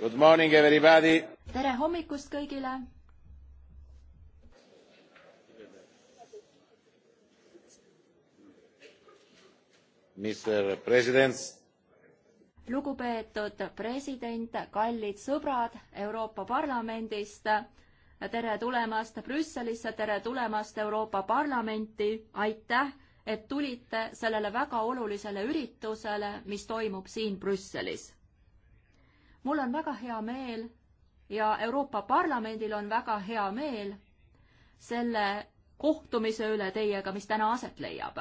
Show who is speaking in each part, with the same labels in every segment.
Speaker 1: Good morning everybody. tere hommikust kõigile.
Speaker 2: Mr President.
Speaker 1: lugupeetud president, kallid sõbrad Euroopa Parlamendist. tere tulemast Brüsselisse, tere tulemast Euroopa Parlamenti, aitäh et tulite sellele väga olulisele üritusele, mis toimub siin Brüsselis. mul on väga hea meel ja Euroopa Parlamendil on väga hea meel selle kohtumise üle teiega, mis täna aset leiab.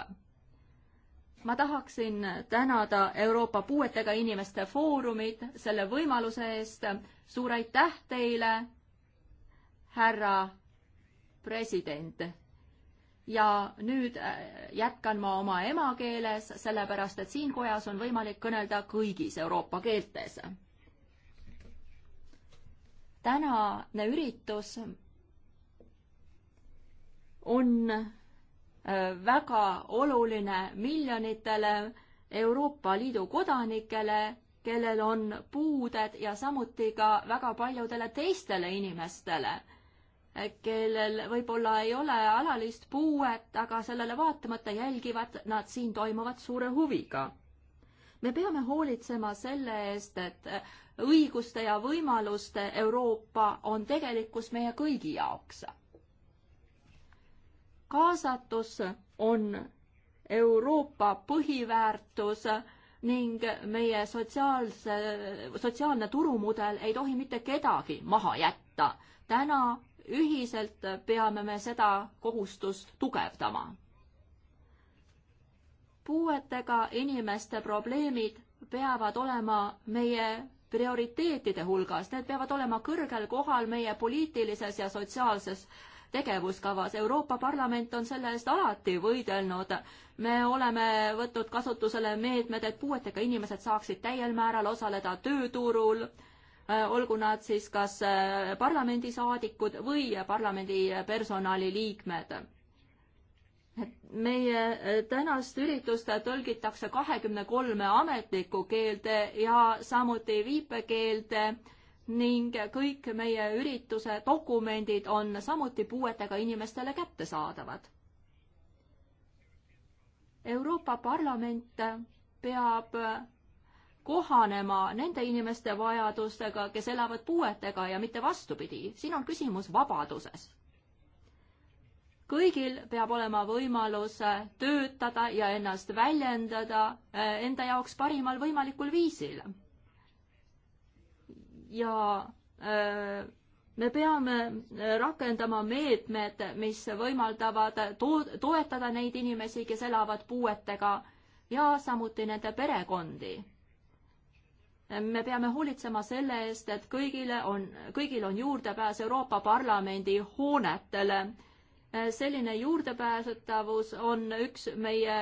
Speaker 1: ma tahaksin tänada Euroopa Puuetega Inimeste Foorumit selle võimaluse eest. suur aitäh teile, härra president ja nüüd äh, jätkan ma oma emakeeles, sellepärast et siin kojas on võimalik kõnelda kõigis Euroopa keeltes. tänane üritus on äh, väga oluline miljonitele Euroopa Liidu kodanikele, kellel on puuded ja samuti ka väga paljudele teistele inimestele kellel võib-olla ei ole alalist puuet, aga sellele vaatamata jälgivad nad siin toimuvat suure huviga. me peame hoolitsema selle eest, et õiguste ja võimaluste Euroopa on tegelikkus meie kõigi jaoks. kaasatus on Euroopa põhiväärtus ning meie sotsiaalse, sotsiaalne turumudel ei tohi mitte kedagi maha jätta. täna ühiselt peame me seda kohustust tugevdama. puuetega inimeste probleemid peavad olema meie prioriteetide hulgas, need peavad olema kõrgel kohal meie poliitilises ja sotsiaalses tegevuskavas. Euroopa Parlament on selle eest alati võidelnud. me oleme võtnud kasutusele meetmed, et puuetega inimesed saaksid täiel määral osaleda tööturul Äh, olgu nad siis kas äh, parlamendisaadikud või parlamendi personaliliikmed. meie äh, tänast üritust tõlgitakse kahekümne kolme ametliku keelde ja samuti viipekeelde ning kõik meie ürituse dokumendid on samuti puuetega inimestele kättesaadavad. Euroopa Parlament peab kohanema nende inimeste vajadustega, kes elavad puuetega ja mitte vastupidi. siin on küsimus vabaduses. kõigil peab olema võimalus töötada ja ennast väljendada eh, enda jaoks parimal võimalikul viisil. ja öö, eh, me peame eh, rakendama meetmed, mis võimaldavad to-, toetada neid inimesi, kes elavad puuetega ja samuti nende perekondi me peame hoolitsema selle eest, et kõigile on, kõigil on juurdepääs Euroopa Parlamendi hoonetele. selline juurdepääsetavus on üks meie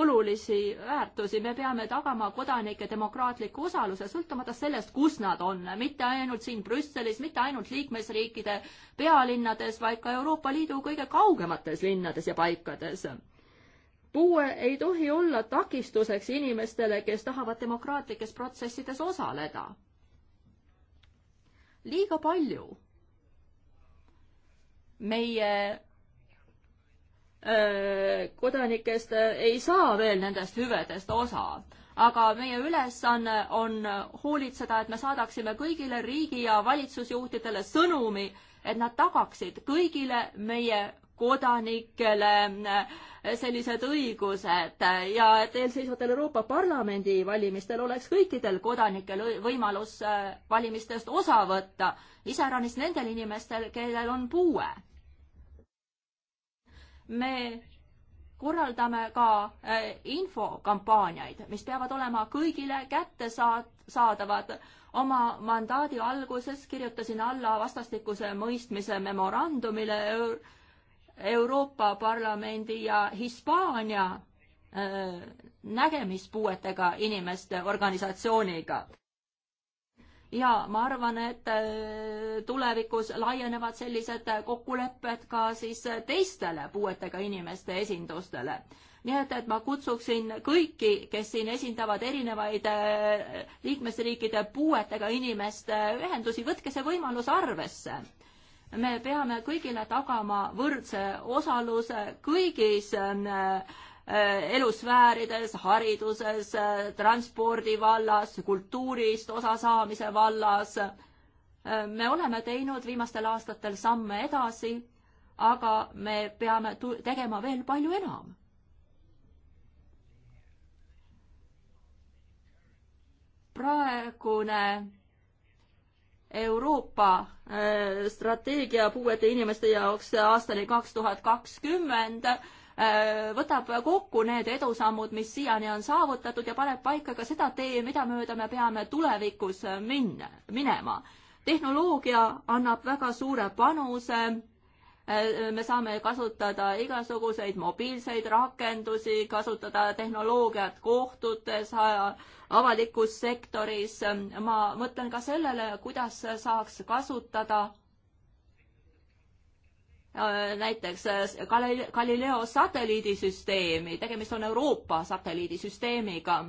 Speaker 1: olulisi väärtusi, me peame tagama kodanike demokraatliku osaluse, sõltumata sellest, kus nad on, mitte ainult siin Brüsselis, mitte ainult liikmesriikide pealinnades, vaid ka Euroopa Liidu kõige kaugemates linnades ja paikades puue ei tohi olla takistuseks inimestele, kes tahavad demokraatlikes protsessides osaleda. liiga palju meie öö, kodanikest ei saa veel nendest hüvedest osa, aga meie ülesanne on, on hoolitseda, et me saadaksime kõigile riigi ja valitsusjuhtidele sõnumi, et nad tagaksid kõigile meie kodanikele äh, sellised õigused ja et eelseisvatel Euroopa Parlamendi valimistel oleks kõikidel kodanikel võimalus äh, valimistest osa võtta, iseäranis nendel inimestel, kellel on puue. me korraldame ka äh, infokampaaniaid, mis peavad olema kõigile kättesaadavad. oma mandaadi alguses kirjutasin alla vastastikuse mõistmise memorandumile Euroopa Parlamendi ja Hispaania äh, nägemispuuetega inimeste organisatsiooniga. ja ma arvan, et äh, tulevikus laienevad sellised kokkulepped ka siis teistele puuetega inimeste esindustele. nii et, et ma kutsuksin kõiki, kes siin esindavad erinevaid äh, liikmesriikide puuetega inimeste ühendusi, võtke see võimalus arvesse me peame kõigile tagama võrdse osaluse kõigis ähm, äh, elusfäärides, hariduses, äh, transpordi vallas, kultuurist osasaamise vallas. Äh, me oleme teinud viimastel aastatel samme edasi, aga me peame tegema veel palju enam praegune Euroopa äh, strateegia puuete inimeste jaoks aastani kaks tuhat kakskümmend äh, võtab kokku need edusammud, mis siiani on saavutatud ja paneb paika ka seda tee, mida mööda me peame tulevikus minna, minema. tehnoloogia annab väga suure panuse Äh, me saame kasutada igasuguseid mobiilseid rakendusi, kasutada tehnoloogiat kohtutes, avalikus sektoris. ma mõtlen ka sellele, kuidas saaks kasutada äh, näiteks äh, Galileo satelliidisüsteemi, tegemist on Euroopa satelliidisüsteemiga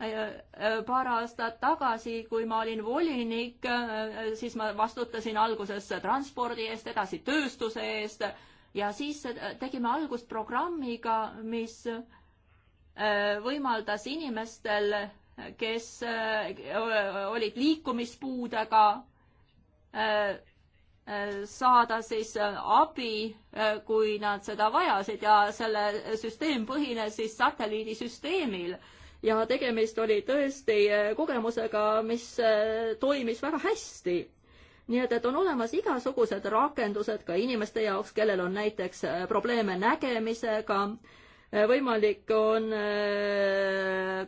Speaker 1: Äh, äh, paar aastat tagasi, kui ma olin volinik, äh, siis ma vastutasin alguses transpordi eest, edasi tööstuse eest ja siis tegime algust programmiga, mis võimaldas inimestel, kes olid liikumispuudega, saada siis abi, kui nad seda vajasid ja selle süsteem põhines siis satelliidisüsteemil ja tegemist oli tõesti eh, kogemusega, mis eh, toimis väga hästi nii et, et on olemas igasugused rakendused ka inimeste jaoks, kellel on näiteks eh, probleeme nägemisega, võimalik on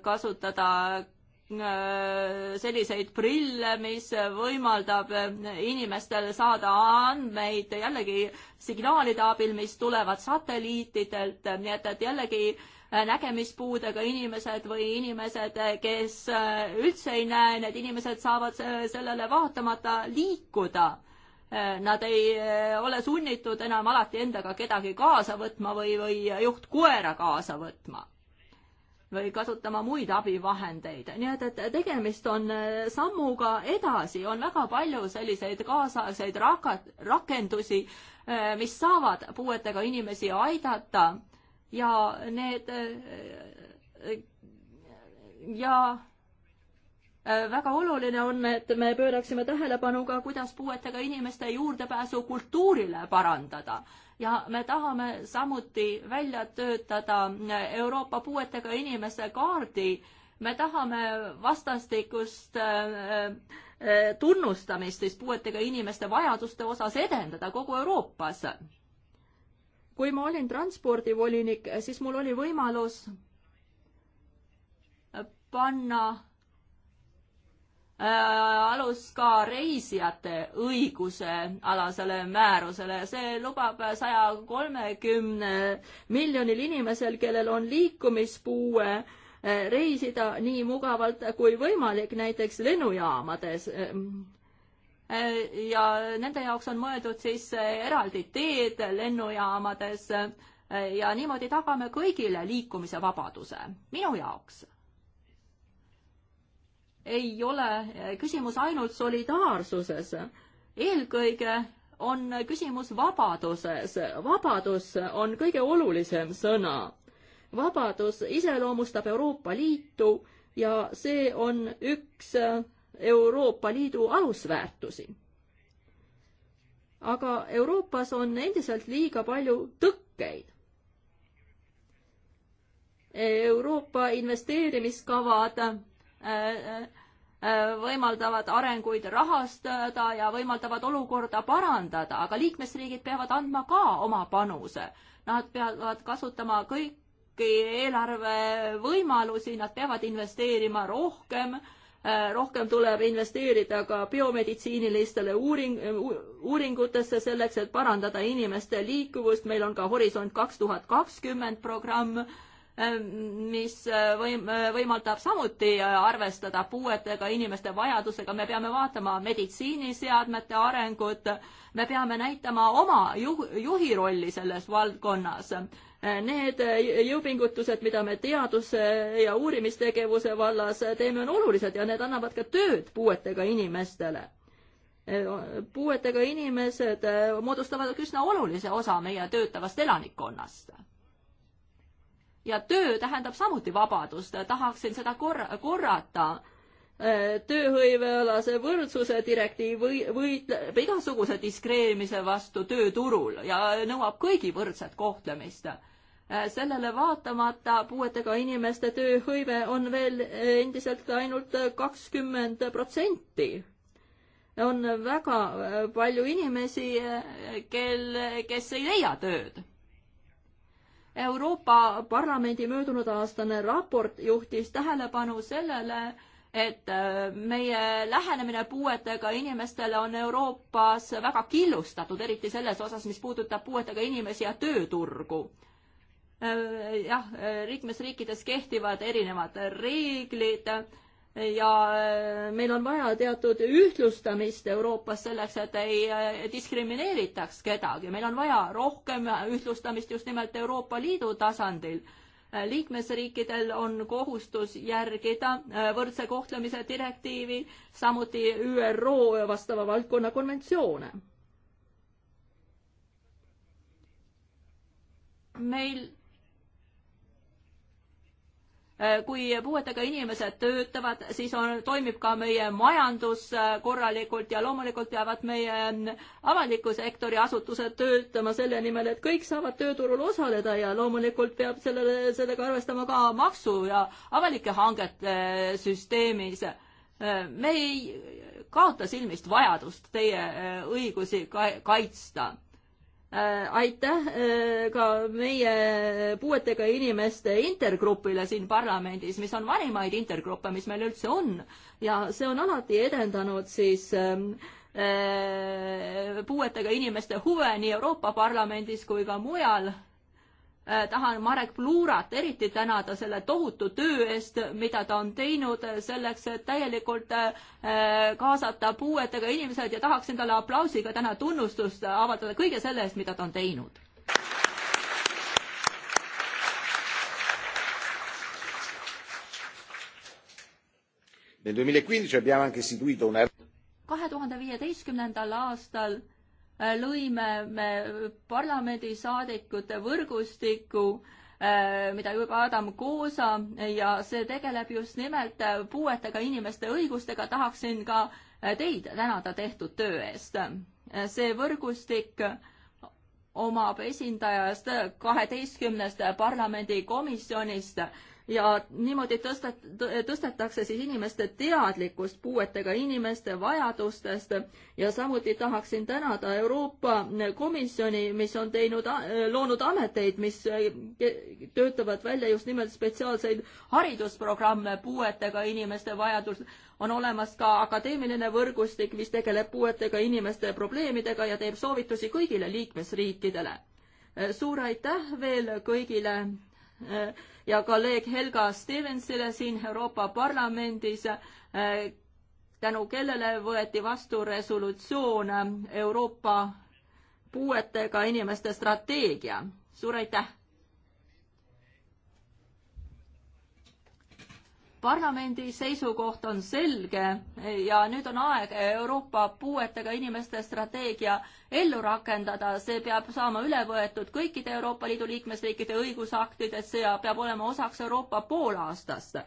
Speaker 1: kasutada selliseid prille, mis võimaldab inimestel saada andmeid jällegi signaalide abil, mis tulevad satelliitidelt, nii et, et jällegi äh, Äh, nägemispuudega inimesed või inimesed, äh, kes äh, üldse ei näe, need inimesed saavad sellele vaatamata liikuda. Nad ei ole sunnitud enam alati endaga kedagi kaasa võtma või, või juhtkoera kaasa võtma või kasutama muid abivahendeid. nii et, et tegemist on sammuga edasi, on väga palju selliseid kaasaegseid rakendusi, mis saavad puuetega inimesi aidata ja need äh, ja äh, väga oluline on, et me pööraksime tähelepanu ka, kuidas puuetega inimeste juurdepääsu kultuurile parandada. ja me tahame samuti välja töötada Euroopa puuetega inimese kaardi. me tahame vastastikust äh, tunnustamist siis puuetega inimeste vajaduste osas edendada kogu Euroopas kui ma olin transpordivolinik, siis mul oli võimalus panna äh, alus ka reisijate õiguse alasele määrusele. see lubab saja kolmekümne miljonil inimesel, kellel on liikumispuue, äh, reisida nii mugavalt kui võimalik, näiteks lennujaamades. Äh, ja nende jaoks on mõeldud siis äh, eraldi teed lennujaamades äh, ja niimoodi tagame kõigile liikumise vabaduse, minu jaoks. ei ole küsimus ainult solidaarsuses, eelkõige on küsimus vabaduses, vabadus on kõige olulisem sõna. vabadus iseloomustab Euroopa Liitu ja see on üks Euroopa Liidu alusväärtusi. aga Euroopas on endiselt liiga palju tõkkeid. Euroopa investeerimiskavad äh, äh, äh, võimaldavad arenguid rahastada ja võimaldavad olukorda parandada, aga liikmesriigid peavad andma ka oma panuse. Nad peavad kasutama kõiki eelarve võimalusi, nad peavad investeerima rohkem äh, Äh, rohkem tuleb investeerida ka biomeditsiinilistele uuring, äh, uuringutesse selleks, et parandada inimeste liikuvust, meil on ka Horisont kaks tuhat kakskümmend programm, äh, mis võim-, võimaldab samuti arvestada puuetega inimeste vajadusega, me peame vaatama meditsiiniseadmete arengut, me peame näitama oma juh-, juhi rolli selles valdkonnas Need jõupingutused, mida me teaduse ja uurimistegevuse vallas teeme, on olulised ja need annavad ka tööd puuetega inimestele. puuetega inimesed moodustavad üsna olulise osa meie töötavast elanikkonnast ja töö tähendab samuti vabadust, tahaksin seda korra, korrata. tööhõivealase võrdsuse direktiiv või, võitleb igasuguse diskrimineerimise vastu tööturul ja nõuab kõigi võrdset kohtlemist. Äh, sellele vaatamata puuetega inimeste tööhõive on veel endiselt ainult kakskümmend protsenti. on väga äh, palju inimesi, äh, kel, kes ei leia tööd. Euroopa Parlamendi möödunud aastane raport juhtis tähelepanu sellele, et meie lähenemine puuetega inimestele on Euroopas väga killustatud, eriti selles osas, mis puudutab puuetega inimesi ja tööturgu Äh, jah, äh, liikmesriikides kehtivad erinevad reeglid ja äh, meil on vaja teatud ühtlustamist Euroopas selleks, et ei diskrimineeritaks kedagi. meil on vaja rohkem ühtlustamist just nimelt Euroopa Liidu tasandil. liikmesriikidel on kohustus järgida võrdse kohtlemise direktiivi, samuti ÜRO vastava valdkonna konventsioone. meil kui puuetega inimesed töötavad, siis on, toimib ka meie majandus äh, korralikult ja loomulikult peavad meie ähm, avaliku sektori asutused töötama selle nimel, et kõik saavad tööturul osaleda ja loomulikult peab sellele, sellega arvestama ka maksu ja avalike hangete äh, süsteemis. Äh, me ei kaota silmist vajadust teie õigusi kaitsta Äh, aitäh äh, ka meie puuetega inimeste intergrupile siin parlamendis, mis on vanimaid intergruppe, mis meil üldse on ja see on alati edendanud siis ähm, äh, puuetega inimeste huve nii Euroopa Parlamendis kui ka mujal Äh, tahan Marek Pluurat eriti tänada selle tohutu töö eest, mida ta on teinud selleks, et täielikult äh, kaasata puuetega inimesed ja tahaksin talle aplausiga täna tunnustust avaldada kõige selle eest, mida ta on teinud. kahe tuhande viieteistkümnendal aastal Äh, lõime me parlamendisaadikute võrgustiku, äh, mida juhib Adam Koosa ja see tegeleb just nimelt puuetega inimeste õigustega. tahaksin ka äh, teid tänada tehtud töö eest. see võrgustik omab esindajast kaheteistkümnest parlamendikomisjonist ja niimoodi tõstet-, tõstetakse siis inimeste teadlikkust puuetega inimeste vajadustest ja samuti tahaksin tänada Euroopa Komisjoni, mis on teinud, loonud ameteid, mis äh, töötavad välja just nimelt spetsiaalseid haridusprogramme puuetega inimeste vajadust, on olemas ka akadeemiline võrgustik, mis tegeleb puuetega inimeste probleemidega ja teeb soovitusi kõigile liikmesriikidele. Äh, suur aitäh veel kõigile ja kolleeg Helga Stevensile siin Euroopa Parlamendis, tänu kellele võeti vastu resolutsioon Euroopa puuetega inimeste strateegia. suur aitäh! parlamendi seisukoht on selge ja nüüd on aeg Euroopa puuetega inimeste strateegia ellu rakendada, see peab saama üle võetud kõikide Euroopa Liidu liikmesriikide õigusaktides ja peab olema osaks Euroopa poolaastast.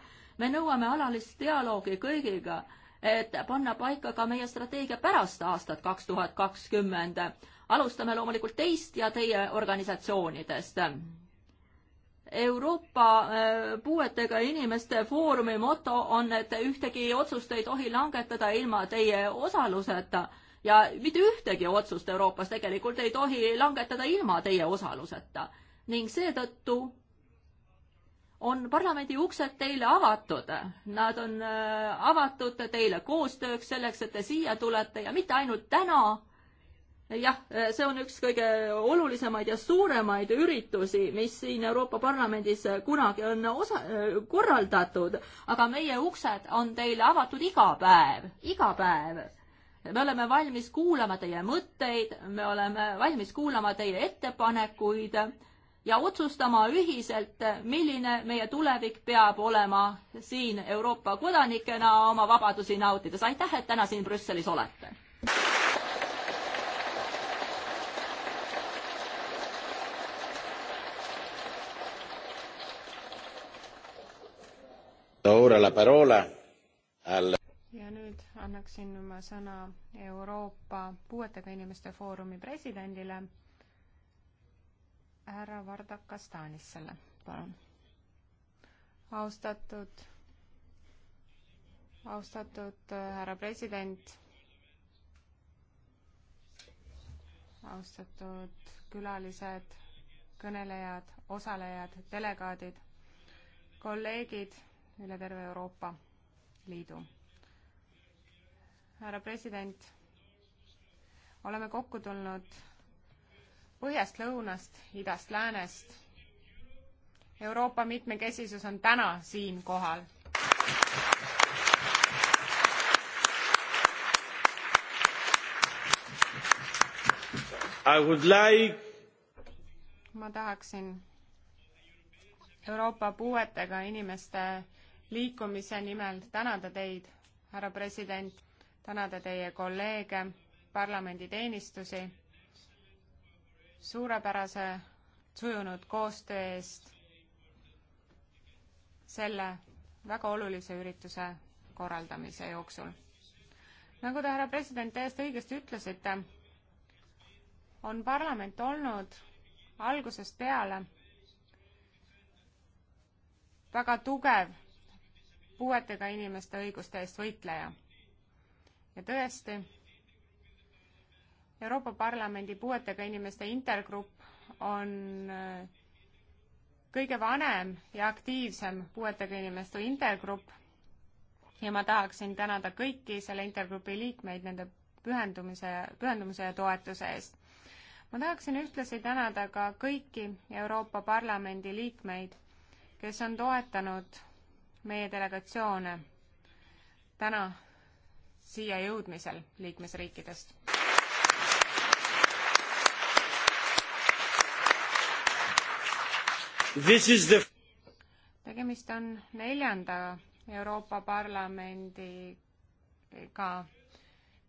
Speaker 1: me nõuame alalist dialoogi kõigiga, et panna paika ka meie strateegia pärast aastat kaks tuhat kakskümmend. alustame loomulikult teist ja teie organisatsioonidest Euroopa äh, puuetega inimeste foorumi moto on, et ühtegi otsust ei tohi langetada ilma teie osaluseta ja mitte ühtegi otsust Euroopas tegelikult ei tohi langetada ilma teie osaluseta ning seetõttu on parlamendi uksed teile avatud, nad on äh, avatud teile koostööks selleks, et te siia tulete ja mitte ainult täna jah, see on üks kõige olulisemaid ja suuremaid üritusi, mis siin Euroopa Parlamendis kunagi on osa, korraldatud, aga meie uksed on teile avatud iga päev, iga päev. me oleme valmis kuulama teie mõtteid, me oleme valmis kuulama teie ettepanekuid ja otsustama ühiselt, milline meie tulevik peab olema siin Euroopa kodanikena oma vabadusi nautides. aitäh, et täna siin Brüsselis olete!
Speaker 3: ja nüüd annaksin ma sõna Euroopa Puuetega Inimeste Foorumi presidendile, härra Vardakas Taanissele, palun. austatud, austatud äh, härra president, austatud külalised, kõnelejad, osalejad, delegaadid, kolleegid üle terve Euroopa Liidu. härra president, oleme kokku tulnud põhjast, lõunast, idast, läänest. Euroopa mitmekesisus on täna siin kohal Like... ma tahaksin Euroopa puuetega inimeste liikumise nimel tänada teid, härra president, tänada teie kolleege, parlamenditeenistusi suurepärase sujunud koostöö eest selle väga olulise ürituse korraldamise jooksul. nagu te, härra president, täiesti õigesti ütlesite, on parlament olnud algusest peale väga tugev puuetega inimeste õiguste eest võitleja. ja tõesti, Euroopa Parlamendi puuetega inimeste intergrupp on äh, kõige vanem ja aktiivsem puuetega inimeste intergrupp ja ma tahaksin tänada kõiki selle intergrupi liikmeid nende pühendumise, pühendumuse ja toetuse eest. ma tahaksin ühtlasi tänada ka kõiki Euroopa Parlamendi liikmeid, kes on toetanud meie delegatsioone täna siia jõudmisel liikmesriikidest.
Speaker 2: The...
Speaker 3: tegemist on neljanda Euroopa Parlamendiga,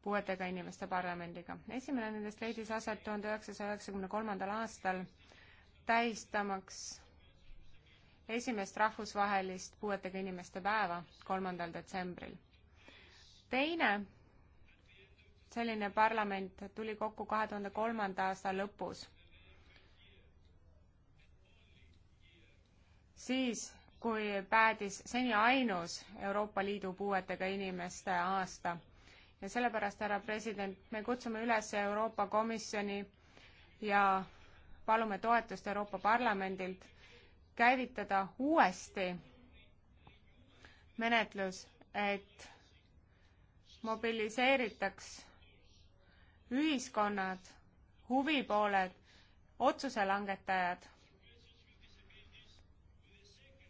Speaker 3: puuetega inimeste parlamendiga. esimene nendest leidis aset tuhande üheksasaja üheksakümne kolmandal aastal, tähistamaks esimest rahvusvahelist puuetega inimeste päeva kolmandal detsembril. teine selline parlament tuli kokku kahe tuhande kolmanda aasta lõpus. siis, kui päädis seni ainus Euroopa Liidu puuetega inimeste aasta ja sellepärast, härra president, me kutsume üles Euroopa Komisjoni ja palume toetust Euroopa Parlamendilt käivitada uuesti menetlus, et mobiliseeritaks ühiskonnad, huvipooled, otsuse langetajad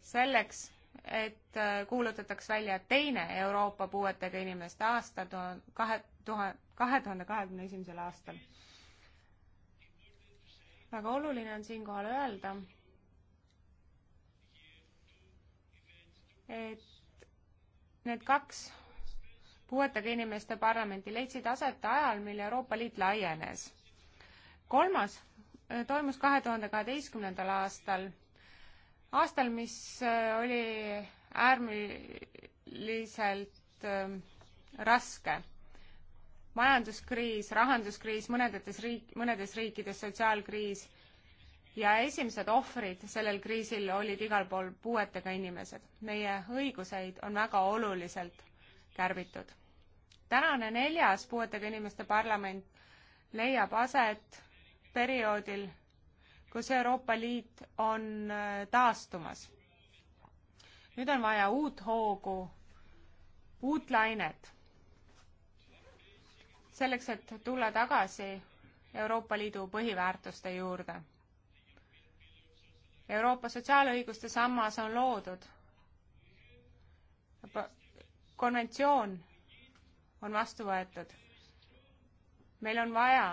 Speaker 3: selleks, et äh, kuulutataks välja teine Euroopa puuetega inimeste aasta tuhande, kahe tuhande, kahe tuhande kahekümne esimesel aastal. väga oluline on siinkohal öelda, et need kaks puuetega inimeste parlamenti leidsid aset ajal, mil Euroopa Liit laienes. kolmas äh, toimus kahe tuhande kaheteistkümnendal aastal, aastal, mis äh, oli äärmiselt äh, raske. majanduskriis, rahanduskriis, mõnedates riik, mõnedes riikides sotsiaalkriis ja esimesed ohvrid sellel kriisil olid igal pool puuetega inimesed. meie õiguseid on väga oluliselt kärbitud. tänane neljas puuetega inimeste parlament leiab aset perioodil, kus Euroopa Liit on äh, taastumas. nüüd on vaja uut hoogu, uut lainet. selleks, et tulla tagasi Euroopa Liidu põhiväärtuste juurde Euroopa sotsiaalõiguste sammas on loodud. konventsioon on vastu võetud. meil on vaja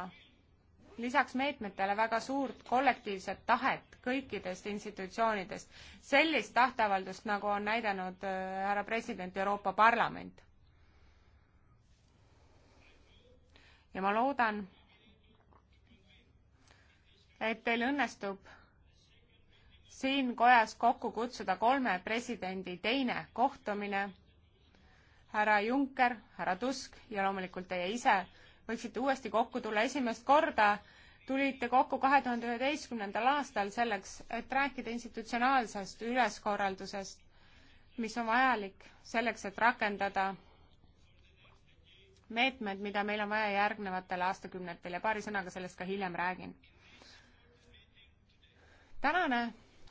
Speaker 3: lisaks meetmetele väga suurt kollektiivset tahet kõikidest institutsioonidest, sellist tahteavaldust, nagu on näidanud äh, härra president Euroopa Parlament. ja ma loodan, et teil õnnestub siin kojas kokku kutsuda kolme presidendi teine kohtumine. härra Juncker, härra Tusk ja loomulikult teie ise võiksite uuesti kokku tulla. esimest korda tulite kokku kahe tuhande üheteistkümnendal aastal selleks, et rääkida institutsionaalsest üleskorraldusest, mis on vajalik selleks, et rakendada meetmed, mida meil on vaja järgnevatel aastakümnetel ja paari sõnaga sellest ka hiljem räägin. tänane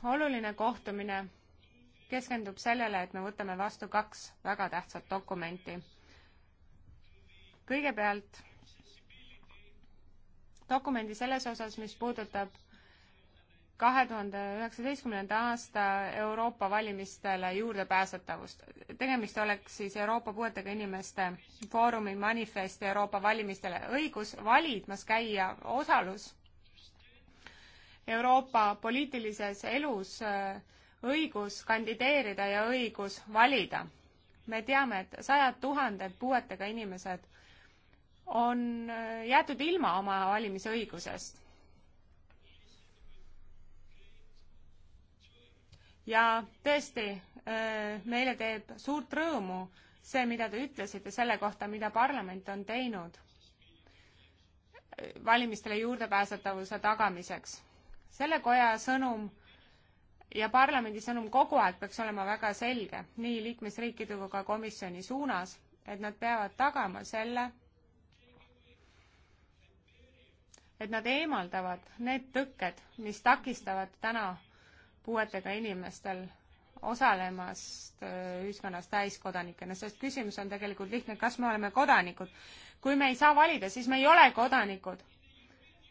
Speaker 3: oluline kohtumine keskendub sellele, et me võtame vastu kaks väga tähtsat dokumenti. kõigepealt dokumendi selles osas, mis puudutab kahe tuhande üheksateistkümnenda aasta Euroopa valimistele juurdepääsetavust. tegemist oleks siis Euroopa Puuetega Inimeste Foorumi manifest Euroopa valimistele. õigus valimas käia, osalus Euroopa poliitilises elus äh, õigus kandideerida ja õigus valida. me teame, et sajad tuhanded puuetega inimesed on äh, jäetud ilma oma valimisõigusest. ja tõesti, äh, meile teeb suurt rõõmu see, mida te ütlesite selle kohta, mida parlament on teinud valimistele juurdepääsetavuse tagamiseks selle koja sõnum ja parlamendi sõnum kogu aeg peaks olema väga selge nii liikmesriikide kui ka komisjoni suunas, et nad peavad tagama selle, et nad eemaldavad need tõkked, mis takistavad täna puuetega inimestel osalemast äh, ühiskonnas täiskodanikena, sest küsimus on tegelikult lihtne, kas me oleme kodanikud. kui me ei saa valida, siis me ei ole kodanikud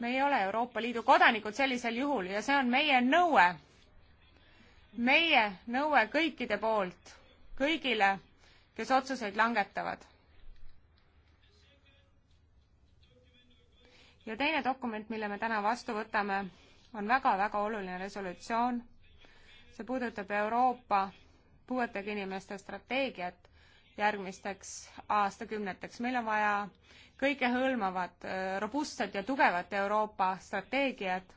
Speaker 3: me ei ole Euroopa Liidu kodanikud sellisel juhul ja see on meie nõue, meie nõue kõikide poolt, kõigile, kes otsuseid langetavad. ja teine dokument, mille me täna vastu võtame, on väga-väga oluline resolutsioon. see puudutab Euroopa puuetega inimeste strateegiat järgmisteks aastakümneteks. meil on vaja kõigehõlmavat, äh, robustset ja tugevat Euroopa strateegiat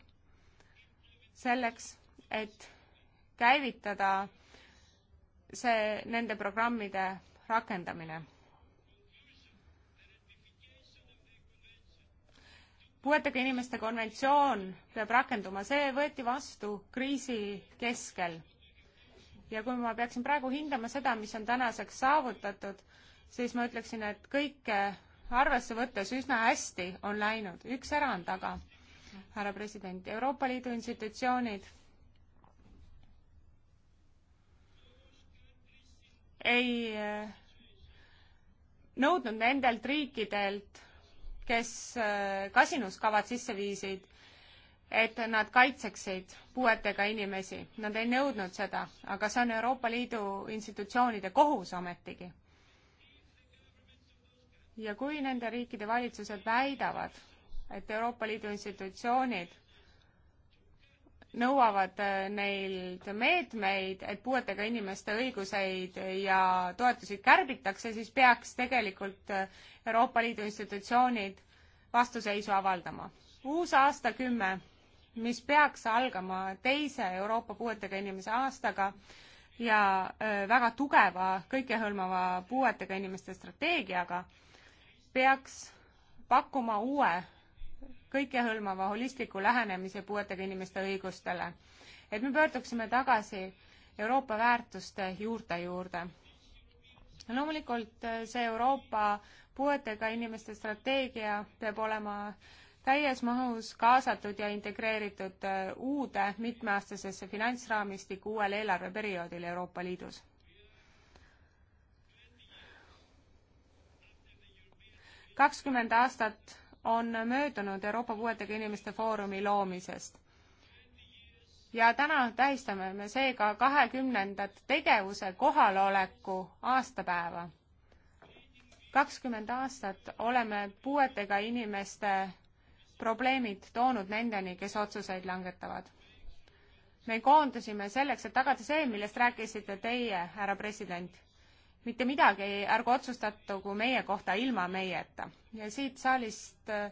Speaker 3: selleks, et käivitada see, nende programmide rakendamine. puuetega inimeste konventsioon peab rakenduma, see võeti vastu kriisi keskel ja kui ma peaksin praegu hindama seda, mis on tänaseks saavutatud, siis ma ütleksin, et kõike arvesse võttes üsna hästi on läinud, üks erand aga, härra president, Euroopa Liidu institutsioonid ei eh, nõudnud nendelt riikidelt, kes eh, kasinuskavad sisse viisid, et nad kaitseksid puuetega inimesi. Nad ei nõudnud seda, aga see on Euroopa Liidu institutsioonide kohus ometigi. ja kui nende riikide valitsused väidavad, et Euroopa Liidu institutsioonid nõuavad äh, neilt meetmeid, et puuetega inimeste õiguseid ja toetusi kärbitakse, siis peaks tegelikult äh, Euroopa Liidu institutsioonid vastuseisu avaldama. uus aastakümme mis peaks algama teise Euroopa puuetega inimese aastaga ja väga tugeva kõikehõlmava puuetega inimeste strateegiaga, peaks pakkuma uue kõikehõlmava holistliku lähenemise puuetega inimeste õigustele. et me pöörduksime tagasi Euroopa väärtuste juurte juurde, juurde.. loomulikult see Euroopa puuetega inimeste strateegia peab olema äh, täies mahus kaasatud ja integreeritud äh, uude mitmeaastasesse finantsraamistiku uuel eelarveperioodil Euroopa Liidus. kakskümmend aastat on möödunud Euroopa Puuetega Inimeste Foorumi loomisest ja täna tähistame me seega kahekümnendat tegevuse kohaloleku aastapäeva. kakskümmend aastat oleme puuetega inimeste probleemid toonud nendeni, kes otsuseid langetavad. me koondusime selleks, et tagada see, millest rääkisite teie, härra president. mitte midagi ärgu otsustatagu meie kohta ilma meieta. ja siit saalist äh,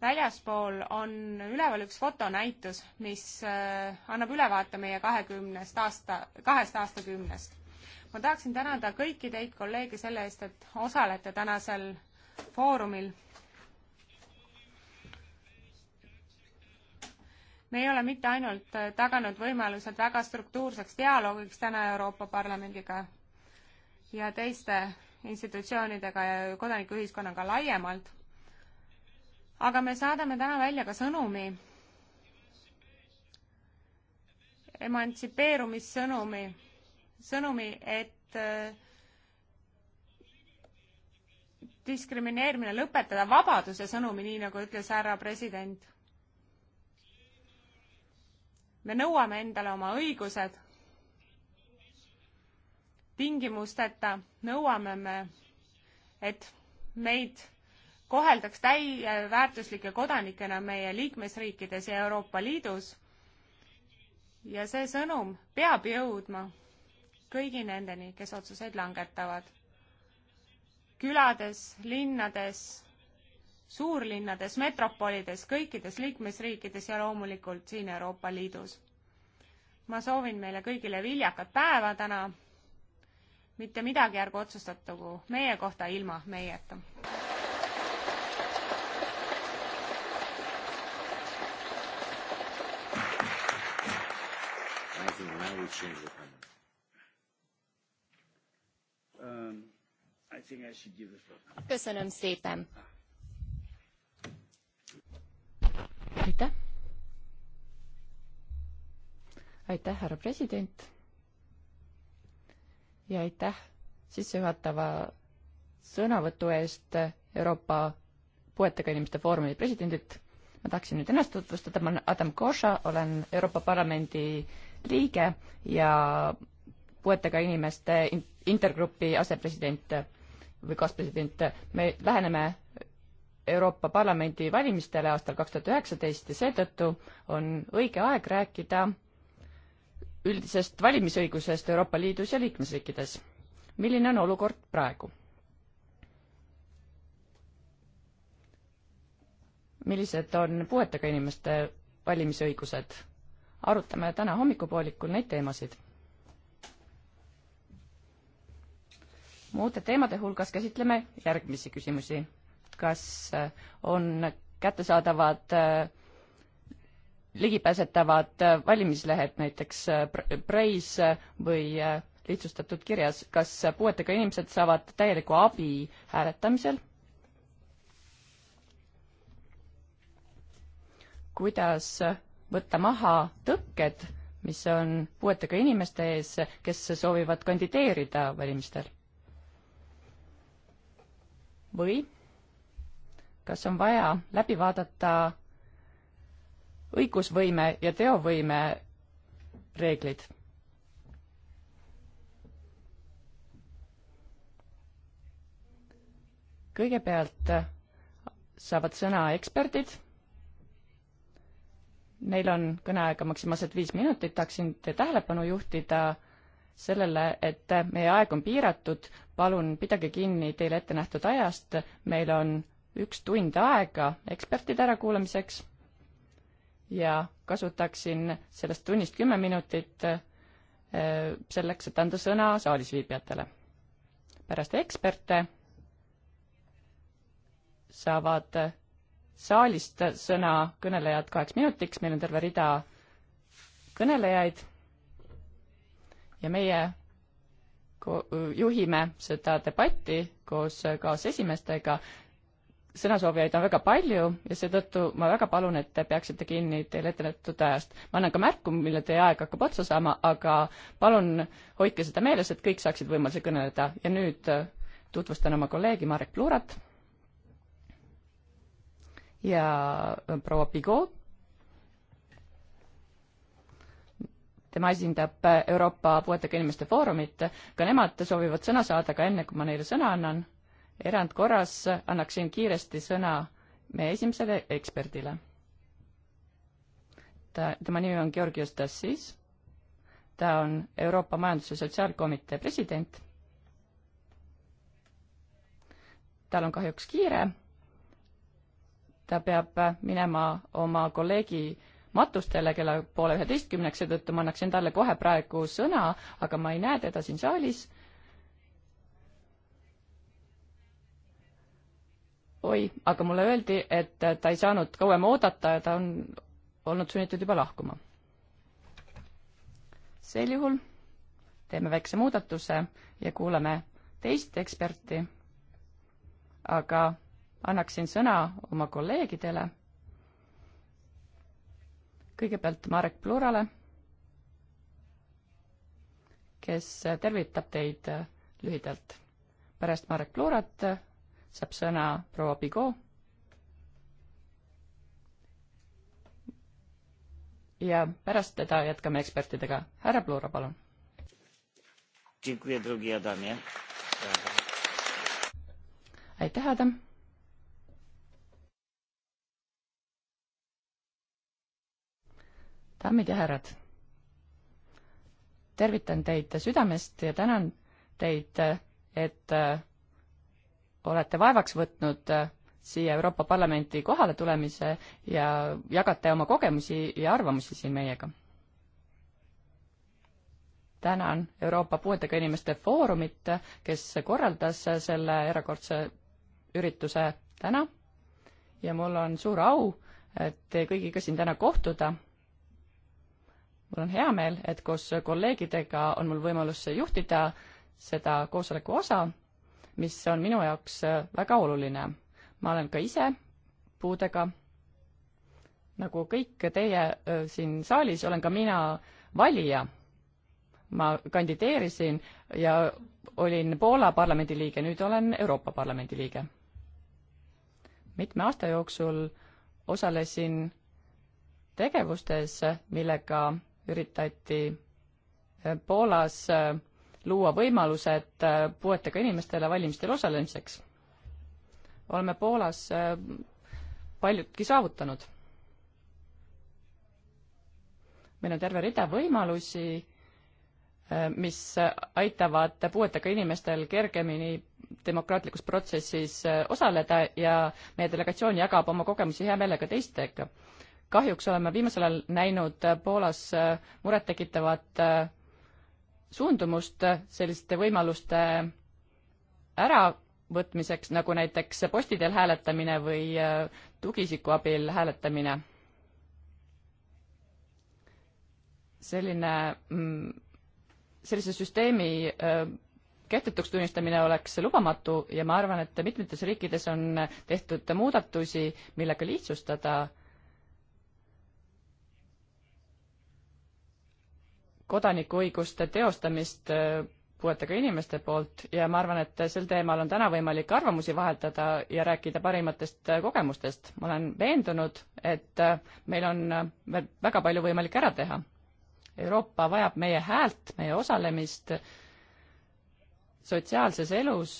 Speaker 3: väljaspool on üleval üks fotonäitus, mis äh, annab ülevaate meie kahekümnest aasta, kahest aastakümnest. ma tahaksin tänada kõiki teid, kolleege, selle eest, et osalete tänasel foorumil me ei ole mitte ainult äh, taganud võimalused väga struktuurseks dialoogiks täna Euroopa Parlamendiga ja teiste institutsioonidega ja kodanikuühiskonnaga laiemalt, aga me saadame täna välja ka sõnumi, emantsipeerumissõnumi, sõnumi, et äh, diskrimineerimine lõpetada vabaduse sõnumi, nii nagu ütles härra president me nõuame endale oma õigused tingimusteta, nõuame me, et meid koheldaks täieväärtuslike kodanikena meie liikmesriikides ja Euroopa Liidus. ja see sõnum peab jõudma kõigi nendeni, kes otsuseid langetavad. külades, linnades, suurlinnades, metropolides, kõikides liikmesriikides ja loomulikult siin Euroopa Liidus. ma soovin meile kõigile viljakat päeva täna. mitte midagi ärgu otsustatagu meie kohta ilma meieta. I think now we change the panel.
Speaker 2: Um, I think I should give the floor. Köszönöm szépen. aitäh. aitäh, härra president. ja aitäh sissejuhatava sõnavõtu eest Euroopa puuetega inimeste foorumi presidendilt. ma tahaksin nüüd ennast tutvustada, ma olen Adam Koša, olen Euroopa Parlamendi liige ja puuetega inimeste intergrupi asepresident või kaaspresident. me läheneme Euroopa Parlamendi valimistele aastal kaks tuhat üheksateist ja seetõttu on õige aeg rääkida üldisest valimisõigusest Euroopa Liidus ja liikmesriikides. milline on olukord praegu? millised on puuetega inimeste valimisõigused? arutame täna hommikupoolikul neid teemasid. muude teemade hulgas käsitleme järgmisi küsimusi kas äh, on kättesaadavad äh, ligipääsetavad äh, valimislehed näiteks Braise või lihtsustatud kirjas, kas puuetega inimesed saavad täielikku abi hääletamisel? kuidas võtta maha tõkked, mis on puuetega inimeste ees, kes soovivad kandideerida valimistel? või kas on vaja läbi vaadata õigusvõime ja teovõime reeglid. kõigepealt saavad sõna eksperdid. Neil on kõneaega maksimaalselt viis minutit, tahaksin teie tähelepanu juhtida sellele, et meie aeg on piiratud, palun pidage kinni teile ette nähtud ajast, meil on üks tund aega ekspertide ärakuulamiseks ja kasutaksin sellest tunnist kümme minutit äh, selleks, et anda sõna saalis viibijatele. pärast eksperte saavad saalist sõna kõnelejad kaheks minutiks, meil on terve rida kõnelejaid ja meie juhime seda debatti koos kaasesimeestega sõnasoovijaid on väga palju ja seetõttu ma väga palun, et te peaksite kinni teile ette nähtud ajast. ma annan ka märku, millal teie aeg hakkab otsa saama, aga palun hoidke seda meeles, et kõik saaksid võimaluse kõneleda ja nüüd äh, tutvustan oma kolleegi Marek Pluurat ja äh, proua Pigot. tema esindab äh, Euroopa Puuetega Inimeste Foorumit, ka nemad soovivad sõna saada, aga enne kui ma neile sõna annan erandkorras annaksin kiiresti sõna meie esimesele eksperdile. ta, tema nimi on Georgios Tassis, ta on Euroopa Majandus- ja Sotsiaalkomitee president. tal on kahjuks kiire, ta peab minema oma kolleegi matustele kella poole üheteistkümneks, seetõttu ma annaksin talle kohe praegu sõna, aga ma ei näe teda siin saalis oi, aga mulle öeldi, et ta ei saanud kauem oodata ja ta on olnud sunnitud juba lahkuma. sel juhul teeme väikse muudatuse ja kuulame teist eksperti, aga annaksin sõna oma kolleegidele. kõigepealt Marek Plurale, kes tervitab teid lühidalt. pärast Marek Plurat saab sõna proua Pigo. ja pärast teda jätkame ekspertidega. härra Plura, palun. aitäh, Adam. daamid ja härrad, tervitan teid südamest ja tänan teid, et olete vaevaks võtnud äh, siia Euroopa Parlamenti kohale tulemise ja jagate oma kogemusi ja arvamusi siin meiega. tänan Euroopa Puuetega Inimeste Foorumit, kes korraldas selle erakordse ürituse täna ja mul on suur au teie kõigiga siin täna kohtuda. mul on hea meel, et koos kolleegidega on mul võimalus juhtida seda koosoleku osa mis on minu jaoks äh, väga oluline. ma olen ka ise puudega, nagu kõik teie äh, siin saalis, olen ka mina valija. ma kandideerisin ja olin Poola parlamendi liige, nüüd olen Euroopa Parlamendi liige. mitme aasta jooksul osalesin tegevustes, millega üritati äh, Poolas äh, luua võimalused äh, puuetega inimestele valimistel osalemiseks. oleme Poolas äh, paljutki saavutanud. meil on terve rida võimalusi, äh, mis aitavad puuetega inimestel kergemini demokraatlikus protsessis osaleda ja meie delegatsioon jagab oma kogemusi hea meelega teistega. kahjuks oleme viimasel ajal näinud Poolas murettekitavat suundumust selliste võimaluste äravõtmiseks, nagu näiteks posti teel hääletamine või äh, tugiisiku abil hääletamine. selline, mm, sellise süsteemi äh, kehtetuks tunnistamine oleks lubamatu ja ma arvan, et mitmetes riikides on tehtud muudatusi, millega lihtsustada äh, kodanikuõiguste teostamist äh, puuetega inimeste poolt ja ma arvan, et sel teemal on täna võimalik arvamusi vahetada ja rääkida parimatest äh, kogemustest. ma olen veendunud, et äh, meil on veel väga palju võimalik ära teha. Euroopa vajab meie häält, meie osalemist sotsiaalses elus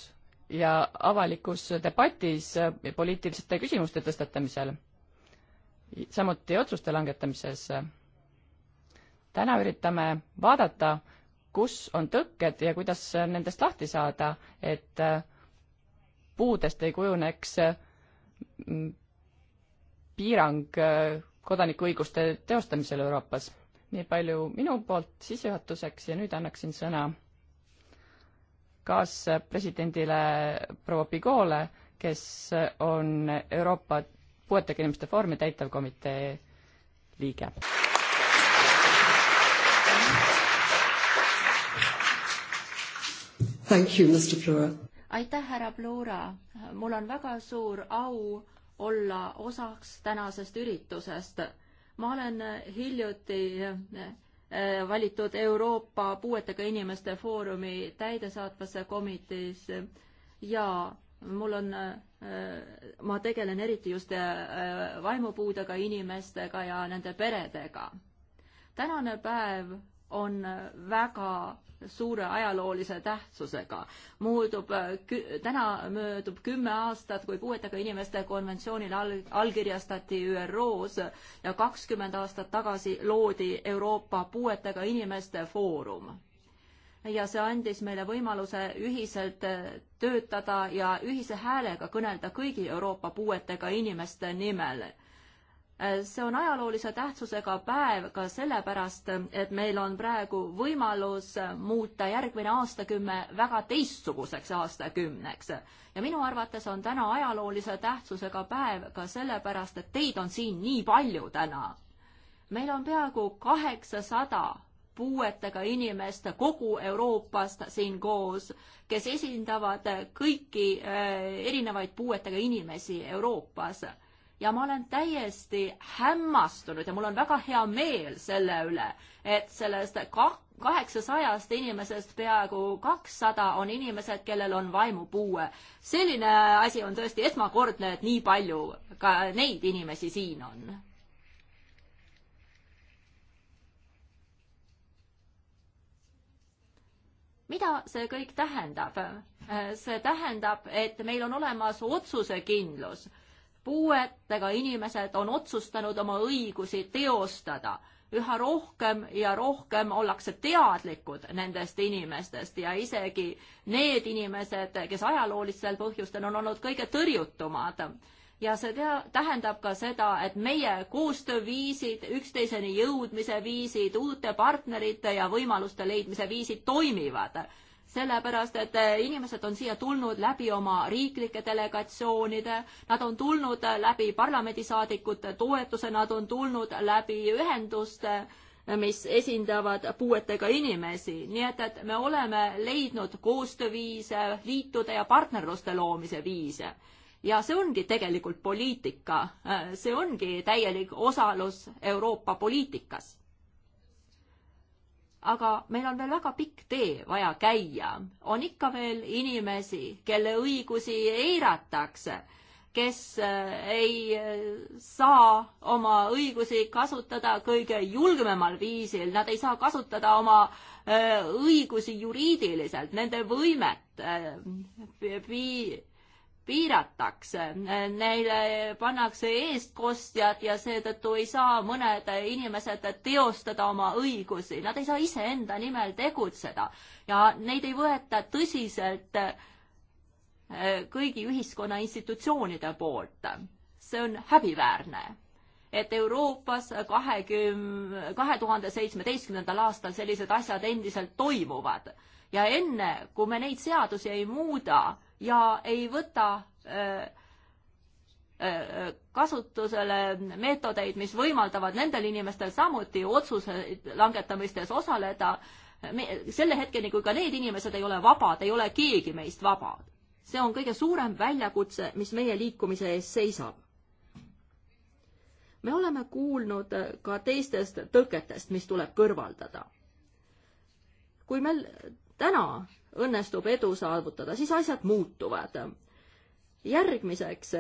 Speaker 2: ja avalikus debatis poliitiliste küsimuste tõstatamisel, samuti otsuste langetamises täna üritame vaadata, kus on tõkked ja kuidas nendest lahti saada, et äh, puudest ei kujuneks mm, piirang äh, kodanikuõiguste teostamisel Euroopas. nii palju minu poolt sissejuhatuseks ja nüüd annaksin sõna kaaspresidendile proua Pigole, kes on Euroopa Puuetega Inimeste Foorumi täitevkomitee liige
Speaker 3: Thank you, Mr Flora.
Speaker 1: aitäh, härra Flora. mul on väga suur au olla osaks tänasest üritusest. ma olen hiljuti eh, valitud Euroopa Puuetega Inimeste Foorumi täidesaatvase komitees ja mul on, eh, ma tegelen eriti just eh, vaimupuudega inimestega ja nende peredega. tänane päev on väga suure ajaloolise tähtsusega. muutub, äh, täna möödub kümme aastat, kui puuetega inimeste konventsioonil all, allkirjastati ÜRO-s ja kakskümmend aastat tagasi loodi Euroopa Puuetega Inimeste Foorum ja see andis meile võimaluse ühiselt äh, töötada ja ühise häälega kõnelda kõigi Euroopa puuetega inimeste nimel see on ajaloolise tähtsusega päev ka sellepärast, et meil on praegu võimalus muuta järgmine aastakümme väga teistsuguseks aastakümneks. ja minu arvates on täna ajaloolise tähtsusega päev ka sellepärast, et teid on siin nii palju täna. meil on peaaegu kaheksasada puuetega inimest kogu Euroopast siin koos, kes esindavad kõiki eh, erinevaid puuetega inimesi Euroopas ja ma olen täiesti hämmastunud ja mul on väga hea meel selle üle, et sellest kaheksasajast inimesest peaaegu kakssada on inimesed, kellel on vaimupuue. selline asi on tõesti esmakordne, et nii palju ka neid inimesi siin on mida see kõik tähendab? see tähendab, et meil on olemas otsusekindlus puuetega inimesed on otsustanud oma õigusi teostada. üha rohkem ja rohkem ollakse teadlikud nendest inimestest ja isegi need inimesed, kes ajaloolistel põhjustel on olnud kõige tõrjutumad ja see tea-, tähendab ka seda, et meie koostööviisid, üksteiseni jõudmise viisid, uute partnerite ja võimaluste leidmise viisid toimivad sellepärast et eh, inimesed on siia tulnud läbi oma riiklike delegatsioonide, nad on tulnud eh, läbi parlamendisaadikute toetuse, nad on tulnud läbi ühenduste, eh, mis esindavad puuetega inimesi, nii et, et me oleme leidnud koostööviise, liitude ja partnerluste loomise viise ja see ongi tegelikult poliitika, see ongi täielik osalus Euroopa poliitikas aga meil on veel väga pikk tee vaja käia. on ikka veel inimesi, kelle õigusi eiratakse, kes äh, ei äh, saa oma õigusi kasutada kõige julgemal viisil, nad ei saa kasutada oma äh, õigusi juriidiliselt, nende võimet pi-, piiratakse, neile pannakse eestkostjad ja seetõttu ei saa mõned inimesed teostada oma õigusi, nad ei saa iseenda nimel tegutseda ja neid ei võeta tõsiselt eh, kõigi ühiskonna institutsioonide poolt. see on häbiväärne, et Euroopas kahekümne, kahe tuhande seitsmeteistkümnendal aastal sellised asjad endiselt toimuvad ja enne, kui me neid seadusi ei muuda, ja ei võta äh, äh, kasutusele meetodeid, mis võimaldavad nendel inimestel samuti otsuseid langetamistes osaleda, selle hetkeni, kui ka need inimesed ei ole vabad, ei ole keegi meist vaba. see on kõige suurem väljakutse, mis meie liikumise ees seisab. me oleme kuulnud ka teistest tõketest, mis tuleb kõrvaldada. kui meil täna õnnestub edu saavutada, siis asjad muutuvad. järgmiseks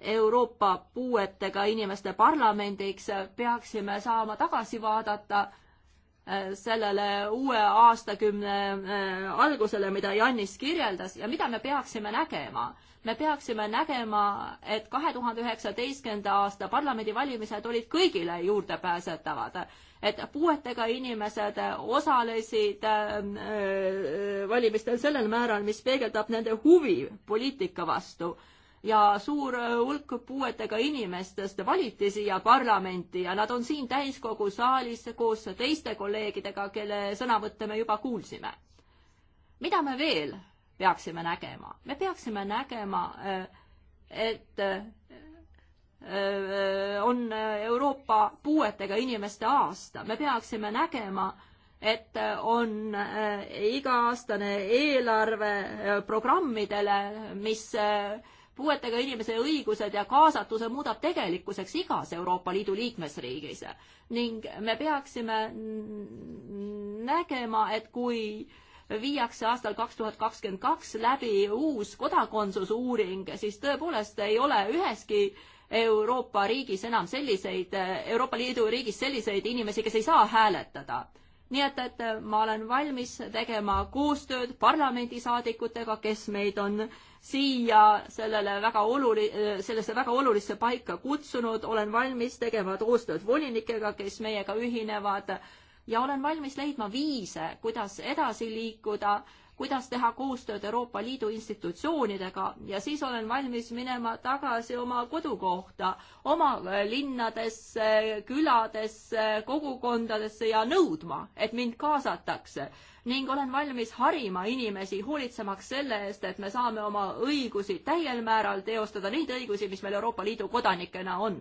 Speaker 1: Euroopa puuetega inimeste parlamendiks peaksime saama tagasi vaadata äh, sellele uue aastakümne äh, algusele, mida Jannis kirjeldas ja mida me peaksime nägema. me peaksime nägema, et kahe tuhande üheksateistkümnenda aasta parlamendivalimised olid kõigile juurdepääsetavad et puuetega inimesed osalesid ähm, äh, valimistel sellel määral, mis peegeldab nende huvi poliitika vastu ja suur äh, hulk puuetega inimestest valiti siia parlamenti ja nad on siin täiskogu saalis koos teiste kolleegidega, kelle sõnavõtte me juba kuulsime. mida me veel peaksime nägema? me peaksime nägema, äh, et on Euroopa puuetega inimeste aasta. me peaksime nägema, et on eh, iga-aastane eelarve eh, programmidele, mis eh, puuetega inimese õigused ja kaasatuse muudab tegelikkuseks igas Euroopa Liidu liikmesriigis. ning me peaksime nägema, et kui viiakse aastal kaks tuhat kakskümmend kaks läbi uus kodakondsusuuring, siis tõepoolest ei ole üheski äh, Euroopa riigis enam selliseid, Euroopa Liidu riigis selliseid inimesi, kes ei saa hääletada. nii et, et ma olen valmis tegema koostööd parlamendisaadikutega, kes meid on siia sellele väga oluli-, sellesse väga olulisse paika kutsunud, olen valmis tegema koostööd volinikega, kes meiega ühinevad ja olen valmis leidma viise, kuidas edasi liikuda kuidas teha koostööd Euroopa Liidu institutsioonidega ja siis olen valmis minema tagasi oma kodukohta, oma äh, linnadesse, küladesse, kogukondadesse ja nõudma, et mind kaasatakse ning olen valmis harima inimesi, hoolitsemaks selle eest, et me saame oma õigusi täiel määral teostada, neid õigusi, mis meil Euroopa Liidu kodanikena on.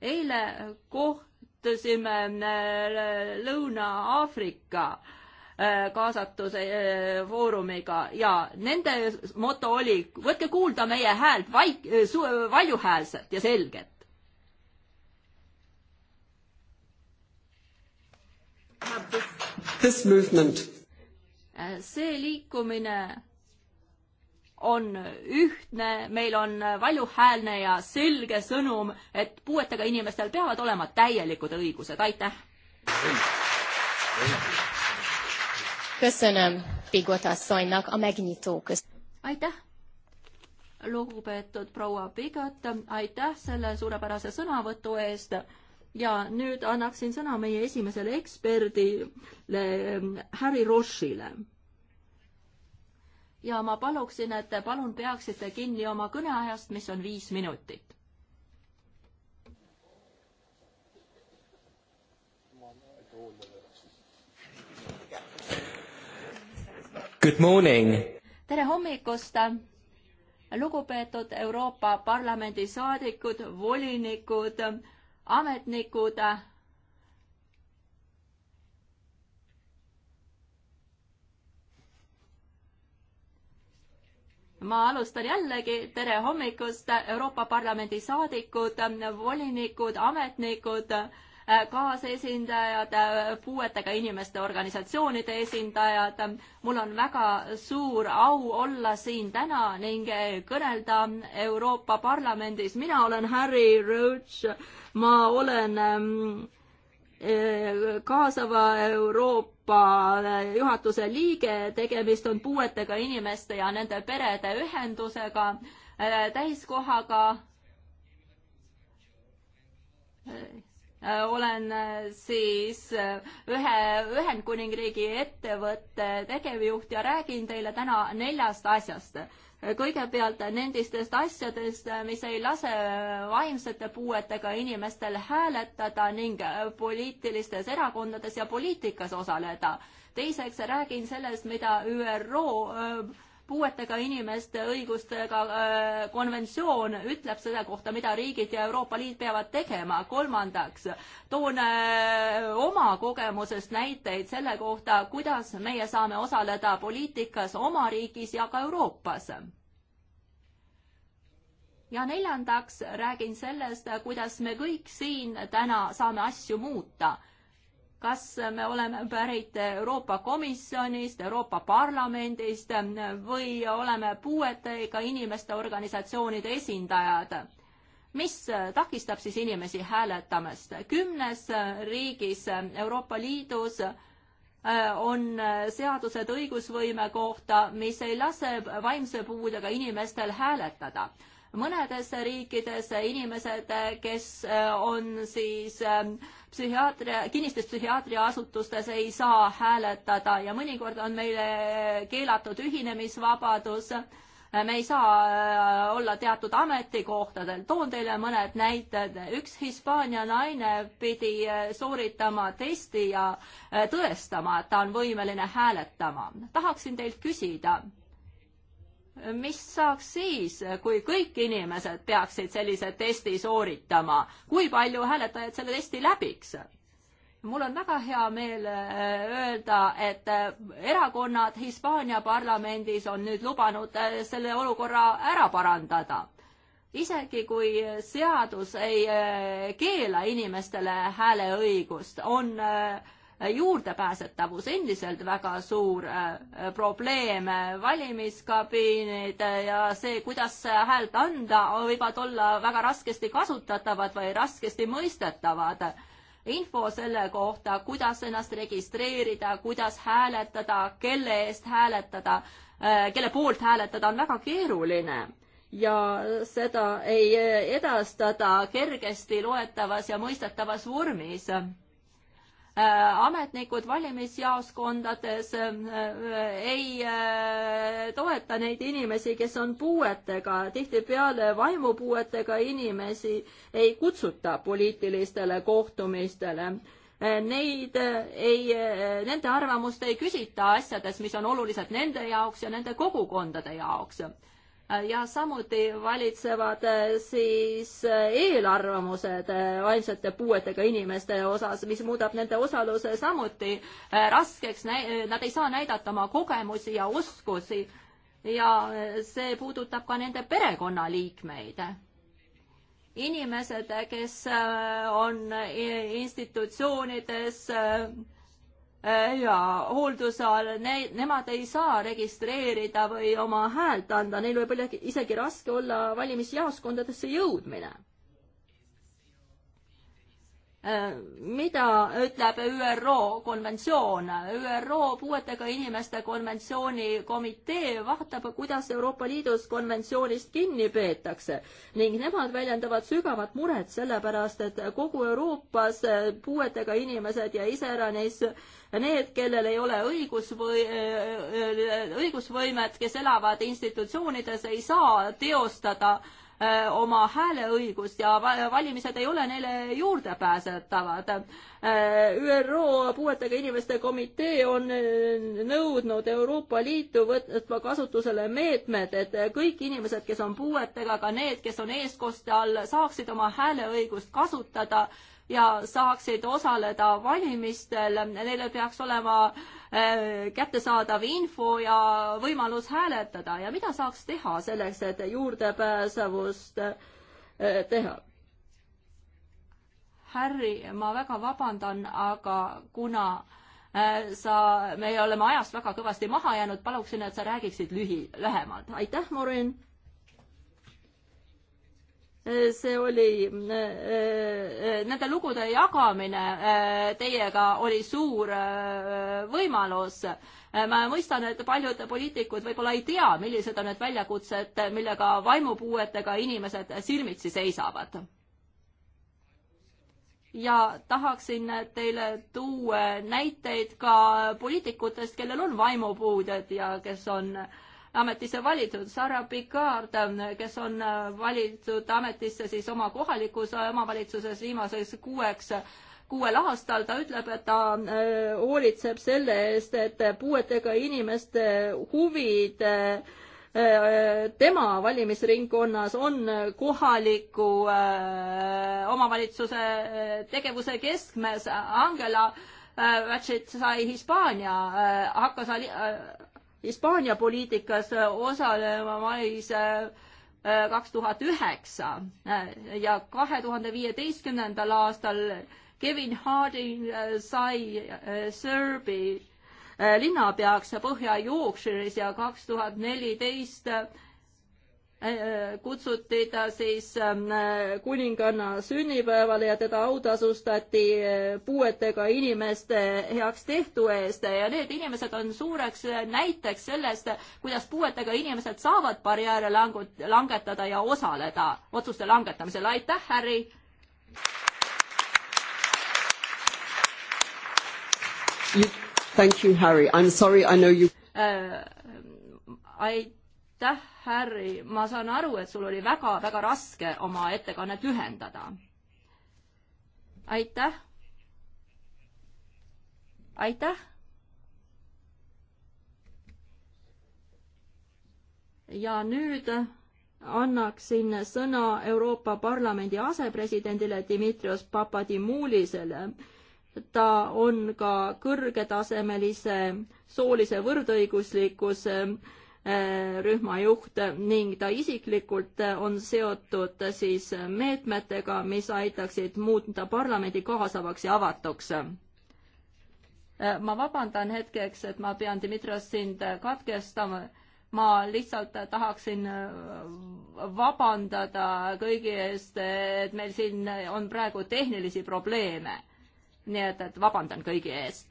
Speaker 1: eile kohtusime äh, Lõuna-Aafrika äh, Äh, kaasatuse äh, foorumiga ja nende moto oli, võtke kuulda meie häält vaik-, äh, valjuhäälselt ja selgelt. This movement. see liikumine on ühtne, meil on valjuhäälne ja selge sõnum, et puuetega inimestel peavad olema täielikud õigused, aitäh!
Speaker 2: Köszönöm Pigot asszonynak a megnyitó köz.
Speaker 1: Aitäh! lugupeetud proua Pigot, aitäh selle suurepärase sõnavõtu eest ja nüüd annaksin sõna meie esimesele eksperdile, Harry Rochile. ja ma paluksin, et palun peaksite kinni oma kõneajast, mis on viis minutit.
Speaker 2: Good morning!
Speaker 1: tere hommikust! lugupeetud Euroopa Parlamendi saadikud, volinikud, ametnikud. ma alustan jällegi, tere hommikust, Euroopa Parlamendi saadikud, volinikud, ametnikud kaasesindajad, puuetega inimeste organisatsioonide esindajad. mul on väga suur au olla siin täna ning kõnelda Euroopa Parlamendis. mina olen Harry Roach, ma olen ähm, kaasava Euroopa juhatuse liige, tegemist on puuetega inimeste ja nende perede ühendusega, äh, täiskohaga äh, Äh, olen äh, siis äh, ühe Ühendkuningriigi ettevõtte tegevjuht ja räägin teile täna neljast asjast. kõigepealt nendistest asjadest, mis ei lase vaimsete puuetega inimestel hääletada ning poliitilistes erakondades ja poliitikas osaleda. teiseks räägin sellest, mida ÜRO puuetega inimeste õigustega äh, konventsioon ütleb selle kohta, mida riigid ja Euroopa Liit peavad tegema. kolmandaks toon äh, oma kogemusest näiteid selle kohta, kuidas meie saame osaleda poliitikas oma riigis ja ka Euroopas ja neljandaks räägin sellest, kuidas me kõik siin täna saame asju muuta kas me oleme pärit Euroopa Komisjonist, Euroopa Parlamendist või oleme puuetega inimeste organisatsioonide esindajad. mis takistab siis inimesi hääletamast? kümnes riigis Euroopa Liidus äh, on seadused õigusvõime kohta, mis ei lase vaimse puudega inimestel hääletada mõnedes riikides inimesed, kes äh, on siis ähm, psühhiaatria, kinnistes psühhiaatriaasutustes ei saa hääletada ja mõnikord on meile keelatud ühinemisvabadus. me ei saa äh, olla teatud ametikohtadel. toon teile mõned näited. üks Hispaania naine pidi äh, sooritama testi ja tõestama, et ta on võimeline hääletama. tahaksin teilt küsida mis saaks siis, kui kõik inimesed peaksid sellise testi sooritama, kui palju hääletajaid selle testi läbiks? mul on väga hea meel äh, öelda, et äh, erakonnad Hispaania parlamendis on nüüd lubanud äh, selle olukorra ära parandada. isegi kui seadus ei keela inimestele hääleõigust, on äh, Äh, juurdepääsetavus endiselt väga suur äh, probleem, valimiskabiinid äh, ja see, kuidas häält anda, võivad olla väga raskesti kasutatavad või raskesti mõistetavad. info selle kohta, kuidas ennast registreerida, kuidas hääletada, kelle eest hääletada, kelle poolt hääletada, on väga keeruline ja seda ei edastada kergesti loetavas ja mõistetavas vormis Äh, ametnikud valimisjaoskondades äh, ei äh, toeta neid inimesi, kes on puuetega, tihtipeale vaimupuuetega inimesi ei kutsuta poliitilistele kohtumistele neid ei, nende arvamust ei küsita asjades, mis on olulised nende jaoks ja nende kogukondade jaoks ja samuti valitsevad äh, siis äh, eelarvamused äh, vaimsete puuetega inimeste osas, mis muudab nende osaluse samuti raskeks, nad ei saa näidata oma kogemusi ja oskusi ja see puudutab ka nende perekonnaliikmeid inimesed, kes on institutsioonides Äh, ja hoolduse all ne-, nemad ei saa registreerida või oma häält anda, neil võib isegi raske olla valimisjaoskondadesse jõudmine. Äh, mida ütleb ÜRO konventsioon? ÜRO puuetega inimeste konventsiooni komitee vaatab, kuidas Euroopa Liidus konventsioonist kinni peetakse ning nemad väljendavad sügavat muret selle pärast, et kogu Euroopas puuetega inimesed ja iseäranis need, kellel ei ole õigusvõi-, õigusvõimet, kes elavad institutsioonides, ei saa teostada Äh, oma hääleõigust ja valimised ei ole neile juurdepääsetavad. Äh, ÜRO puuetega inimeste komitee on äh, nõudnud Euroopa Liitu võtma kasutusele meetmed, et kõik inimesed, kes on puuetega, ka need, kes on eestkoste all, saaksid oma hääleõigust kasutada ja saaksid osaleda valimistel, neile peaks olema eh, kättesaadav info ja võimalus hääletada ja mida saaks teha selleks, et juurdepääsevust eh, teha? Harry, ma väga vabandan, aga kuna eh, sa, me oleme ajast väga kõvasti maha jäänud, paluksin, et sa räägiksid lühi, lühemalt. aitäh, Morin! see oli, äh, äh, nende lugude jagamine äh, teiega oli suur võimalus. ma mõistan, et paljud poliitikud võib-olla ei tea, millised on need väljakutsed, millega vaimupuuetega inimesed silmitsi seisavad ja tahaksin teile tuua näiteid ka poliitikutest, kellel on vaimupuuded ja kes on äh, ametisse valitud. Sarah Picard, kes on äh, valitud ametisse siis oma kohalikus äh, omavalitsuses viimaseks kuueks kuuel aastal, ta ütleb, et ta äh, hoolitseb selle eest, et puuetega inimeste huvid tema valimisringkonnas on kohaliku omavalitsuse tegevuse keskmes. Angela Ratchet sai Hispaania, hakkas Hispaania poliitikas osalema mais äh, kaks tuhat üheksa äh, ja kahe tuhande viieteistkümnendal aastal Kevin Harding äh, sai Serbi linnapeaks Põhja-Yorkshire'is ja kaks tuhat neliteist Äh, kutsuti ta siis ähm, kuninganna sünnipäevale ja teda autasustati äh, puuetega inimeste heaks tehtu eest ja need inimesed on suureks äh, näiteks sellest, kuidas puuetega inimesed saavad barjääre langut-, langetada ja osaleda otsuste langetamisel. aitäh, Harry! Thank you, Harry. I am sorry, I know you äh, aitäh Harry, ma saan aru, et sul oli väga-väga raske oma ettekannet ühendada. aitäh. aitäh. ja nüüd annaksin sõna Euroopa Parlamendi asepresidendile Dimitrios Papadimulisele ta on ka kõrgetasemelise soolise võrdõiguslikkuse rühma juht ning ta isiklikult on seotud siis meetmetega, mis aitaksid muuta parlamendi kaasavaks ja avatuks. ma vabandan hetkeks, et ma pean, Dmitri, sind katkestama. ma lihtsalt tahaksin vabandada kõigi eest, et meil siin on praegu tehnilisi probleeme. nii et, et vabandan kõigi eest.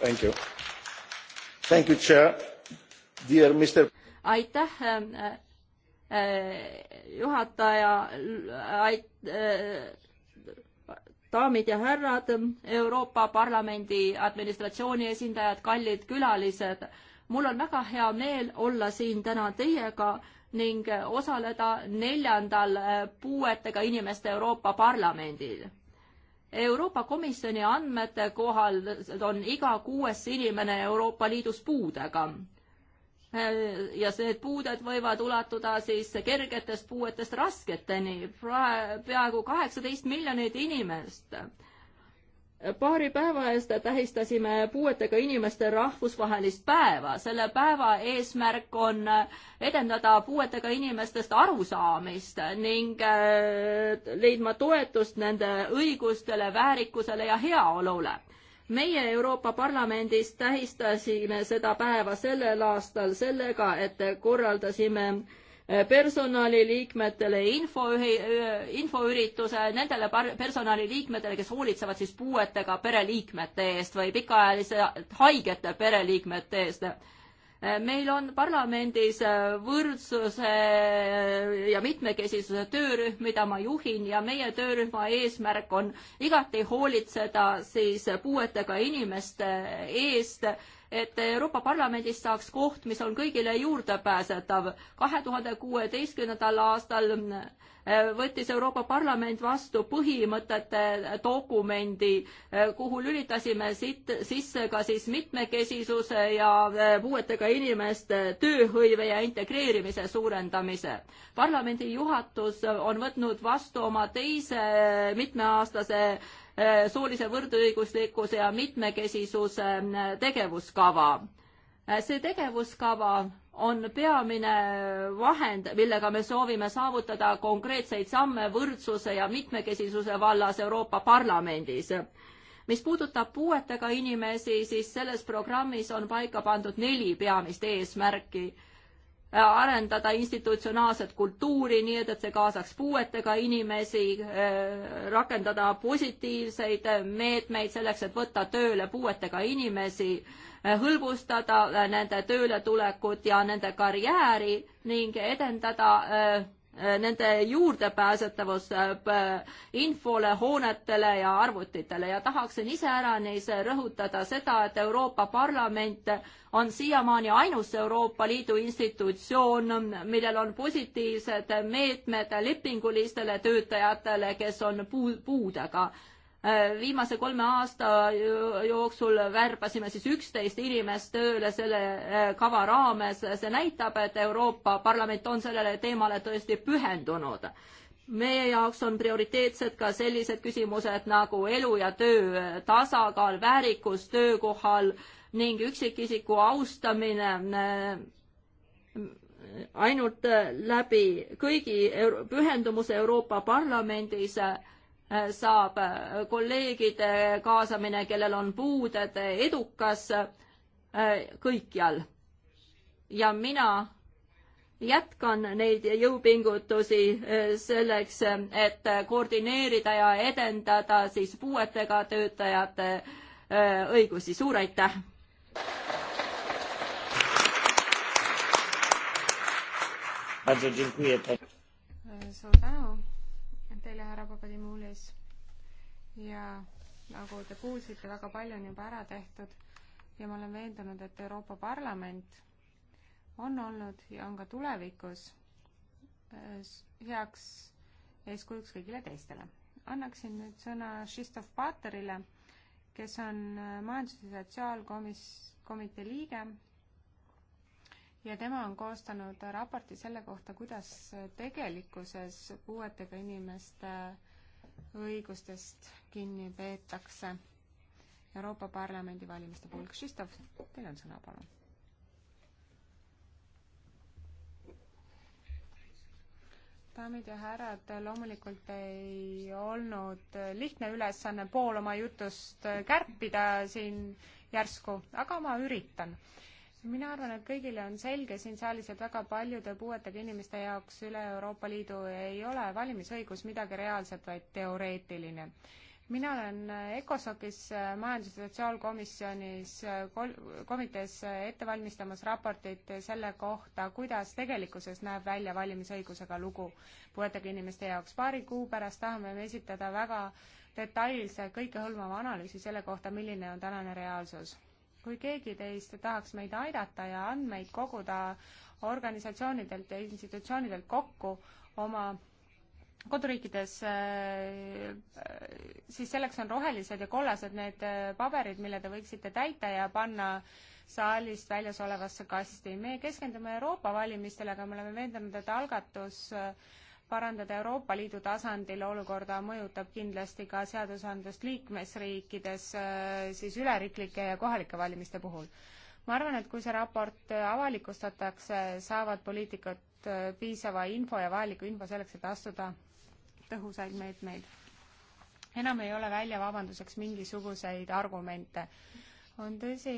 Speaker 2: Thank you. Thank you, Chair
Speaker 1: aitäh äh, äh, juhataja, äh, daamid ja härrad, Euroopa Parlamendi administratsiooni esindajad, kallid külalised. mul on väga hea meel olla siin täna teiega ning osaleda neljandal puuetega inimeste Euroopa Parlamendil. Euroopa Komisjoni andmete kohal on iga kuues inimene Euroopa Liidus puudega Äh, ja need puuded võivad ulatuda siis kergetest puuetest rasketeni, peaaegu kaheksateist miljonit inimest. paari päeva eest tähistasime puuetega inimeste rahvusvahelist päeva. selle päeva eesmärk on edendada puuetega inimestest arusaamist ning äh, leidma toetust nende õigustele, väärikusele ja heaolule meie Euroopa Parlamendis tähistasime seda päeva sellel aastal sellega, et korraldasime eh, personaliliikmetele info, infoürituse nendele personaliliikmetele, kes hoolitsevad siis puuetega pereliikmete eest või pikaajaliselt haigete pereliikmete eest meil on parlamendis äh, võrdsuse äh, ja mitmekesisuse töörühm, mida ma juhin ja meie töörühma eesmärk on igati hoolitseda siis puuetega inimeste eest, et Euroopa Parlamendis saaks koht, mis on kõigile juurdepääsetav. kahe tuhande kuueteistkümnendal aastal võttis Euroopa Parlament vastu põhimõtete dokumendi, kuhu lülitasime siit sisse ka siis mitmekesisuse ja äh, puuetega inimeste tööhõive ja integreerimise suurendamise. parlamendi juhatus on võtnud vastu oma teise äh, mitmeaastase äh, soolise võrdõiguslikkuse ja mitmekesisuse tegevuskava. see tegevuskava on peamine vahend, millega me soovime saavutada konkreetseid samme võrdsuse ja mitmekesisuse vallas Euroopa Parlamendis. mis puudutab puuetega inimesi, siis selles programmis on paika pandud neli peamist eesmärki arendada institutsionaalset kultuuri, nii et, et see kaasaks puuetega inimesi, äh, rakendada positiivseid meetmeid selleks, et võtta tööle puuetega inimesi, äh, hõlbustada nende tööletulekut ja nende karjääri ning edendada äh, Äh, nende juurdepääsetavus äh, infole, hoonetele ja arvutitele ja tahaksin iseäranis rõhutada seda, et Euroopa Parlament on siiamaani ainus Euroopa Liidu institutsioon, millel on positiivsed meetmed lepingulistele töötajatele, kes on puu, puudega Äh, viimase kolme aasta jooksul värbasime siis üksteist inimest tööle selle äh, kava raames. see näitab, et Euroopa Parlament on sellele teemale tõesti pühendunud. meie jaoks on prioriteetsed ka sellised küsimused nagu elu ja töö tasakaal, väärikus töökohal ning üksikisiku austamine äh, ainult läbi kõigi pühendumuse Euroopa Parlamendis saab äh, kolleegide kaasamine, kellel on puuded, äh, edukas äh, kõikjal. ja mina jätkan neid jõupingutusi selleks, et koordineerida ja edendada siis puuetega töötajate õigusi. suur aitäh!
Speaker 3: suur tänu! teile, härra Papadimulis. ja nagu te kuulsite, väga palju on juba ära tehtud ja ma olen veendunud, et Euroopa Parlament on olnud ja on ka tulevikus äh, heaks eeskujuks kõigile teistele. annaksin nüüd sõna Šistov Paterile, kes on äh, majandus- ja sotsiaalkomis-, komitee liige ja tema on koostanud raporti selle kohta, kuidas tegelikkuses puuetega inimeste õigustest kinni peetakse Euroopa Parlamendi valimiste puhul. Kristof, teil on sõna, palun. daamid ja härrad, loomulikult ei olnud lihtne ülesanne pool oma jutust kärpida siin järsku, aga ma üritan mina arvan, et kõigile on selge siin saalis, et väga paljude puuetega inimeste jaoks üle Euroopa Liidu ei ole valimisõigus midagi reaalset, vaid teoreetiline. mina olen ECOSOC-is äh, majandus- ja sotsiaalkomisjonis äh, kol-, komitees äh, ette valmistamas raportit selle kohta, kuidas tegelikkuses näeb välja valimisõigusega lugu puuetega inimeste jaoks. paari kuu pärast tahame me esitada väga detailse kõikehõlmava analüüsi selle kohta, milline on tänane reaalsus kui keegi teist tahaks meid aidata ja andmeid koguda organisatsioonidelt ja institutsioonidelt kokku oma koduriikides, äh, siis selleks on rohelised ja kollased need äh, paberid, mille te võiksite täita ja panna saalist väljas olevasse kasti. meie keskendume Euroopa valimistele, aga me oleme veendunud, et algatus äh, parandada Euroopa Liidu tasandil olukorda, mõjutab kindlasti ka seadusandlust liikmesriikides äh, siis üleriiklike ja kohalike valimiste puhul. ma arvan, et kui see raport äh, avalikustatakse, saavad poliitikud äh, piisava info ja vajaliku info selleks, et astuda tõhusaid meetmeid. enam ei ole välja vabanduseks mingisuguseid argumente on tõsi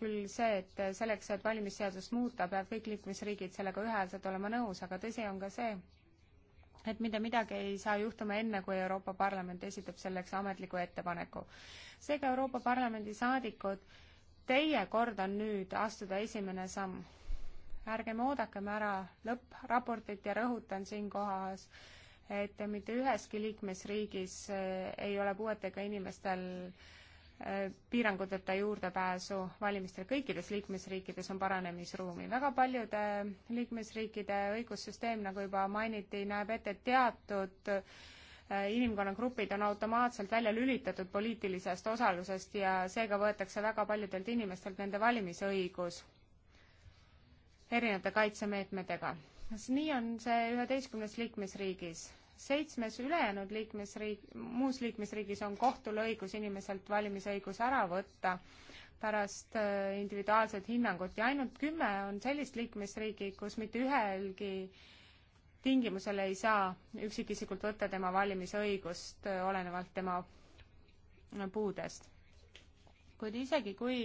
Speaker 3: küll see, et selleks, et valimisseadust muuta, peavad kõik liikmesriigid sellega ühehäälselt olema nõus, aga tõsi on ka see, et mitte midagi ei saa juhtuma enne, kui Euroopa Parlament esitab selleks ametliku ettepaneku. seega Euroopa Parlamendi saadikud, teie kord on nüüd astuda esimene samm. ärgem oodakem ära lõppraportit ja rõhutan siinkohas, et mitte üheski liikmesriigis eh, ei ole puuetega inimestel äh, piiranguteta juurdepääsu valimistel kõikides liikmesriikides on paranemisruumi. väga paljude liikmesriikide õigussüsteem, nagu juba mainiti, näeb ette, et teatud äh, inimkonnagrupid on automaatselt välja lülitatud poliitilisest osalusest ja seega võetakse väga paljudelt inimestelt nende valimisõigus erinevate kaitsemeetmetega. nii on see üheteistkümnes liikmesriigis seitsmes ülejäänud liikmesriik, muus liikmesriigis on kohtul õigus inimeselt valimisõigus ära võtta pärast äh, individuaalset hinnangut ja ainult kümme on sellist liikmesriigi, kus mitte ühelgi tingimusel ei saa üksikisikult võtta tema valimisõigust, äh, olenevalt tema puudest. kuid isegi, kui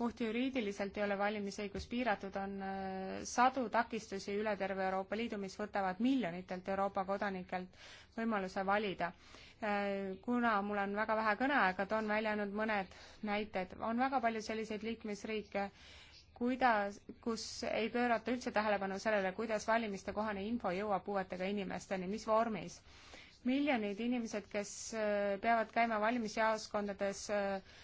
Speaker 3: puhtjuriidiliselt ei ole valimisõigus piiratud, on äh, sadu takistusi üle terve Euroopa Liidu, mis võtavad miljonitelt Euroopa kodanikelt võimaluse valida. Äh, kuna mul on väga vähe kõneaega, toon välja ainult mõned näited. on väga palju selliseid liikmesriike, kuidas, kus ei pöörata üldse tähelepanu sellele, kuidas valimiste kohane info jõuab puuetega inimesteni, mis vormis. miljonid inimesed, kes äh, peavad käima valimisjaoskondades äh,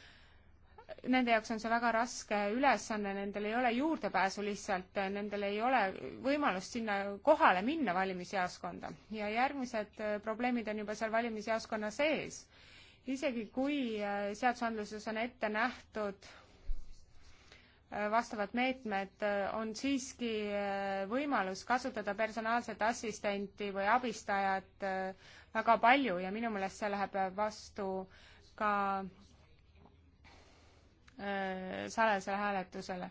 Speaker 3: nende jaoks on see väga raske ülesanne, nendel ei ole juurdepääsu lihtsalt, nendel ei ole võimalust sinna kohale minna valimisjaoskonda ja järgmised äh, probleemid on juba seal valimisjaoskonna sees. isegi kui äh, seadusandluses on ette nähtud äh, vastavad meetmed, on siiski võimalus kasutada personaalset assistenti või abistajat väga palju ja minu meelest see läheb vastu ka Äh, salajasele hääletusele.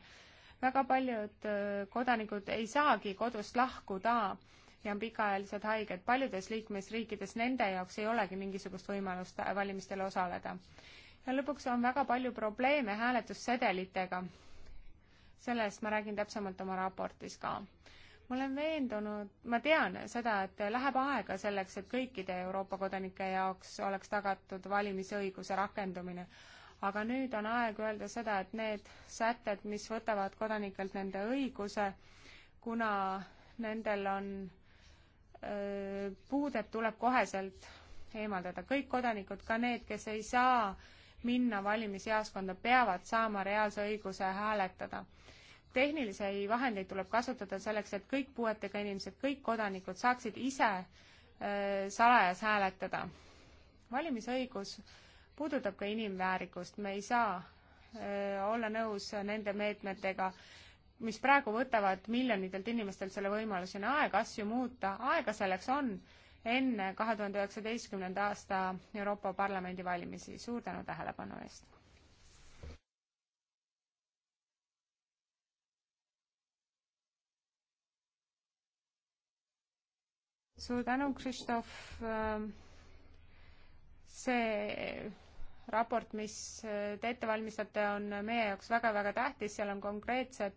Speaker 3: väga paljud äh, kodanikud ei saagi kodust lahkuda ja on pikaajalised haiged. paljudes liikmesriikides nende jaoks ei olegi mingisugust võimalust valimistel osaleda. ja lõpuks on väga palju probleeme hääletussedelitega. sellest ma räägin täpsemalt oma raportis ka ma olen veendunud, ma tean seda, et läheb aega selleks, et kõikide Euroopa kodanike jaoks oleks tagatud valimisõiguse rakendumine aga nüüd on aeg öelda seda, et need sätted, mis võtavad kodanikelt nende õiguse, kuna nendel on öö, puuded, tuleb koheselt eemaldada. kõik kodanikud, ka need, kes ei saa minna valimisjaoskonda, peavad saama reaalse õiguse hääletada. tehnilisi vahendeid tuleb kasutada selleks, et kõik puuetega inimesed, kõik kodanikud saaksid ise öö, salajas hääletada. valimisõigus öö, puudutab ka inimväärikust, me ei saa öö, olla nõus nende meetmetega, mis praegu võtavad miljonitelt inimestelt selle võimaluse, on aeg asju muuta, aega selleks on, enne kahe tuhande üheksateistkümnenda aasta Euroopa Parlamendi valimisi. suur tänu tähelepanu eest! suur tänu, Kristof. see raport, mis äh, te ette valmistate, on meie jaoks väga-väga tähtis, seal on konkreetsed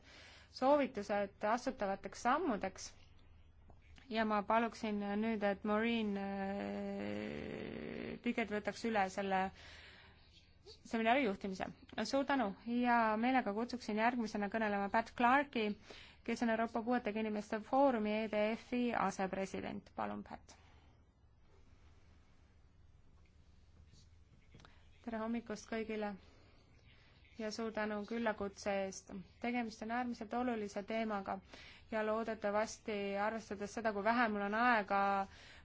Speaker 3: soovitused astutavateks sammudeks. ja ma paluksin nüüd, et Maureen äh, Piget võtaks üle selle seminari juhtimise. suur tänu ja meelega kutsuksin järgmisena kõnelema Pat Clarki, kes on Euroopa Puuetega Inimeste Foorumi EDF-i asepresident. palun, Pat tere hommikust kõigile ja suur tänu küllakutse eest. tegemist on äärmiselt olulise teemaga ja loodetavasti, arvestades seda, kui vähe mul on aega,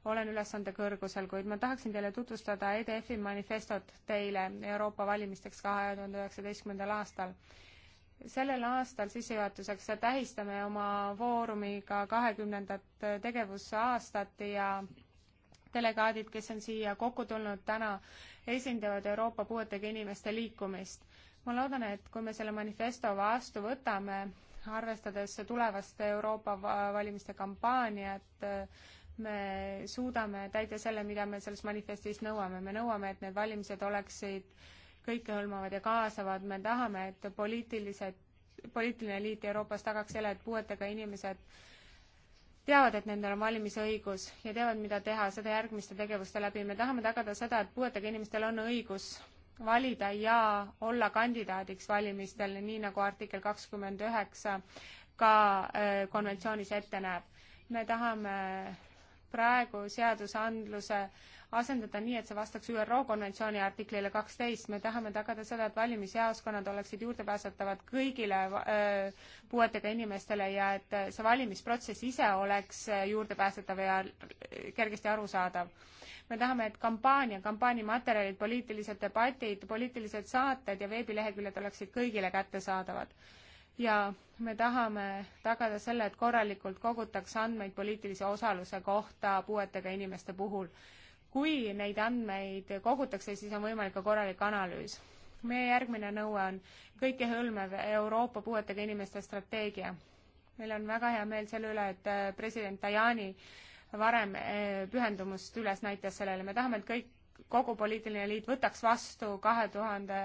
Speaker 3: olen ülesande kõrgusel, kuid ma tahaksin teile tutvustada EDF-i manifestot teile Euroopa valimisteks kahe tuhande üheksateistkümnendal aastal. sellel aastal sissejuhatuseks tähistame oma foorumiga kahekümnendat tegevusaastat ja delegaadid, kes on siia kokku tulnud täna, esindavad Euroopa puuetega inimeste liikumist. ma loodan, et kui me selle manifesto vastu võtame, arvestades tulevast Euroopa valimiste kampaaniat, me suudame täida selle, mida me selles manifestis nõuame. me nõuame, et need valimised oleksid kõikehõlmavad ja kaasavad, me tahame, et poliitilised, poliitiline eliit Euroopas tagaks selle, et puuetega inimesed teavad, et nendel on valimisõigus ja teavad, mida teha, seda järgmiste tegevuste läbi. me tahame tagada seda, et puuetega inimestel on õigus valida ja olla kandidaadiks valimistel, nii nagu artikkel kakskümmend üheksa ka äh, konventsioonis ette näeb. me tahame praegu seadusandluse asendada nii, et see vastaks ÜRO konventsiooni artiklile kaksteist. me tahame tagada seda, et valimisjaoskonnad oleksid juurdepääsetavad kõigile äh, puuetega inimestele ja et see valimisprotsess ise oleks äh, juurdepääsetav ja äh, kergesti arusaadav. me tahame, et kampaania, kampaaniamaterjalid, poliitilised debatid, poliitilised saated ja veebileheküljed oleksid kõigile kättesaadavad ja me tahame tagada selle, et korralikult kogutakse andmeid poliitilise osaluse kohta puuetega inimeste puhul kui neid andmeid kogutakse, siis on võimalik ka korralik analüüs. meie järgmine nõue on kõikehõlmev Euroopa puuetega inimeste strateegia. meil on väga hea meel selle üle, et äh, president Tajani varem äh, pühendumust üles näitas sellele, me tahame, et kõik, kogu poliitiline liit võtaks vastu kahe tuhande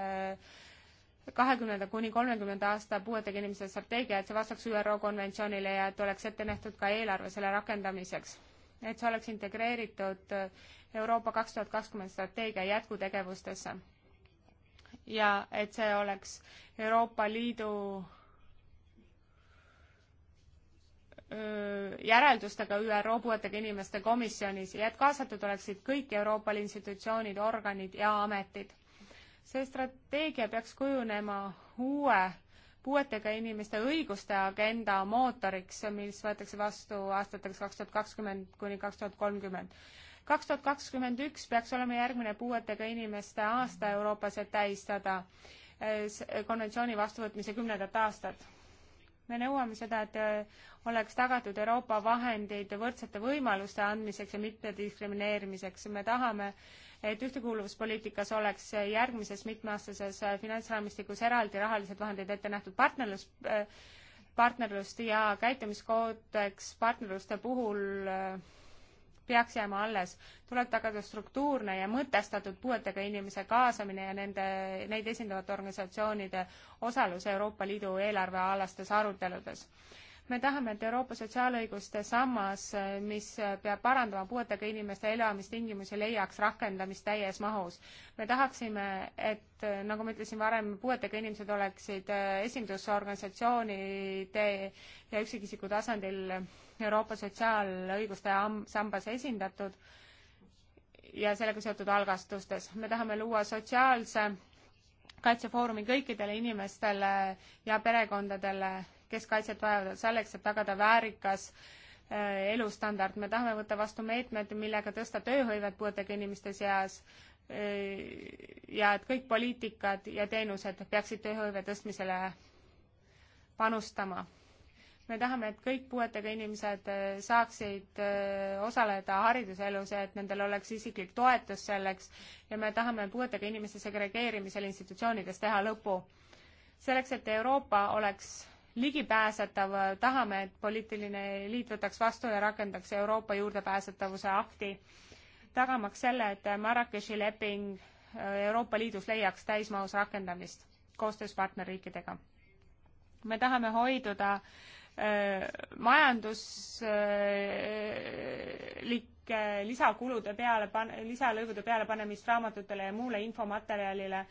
Speaker 3: kahekümnenda kuni kolmekümnenda aasta puuetega inimeste strateegia, et see vastaks ÜRO konventsioonile ja et oleks ette nähtud ka eelarve selle rakendamiseks et see oleks integreeritud Euroopa kaks tuhat kakskümmend strateegia jätkutegevustesse. ja et see oleks Euroopa Liidu järeldustega ÜRO puuetega inimeste komisjonis ja et kaasatud oleksid kõik Euroopa Liidu institutsioonid, organid ja ametid. see strateegia peaks kujunema uue puuetega inimeste õiguste agenda mootoriks, mis võetakse vastu aastateks kaks tuhat kakskümmend kuni kaks tuhat kolmkümmend. kaks tuhat kakskümmend üks peaks olema järgmine puuetega inimeste aasta Euroopas, et tähistada eh, konventsiooni vastuvõtmise kümnendat aastat. me nõuame seda, et eh, oleks tagatud Euroopa vahendid võrdsete võimaluste andmiseks ja mittediskrimineerimiseks. me tahame, et ühtekuuluvuspoliitikas oleks järgmises mitmeaastases finantsraamistikus eraldi rahalised vahendid ette nähtud partnerlus, partnerlust ja käitumiskoodeks partnerluste puhul äh, peaks jääma alles. tuleb tagada struktuurne ja mõtestatud puuetega inimese kaasamine ja nende, neid esindavate organisatsioonide osalus Euroopa Liidu eelarvealastes aruteludes me tahame, et Euroopa sotsiaalõiguste sammas, äh, mis äh, peab parandama puuetega inimeste elamistingimusi, leiaks rakendamist täies mahus. me tahaksime, et äh, nagu ma ütlesin varem, puuetega inimesed oleksid esindusorganisatsioonide ja üksikisiku tasandil Euroopa sotsiaalõiguste sambas esindatud ja sellega seotud algastustes. me tahame luua sotsiaalse kaitsefoorumi kõikidele inimestele ja perekondadele kes kaitset vajavad, selleks, et tagada väärikas äh, elustandard. me tahame võtta vastu meetmed, millega tõsta tööhõivet puuetega inimeste seas äh, ja et kõik poliitikad ja teenused peaksid tööhõive tõstmisele panustama. me tahame, et kõik puuetega inimesed äh, saaksid osaleda hariduselus ja et nendel oleks isiklik toetus selleks ja me tahame puuetega inimeste segregeerimisel institutsioonides teha lõpu. selleks, et Euroopa oleks ligipääsetav, tahame, et poliitiline eliit võtaks vastu ja rakendaks Euroopa juurdepääsetavuse akti, tagamaks selle, et Marrakechi leping äh, Euroopa Liidus leiaks täismahus rakendamist koostöös partnerriikidega. me tahame hoiduda öö, äh, majanduslike äh, lisakulude peale, lisalõivude pealepanemist raamatutele ja muule infomaterjalile öö,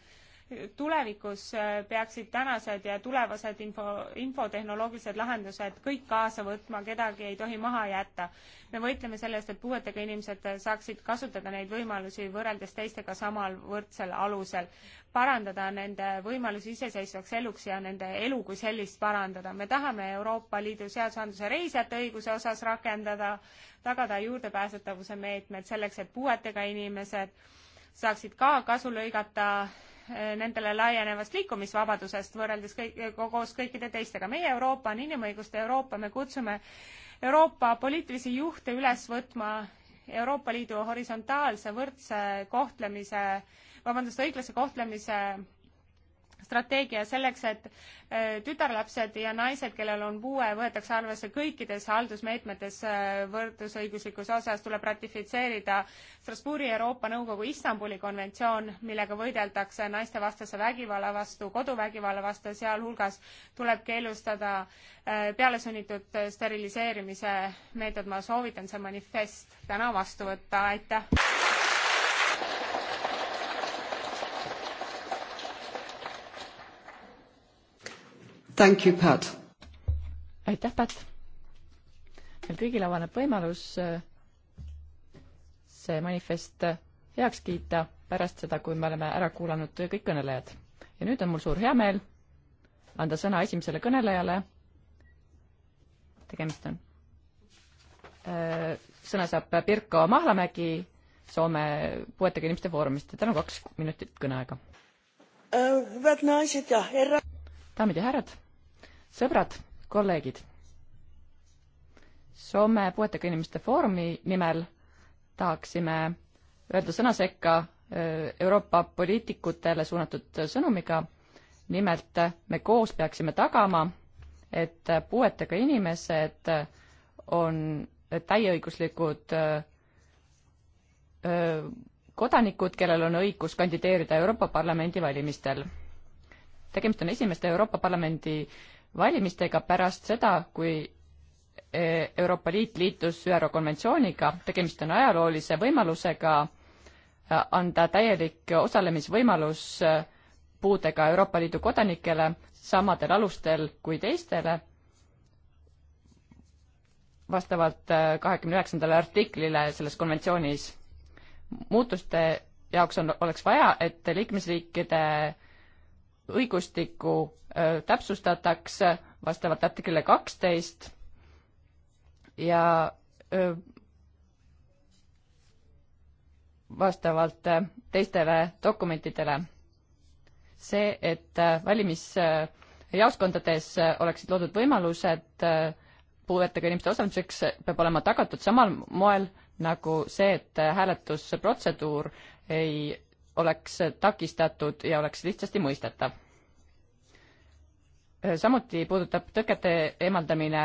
Speaker 3: tulevikus äh, peaksid tänased ja tulevased info, infotehnoloogilised lahendused kõik kaasa võtma, kedagi ei tohi maha jätta. me võitleme selle eest, et puuetega inimesed saaksid kasutada neid võimalusi võrreldes teistega samal võrdsel alusel, parandada nende võimalusi iseseisvaks eluks ja nende elu kui sellist parandada. me tahame Euroopa Liidu seadusandluse reisijate õiguse osas rakendada, tagada juurdepääsetavuse meetmed selleks, et puuetega inimesed saaksid ka kasu lõigata Eh, nendele laienevast liikumisvabadusest võrreldes kõik, eh, koos kõikide teistega. meie Euroopa on inimõiguste Euroopa, me kutsume Euroopa poliitilisi juhte üles võtma Euroopa Liidu horisontaalse võrdse kohtlemise, vabandust, õiglase kohtlemise strateegia selleks, et äh, tütarlapsed ja naised, kellel on puue, võetakse arvesse kõikides haldusmeetmetes äh, võrdusõiguslikus osas, tuleb ratifitseerida Strasbourgi Euroopa Nõukogu Istanbuli konventsioon, millega võideldakse naistevastase vägivalla vastu, koduvägivalla vastu, sealhulgas tuleb keelustada äh, pealesunnitud steriliseerimise meetod, ma soovitan see manifest täna vastu võtta, aitäh! Thank you, Pat.
Speaker 2: aitäh, Pat. meil kõigil avaneb võimalus äh, see manifest äh, heaks kiita pärast seda, kui me oleme ära kuulanud kõik kõnelejad. ja nüüd on mul suur heameel anda sõna esimesele kõnelejale. tegemist on. Äh, sõna saab Pirko Mahlamägi Soome puuetega inimeste foorumist ja tal on kaks minutit kõneaega. daamid ja härrad sõbrad, kolleegid. Soome Puuetega Inimeste Foorumi nimel tahaksime öelda sõna sekka Euroopa poliitikutele suunatud sõnumiga. nimelt me koos peaksime tagama, et puuetega inimesed on täieõiguslikud kodanikud, kellel on õigus kandideerida Euroopa Parlamendi valimistel. tegemist on esimeste Euroopa Parlamendi valimistega pärast seda, kui e, Euroopa Liit liitus ÜRO konventsiooniga, tegemist on ajaloolise võimalusega e, anda täielik osalemisvõimalus e, puudega Euroopa Liidu kodanikele samadel alustel kui teistele, vastavalt kahekümne üheksandale artiklile selles konventsioonis. muutuste jaoks on, oleks vaja, et liikmesriikide õigustikku täpsustatakse vastavalt artiklile kaksteist ja öö, vastavalt teistele dokumentidele. see, et valimisjaoskondades oleksid loodud võimalused puuetega inimeste osalemiseks, peab olema tagatud samal moel nagu see, et hääletusprotseduur ei oleks takistatud ja oleks lihtsasti mõistetav. samuti puudutab tõkete eemaldamine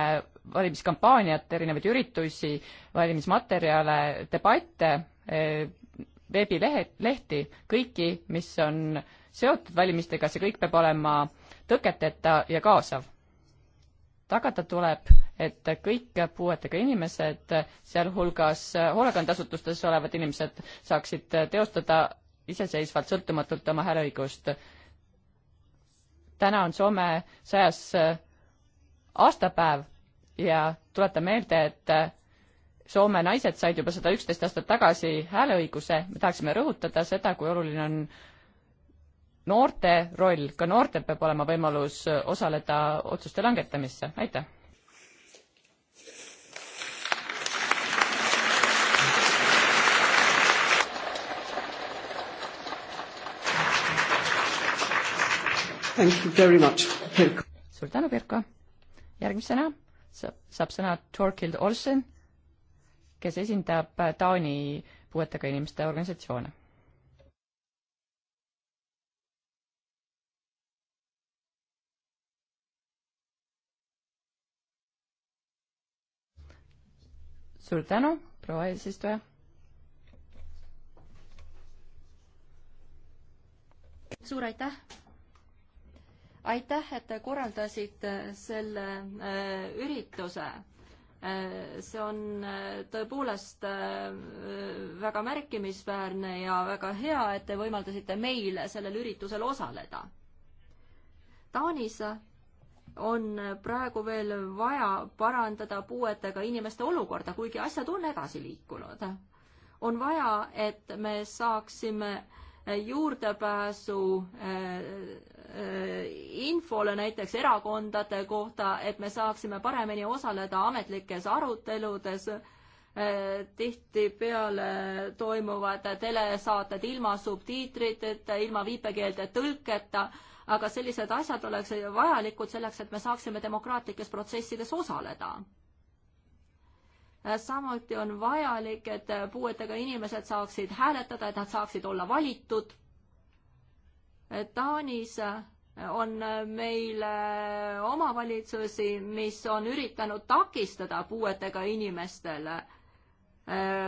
Speaker 2: valimiskampaaniat, erinevaid üritusi, valimismaterjale, debatte, e, veebilehe, lehti, kõiki, mis on seotud valimistega, see kõik peab olema tõketeta ja kaasav. tagada tuleb, et kõik puuetega inimesed, sealhulgas hoolekandeasutustes olevad inimesed, saaksid teostada iseseisvalt, sõltumatult oma hääleõigust. täna on Soome sajas äh, aastapäev ja tuletan meelde, et äh, Soome naised said juba sada üksteist aastat tagasi hääleõiguse, me tahaksime rõhutada seda, kui oluline on noorte roll, ka noortel peab olema võimalus äh, osaleda otsuste langetamisse, aitäh!
Speaker 3: Thank you very much, Pirko.
Speaker 2: suur tänu, Pirko. järgmisena saab, saab sõna Torkild Olsen, kes esindab Taani puuetega inimeste organisatsioone. suur tänu, proua eesistuja
Speaker 1: suur aitäh aitäh, et te korraldasite selle äh, ürituse äh, see on äh, tõepoolest väga märkimisväärne ja väga hea, et te võimaldasite meil sellel üritusel osaleda. Taanis on praegu veel vaja parandada puuetega inimeste olukorda, kuigi asjad on edasi liikunud. on vaja, et me saaksime juurdepääsu Äh, infole näiteks erakondade kohta, et me saaksime paremini osaleda ametlikes aruteludes. Äh, tihtipeale toimuvad telesaated ilma subtiitriteta, ilma viipekeelde tõlketa, aga sellised asjad oleks vajalikud selleks, et me saaksime demokraatlikes protsessides osaleda äh, samuti on vajalik, et puuetega inimesed saaksid hääletada, et nad saaksid olla valitud Taanis äh, on äh, meil äh, omavalitsusi, mis on üritanud takistada puuetega inimestel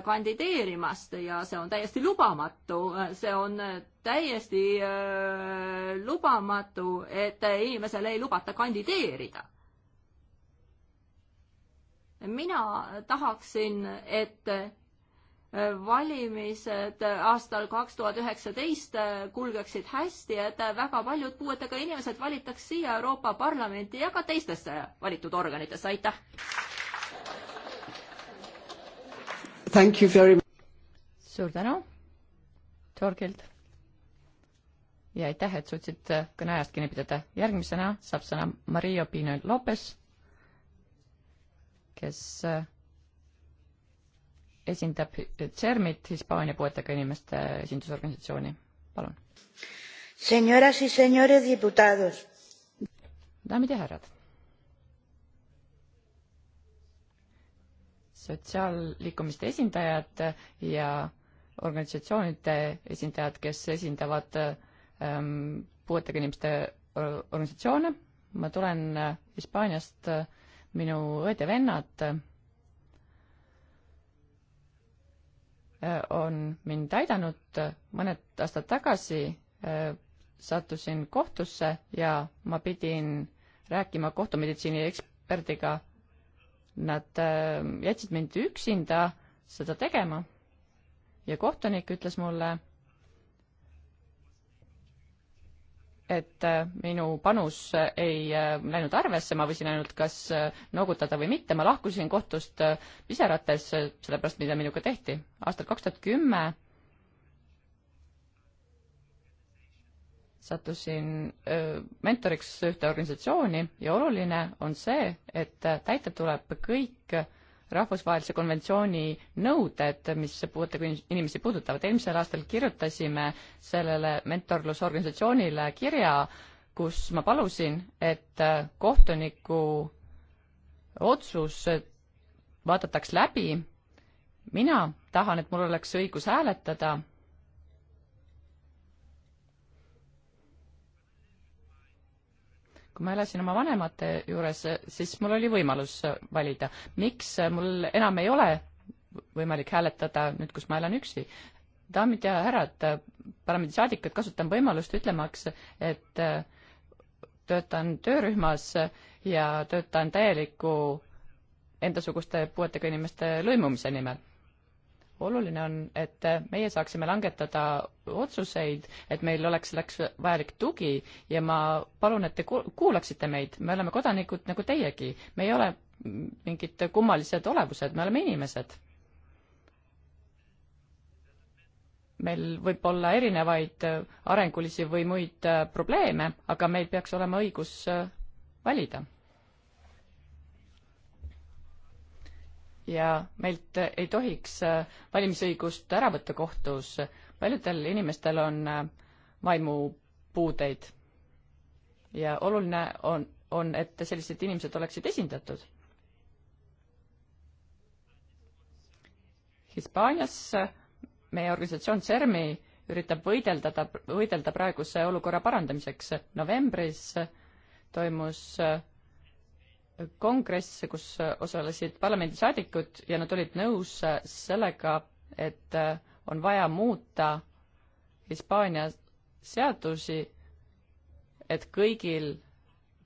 Speaker 1: kandideerimast ja see on täiesti lubamatu, see on täiesti lubamatu, et inimesele ei lubata kandideerida. mina tahaksin, et valimised aastal kaks tuhat üheksateist kulgeksid hästi, et väga paljud puuetega inimesed valitaks siia Euroopa Parlamenti ja ka teistesse valitud organitesse, aitäh!
Speaker 2: suur tänu, Torgild! ja aitäh, et suutsid kõneajast kinni pidada. järgmisena saab sõna Maria Pino Lopes, kes esindab CERMit, Hispaania puuetega inimeste esindusorganisatsiooni. palun. Señoras y señores diputados. daamid ja härrad. sotsiaalliikumiste esindajad ja organisatsioonide esindajad, kes esindavad ähm, puuetega inimeste organisatsioone. ma tulen äh, Hispaaniast, minu õed ja vennad on mind aidanud, mõned aastad tagasi äh, sattusin kohtusse ja ma pidin rääkima kohtumeditsiini eksperdiga. Nad äh, jätsid mind üksinda seda tegema ja kohtunik ütles mulle et äh, minu panus äh, ei äh, läinud arvesse, ma võisin ainult kas noogutada või mitte, ma lahkusin kohtust pisarates, sellepärast mida minuga tehti. aastal kaks tuhat kümme sattusin mentoriks ühte organisatsiooni ja oluline on see, et täita tuleb kõik rahvusvahelise konventsiooni nõuded, mis puuetega inimesi puudutavad. eelmisel aastal kirjutasime sellele mentorlusorganisatsioonile kirja, kus ma palusin, et kohtuniku otsus vaadataks läbi. mina tahan, et mul oleks õigus hääletada kui ma elasin oma vanemate juures, siis mul oli võimalus valida. miks mul enam ei ole võimalik hääletada nüüd, kus ma elan üksi? daamid ja härrad, parlamendisaadikud, kasutan võimalust ütlemaks, et töötan töörühmas ja töötan täieliku endasuguste puuetega inimeste lõimumise nimel oluline on, et meie saaksime langetada otsuseid, et meil oleks selleks vajalik tugi ja ma palun, et te kuulaksite meid, me oleme kodanikud nagu teiegi, me ei ole mingid kummalised olevused, me oleme inimesed. meil võib olla erinevaid arengulisi või muid probleeme, aga meil peaks olema õigus valida ja meilt ei tohiks äh, valimisõigust ära võtta kohtus. paljudel inimestel on äh, vaimupuudeid ja oluline on, on, et sellised inimesed oleksid esindatud. Hispaanias äh, meie organisatsioon CERMi üritab võidelda, võidelda praeguse olukorra parandamiseks. novembris toimus kongress, kus osalesid parlamendisaadikud ja nad olid nõus sellega, et on vaja muuta Hispaania seadusi, et kõigil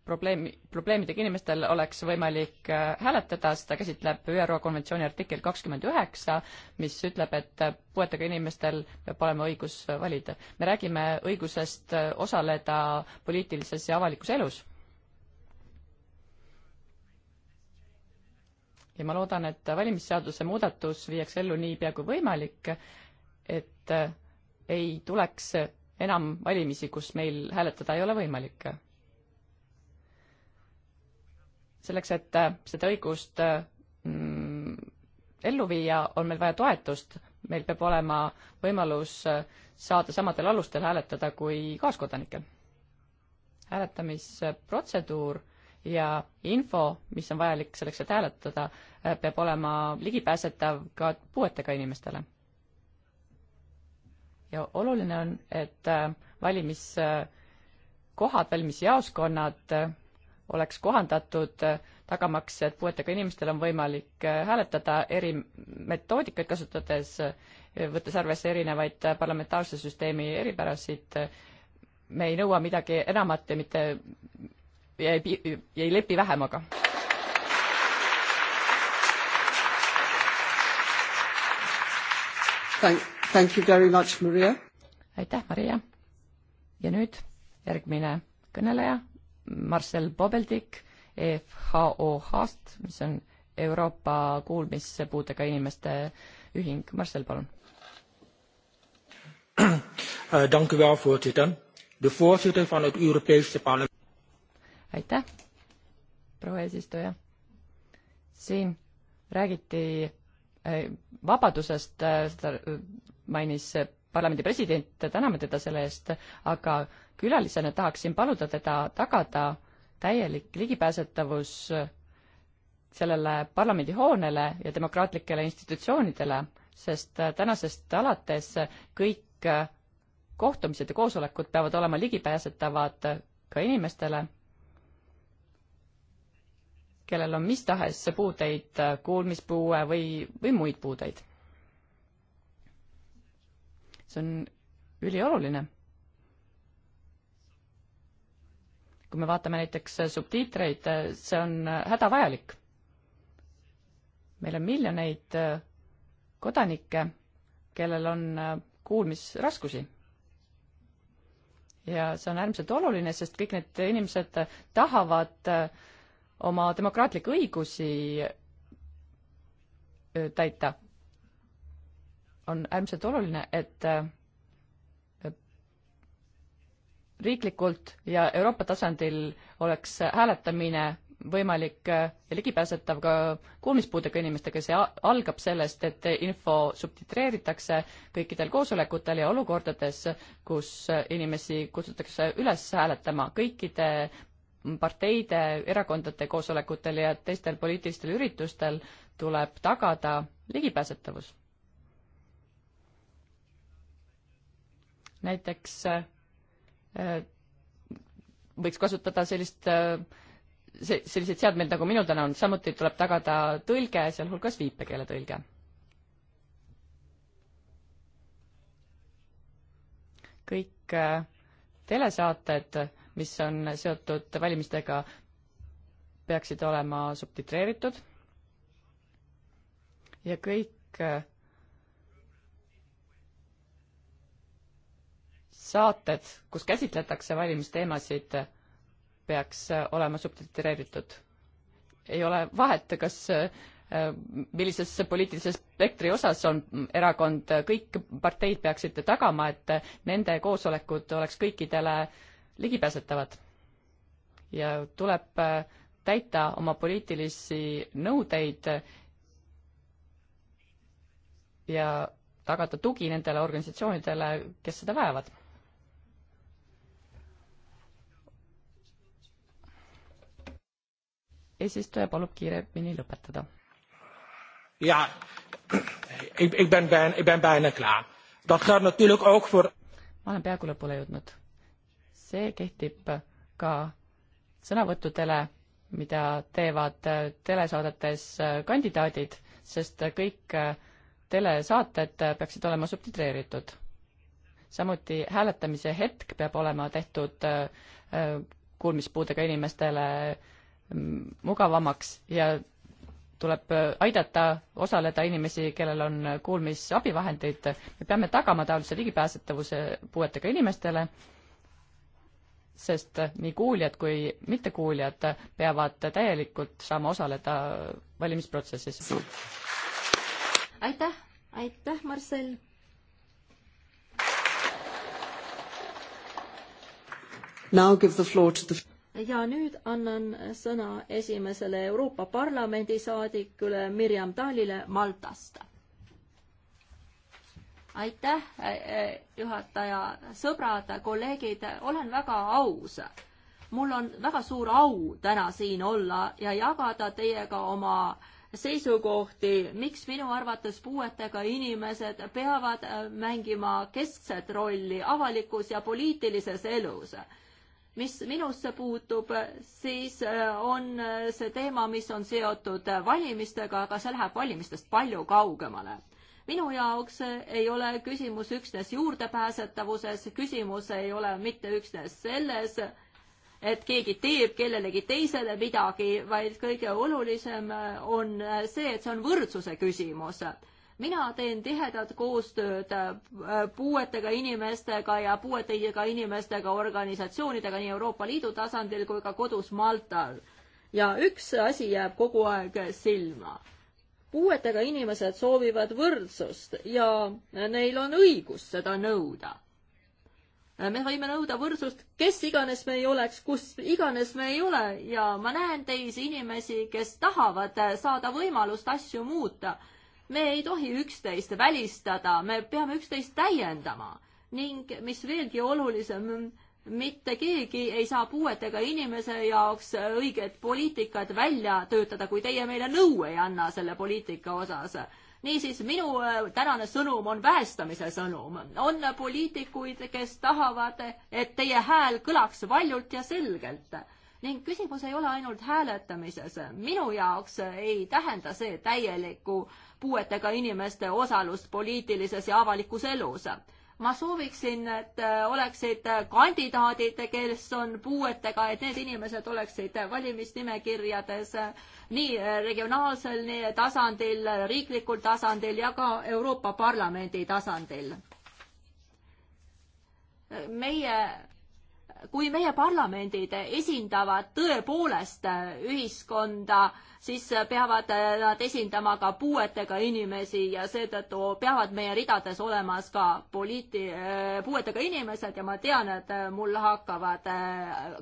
Speaker 2: probleemi, probleemidega inimestel oleks võimalik äh, hääletada, seda käsitleb ÜRO konventsiooni artikkel kakskümmend üheksa, mis ütleb, et puuetega inimestel peab olema õigus valida. me räägime õigusest äh, osaleda poliitilises ja avalikus elus. ja ma loodan, et valimisseaduse muudatus viiakse ellu niipea kui võimalik, et ei tuleks enam valimisi, kus meil hääletada ei ole võimalik. selleks, et seda õigust mm, ellu viia, on meil vaja toetust, meil peab olema võimalus saada samadel alustel hääletada kui kaaskodanikel. hääletamisprotseduur äh, ja info, mis on vajalik selleks, et hääletada, äh, peab olema ligipääsetav ka puuetega inimestele. ja oluline on, et äh, valimiskohad, äh, valimisjaoskonnad oleks kohandatud tagamaks, et puuetega inimestel on võimalik hääletada eri metoodikaid kasutades, võttes arvesse erinevaid parlamentaarse süsteemi eripärasid, me ei nõua midagi enamat ja mitte ja ei, ja ei lepi vähemaga. Thank you very much, Maria. aitäh, Maria. ja nüüd järgmine kõneleja, Marcel Bobeldik EFHOH-st, mis on Euroopa kuulmispuudega inimeste ühing. Marcel, palun.
Speaker 1: Äh, dank u wel, voorzitter. De voorzitter
Speaker 3: van het Europese parlement
Speaker 2: aitäh, proua eesistuja. siin räägiti äh, vabadusest, äh, seda äh, mainis parlamendi president, täname teda selle eest, aga külalisena tahaksin paluda teda tagada täielik ligipääsetavus sellele parlamendihoonele ja demokraatlikele institutsioonidele, sest tänasest alates kõik kohtumised ja koosolekud peavad olema ligipääsetavad ka inimestele kellel on mis tahes puudeid, kuulmispuue või, või muid puudeid. see on ülioluline. kui me vaatame näiteks subtiitreid, see on hädavajalik. meil on miljoneid kodanikke, kellel on kuulmisraskusi. ja see on äärmiselt oluline, sest kõik need inimesed tahavad äh, oma demokraatlikke õigusi täita. on äärmiselt oluline, et riiklikult ja Euroopa tasandil oleks hääletamine võimalik ja ligipääsetav ka kuulmispuudega inimestega, see algab sellest, et info subtitreeritakse kõikidel koosolekutel ja olukordades, kus inimesi kutsutakse üles hääletama, kõikide parteide, erakondade koosolekutel ja teistel poliitilistel üritustel tuleb tagada ligipääsetavus. näiteks äh, võiks kasutada sellist, äh, selliseid seadmeid, nagu minul täna on, samuti tuleb tagada tõlge, sealhulgas viipekeeletõlge. kõik äh, telesaated mis on seotud valimistega, peaksid olema subtitreeritud ja kõik äh, saated, kus käsitletakse valimisteemasid, peaks äh, olema subtitreeritud. ei ole vahet, kas äh, millises poliitilises spektri osas on erakond, kõik parteid peaksid tagama, et nende koosolekud oleks kõikidele äh, ligipääsetavad ja tuleb äh, täita oma poliitilisi nõudeid ja tagada tugi nendele organisatsioonidele, kes seda vajavad eesistuja palub kiiremini lõpetada. ja, ik ben, ik ben
Speaker 1: bijna klaar. Dat geldt natuurlijk ook voor.
Speaker 2: ma olen peaaegu lõpule jõudnud see kehtib ka sõnavõttudele, mida teevad telesaadetes kandidaadid, sest kõik telesaated peaksid olema subtitreeritud. samuti hääletamise hetk peab olema tehtud äh, kuulmispuudega inimestele mm, mugavamaks ja tuleb aidata osaleda inimesi, kellel on kuulmisabivahendid. me peame tagama taolise ligipääsetavuse puuetega inimestele sest nii kuuljad kui mittekuuljad peavad täielikult saama osaleda valimisprotsessis.
Speaker 1: aitäh, aitäh, Marcel. Now give the floor to the ja nüüd annan sõna esimesele Euroopa Parlamendi saadikule Mirjam Taalile Maltast aitäh, eh, eh, juhataja, sõbrad, kolleegid, olen väga aus. mul on väga suur au täna siin olla ja jagada teiega oma seisukohti, miks minu arvates puuetega inimesed peavad eh, mängima keskset rolli avalikus ja poliitilises elus mis minusse puutub, siis on see teema, mis on seotud valimistega, aga see läheb valimistest palju kaugemale minu jaoks ei ole küsimus üksnes juurdepääsetavuses, küsimus ei ole mitte üksnes selles, et keegi teeb kellelegi teisele midagi, vaid kõige olulisem on see, et see on võrdsuse küsimus. mina teen tihedat koostööd puuetega inimestega ja puuetega inimestega organisatsioonidega nii Euroopa Liidu tasandil kui ka kodus Maltal. ja üks asi jääb kogu aeg silma puuetega inimesed soovivad võrdsust ja neil on õigus seda nõuda. me võime nõuda võrdsust, kes iganes me ei oleks, kus iganes me ei ole ja ma näen teisi inimesi, kes tahavad saada võimalust asju muuta. me ei tohi üksteist välistada, me peame üksteist täiendama ning mis veelgi olulisem, mitte keegi ei saa puuetega inimese jaoks õiget poliitikat välja töötada, kui teie meile nõu ei anna selle poliitika osas. niisiis, minu äh, tänane sõnum on vähestamise sõnum. on poliitikuid, kes tahavad, et teie hääl kõlaks valjult ja selgelt ning küsimus ei ole ainult hääletamises. minu jaoks ei tähenda see täielikku puuetega inimeste osalust poliitilises ja avalikus elus ma sooviksin, et äh, oleksid äh, kandidaadid, kes on puuetega, et need inimesed oleksid äh, valimisnimekirjades nii regionaalsel nii tasandil, riiklikul tasandil ja ka Euroopa Parlamendi tasandil. meie, kui meie parlamendid esindavad tõepoolest ühiskonda, siis äh, peavad äh, nad esindama ka puuetega inimesi ja seetõttu peavad meie ridades olemas ka poliiti-, äh, puuetega inimesed ja ma tean, et mul hakkavad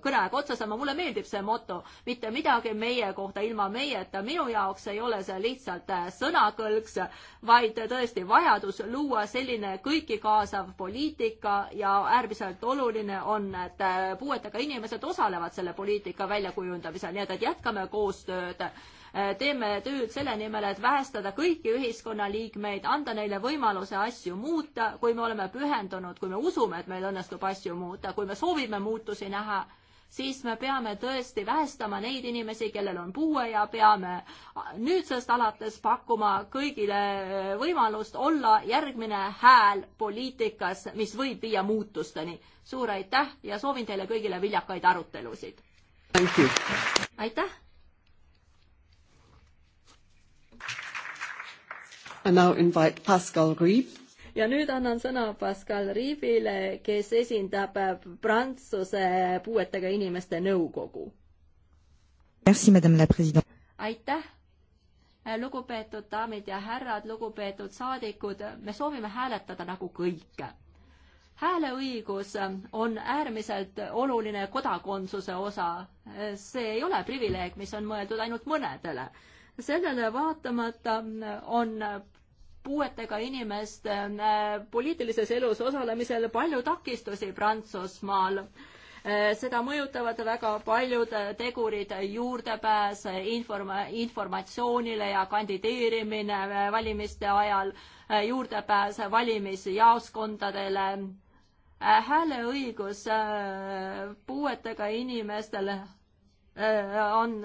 Speaker 1: kõneaeg otsa saama, mulle meeldib see moto, mitte midagi meie kohta ilma meieta, minu jaoks ei ole see lihtsalt sõnakõlks, vaid tõesti vajadus luua selline kõiki kaasav poliitika ja äärmiselt oluline on, et puuetega inimesed osalevad selle poliitika väljakujundamisel, nii et, et jätkame koostööd Äh, teeme tööd selle nimel, et vähestada kõiki ühiskonnaliikmeid, anda neile võimaluse asju muuta, kui me oleme pühendunud, kui me usume, et meil õnnestub asju muuta, kui me soovime muutusi näha, siis me peame tõesti vähestama neid inimesi, kellel on puue ja peame nüüdsest alates pakkuma kõigile võimalust olla järgmine hääl poliitikas, mis võib viia muutusteni. suur aitäh ja soovin teile kõigile viljakaid arutelusid! aitäh! I now invite Pascal Riib. ja nüüd annan sõna Pascal Riibile, kes esindab äh, Prantsuse puuetega inimeste nõukogu. aitäh äh, lugupeetud daamid ja härrad, lugupeetud saadikud, me soovime hääletada nagu kõik. hääleõigus on äärmiselt oluline kodakondsuse osa. see ei ole privileeg, mis on mõeldud ainult mõnedele. sellele vaatamata on puuetega inimeste äh, poliitilises elus osalemisel palju takistusi Prantsusmaal. Äh, seda mõjutavad väga paljud tegurid, juurdepääs informa-, informatsioonile ja kandideerimine äh, valimiste ajal, juurdepääs valimisjaoskondadele hääleõigus puuetega inimestel on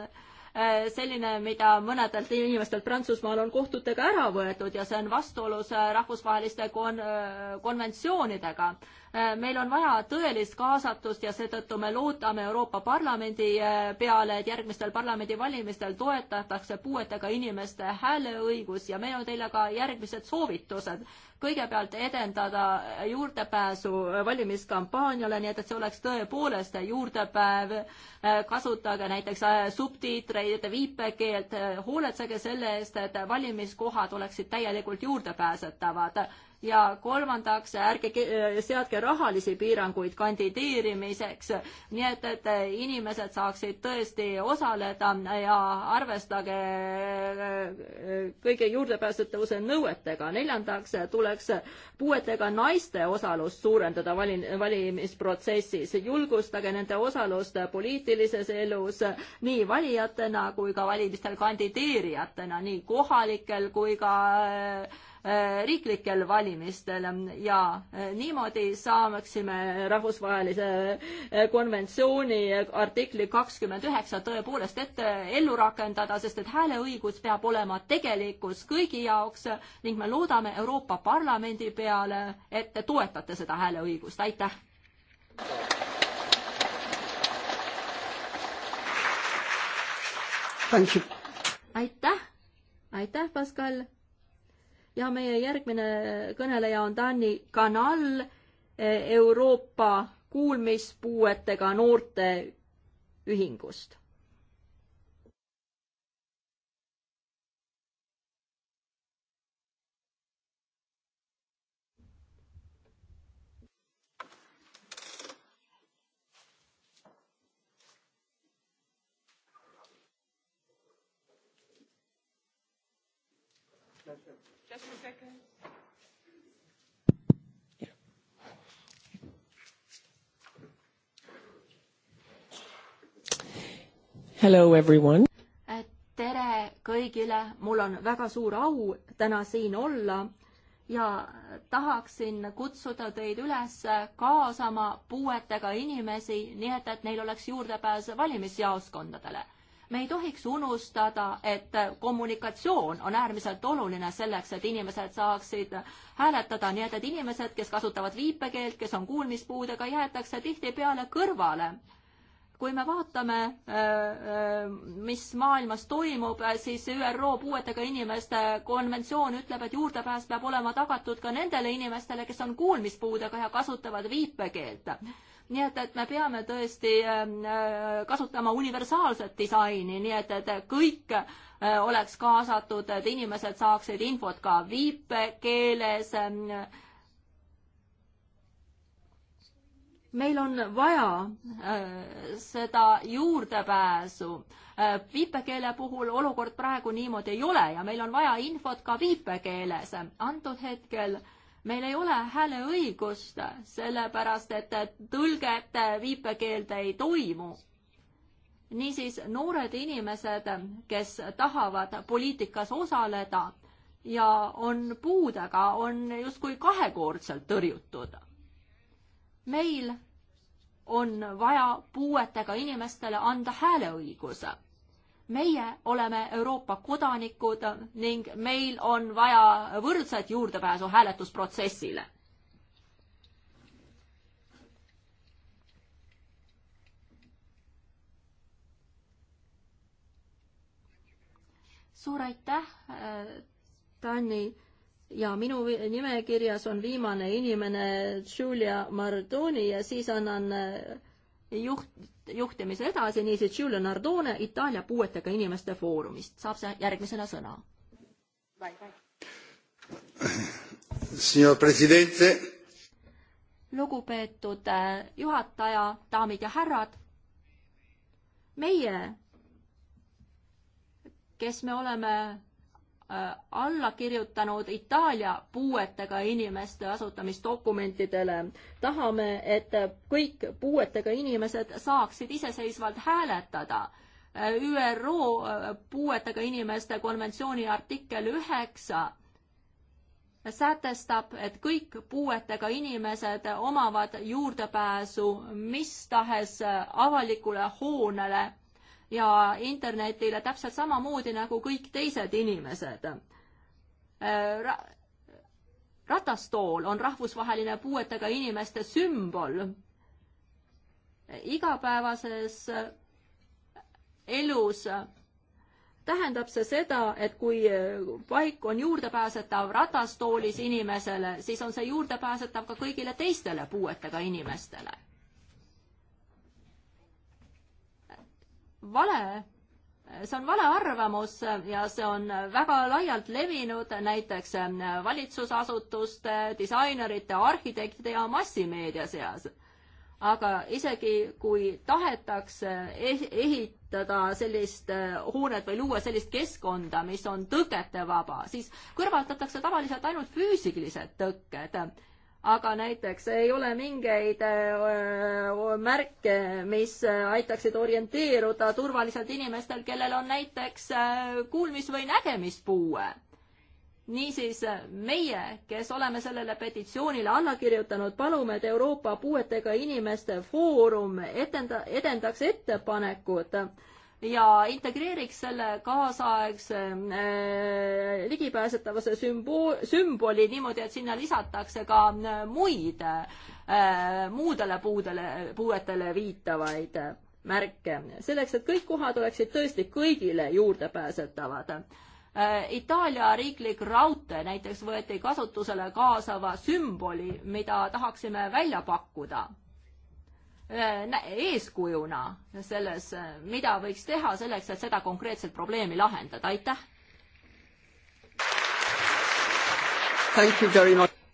Speaker 1: Äh, selline, mida mõnedelt inimestelt Prantsusmaal on kohtutega ära võetud ja see on vastuolus äh, rahvusvaheliste kon-, äh, konventsioonidega Äh, meil on vaja tõelist kaasatust ja seetõttu me loodame Euroopa Parlamendi äh, peale, et järgmistel parlamendivalimistel toetatakse puuetega inimeste hääleõigus ja meil on teile ka järgmised soovitused. kõigepealt edendada juurdepääsu valimiskampaaniale, nii et, et see oleks tõepoolest juurdepäev, äh, kasutage näiteks subtiitreid, viipekeelt, hooletsege selle eest, et valimiskohad oleksid täielikult juurdepääsetavad ja kolmandaks, ärge äh, seadke rahalisi piiranguid kandideerimiseks, nii et, et inimesed saaksid tõesti osaleda ja arvestage äh, kõige juurdepääsetavuse nõuetega. neljandaks tuleks puuetega naiste osalust suurendada valin-, valimisprotsessis, julgustage nende osalust poliitilises elus nii valijatena kui ka valimistel kandideerijatena, nii kohalikel kui ka äh, Äh, riiklikel valimistel ja äh, niimoodi saaksime rahvusvahelise äh, konventsiooni artikli kakskümmend üheksa tõepoolest ette ellu rakendada, sest et hääleõigus peab olema tegelikkus kõigi jaoks ning me loodame Euroopa Parlamendi peale, et te toetate seda hääleõigust, aitäh! aitäh, aitäh, Pascal! ja meie järgmine kõneleja on Dani Kanal, eh, Euroopa kuulmispuuetega noorte ühingust
Speaker 3: just a second. Hello everyone.
Speaker 1: tere kõigile, mul on väga suur au täna siin olla ja tahaksin kutsuda teid üles kaasama puuetega inimesi, nii et, et neil oleks juurdepääs valimisjaoskondadele me ei tohiks unustada, et kommunikatsioon on äärmiselt oluline selleks, et inimesed saaksid hääletada, nii et, et inimesed, kes kasutavad viipekeelt, kes on kuulmispuudega, jäetakse tihtipeale kõrvale kui me vaatame, äh, äh, mis maailmas toimub, siis ÜRO puuetega inimeste konventsioon ütleb, et juurdepääs peab olema tagatud ka nendele inimestele, kes on kuulmispuudega ja kasutavad viipekeelt nii et, et me peame tõesti ähm, äh, kasutama universaalset disaini, nii et, et kõik äh, oleks kaasatud, et inimesed saaksid infot ka viipekeeles. Ähm, meil on vaja äh, seda juurdepääsu. viipekeele puhul olukord praegu niimoodi ei ole ja meil on vaja infot ka viipekeeles. antud hetkel äh, meil ei ole hääleõigust, sellepärast et tõlget äh, viipekeelde ei toimu. niisiis noored inimesed, kes tahavad poliitikas osaleda ja on puudega, on justkui kahekordselt tõrjutud. meil on vaja puuetega inimestele anda hääleõiguse meie oleme Euroopa kodanikud ning meil on vaja võrdset juurdepääsu hääletusprotsessile. suur aitäh, Tanni ja minu nimekirjas on viimane inimene Julia Mardoni ja siis annan juht, juhtimise edasi, niisiis Giulio Nardone Itaalia puuetega inimeste foorumist saab see järgmisena sõna. lugupeetud äh, juhataja, daamid ja härrad, meie, kes me oleme Äh, alla kirjutanud Itaalia puuetega inimeste asutamisdokumentidele. tahame, et kõik puuetega inimesed saaksid iseseisvalt hääletada. ÜRO äh, puuetega inimeste konventsiooni artikkel üheksa sätestab, et kõik puuetega inimesed omavad juurdepääsu mis tahes avalikule hoonele ja internetile täpselt samamoodi nagu kõik teised inimesed äh, Ra. ratastool on rahvusvaheline puuetega inimeste sümbol. igapäevases äh, elus äh, tähendab see seda, et kui paik on juurdepääsetav ratastoolis inimesele, siis on see juurdepääsetav ka kõigile teistele puuetega inimestele vale, see on vale arvamus ja see on väga laialt levinud näiteks valitsusasutuste, disainerite, arhitektide ja massimeedia seas. aga isegi kui tahetakse eh-, ehitada sellist eh, hoonet või luua sellist keskkonda, mis on tõketevaba, siis kõrvaldatakse tavaliselt ainult füüsilised tõkked aga näiteks ei ole mingeid äh, märke, mis aitaksid orienteeruda turvaliselt inimestel, kellel on näiteks äh, kuulmis- või nägemispuue. niisiis meie, kes oleme sellele petitsioonile alla kirjutanud, palume, et Euroopa Puuetega Inimeste Foorum etenda-, edendaks ettepanekut ja integreeriks selle kaasaegse äh, ligipääsetavuse sümbool, sümboli niimoodi, et sinna lisatakse ka äh, muid äh, muudele puudele, puuetele viitavaid märke, selleks, et kõik kohad oleksid tõesti kõigile juurdepääsetavad äh,. Itaalia riiklik raudtee näiteks võeti kasutusele kaasava sümboli, mida tahaksime välja pakkuda Äh, eeskujuna selles, äh, mida võiks teha selleks, et seda konkreetset probleemi lahendada, aitäh!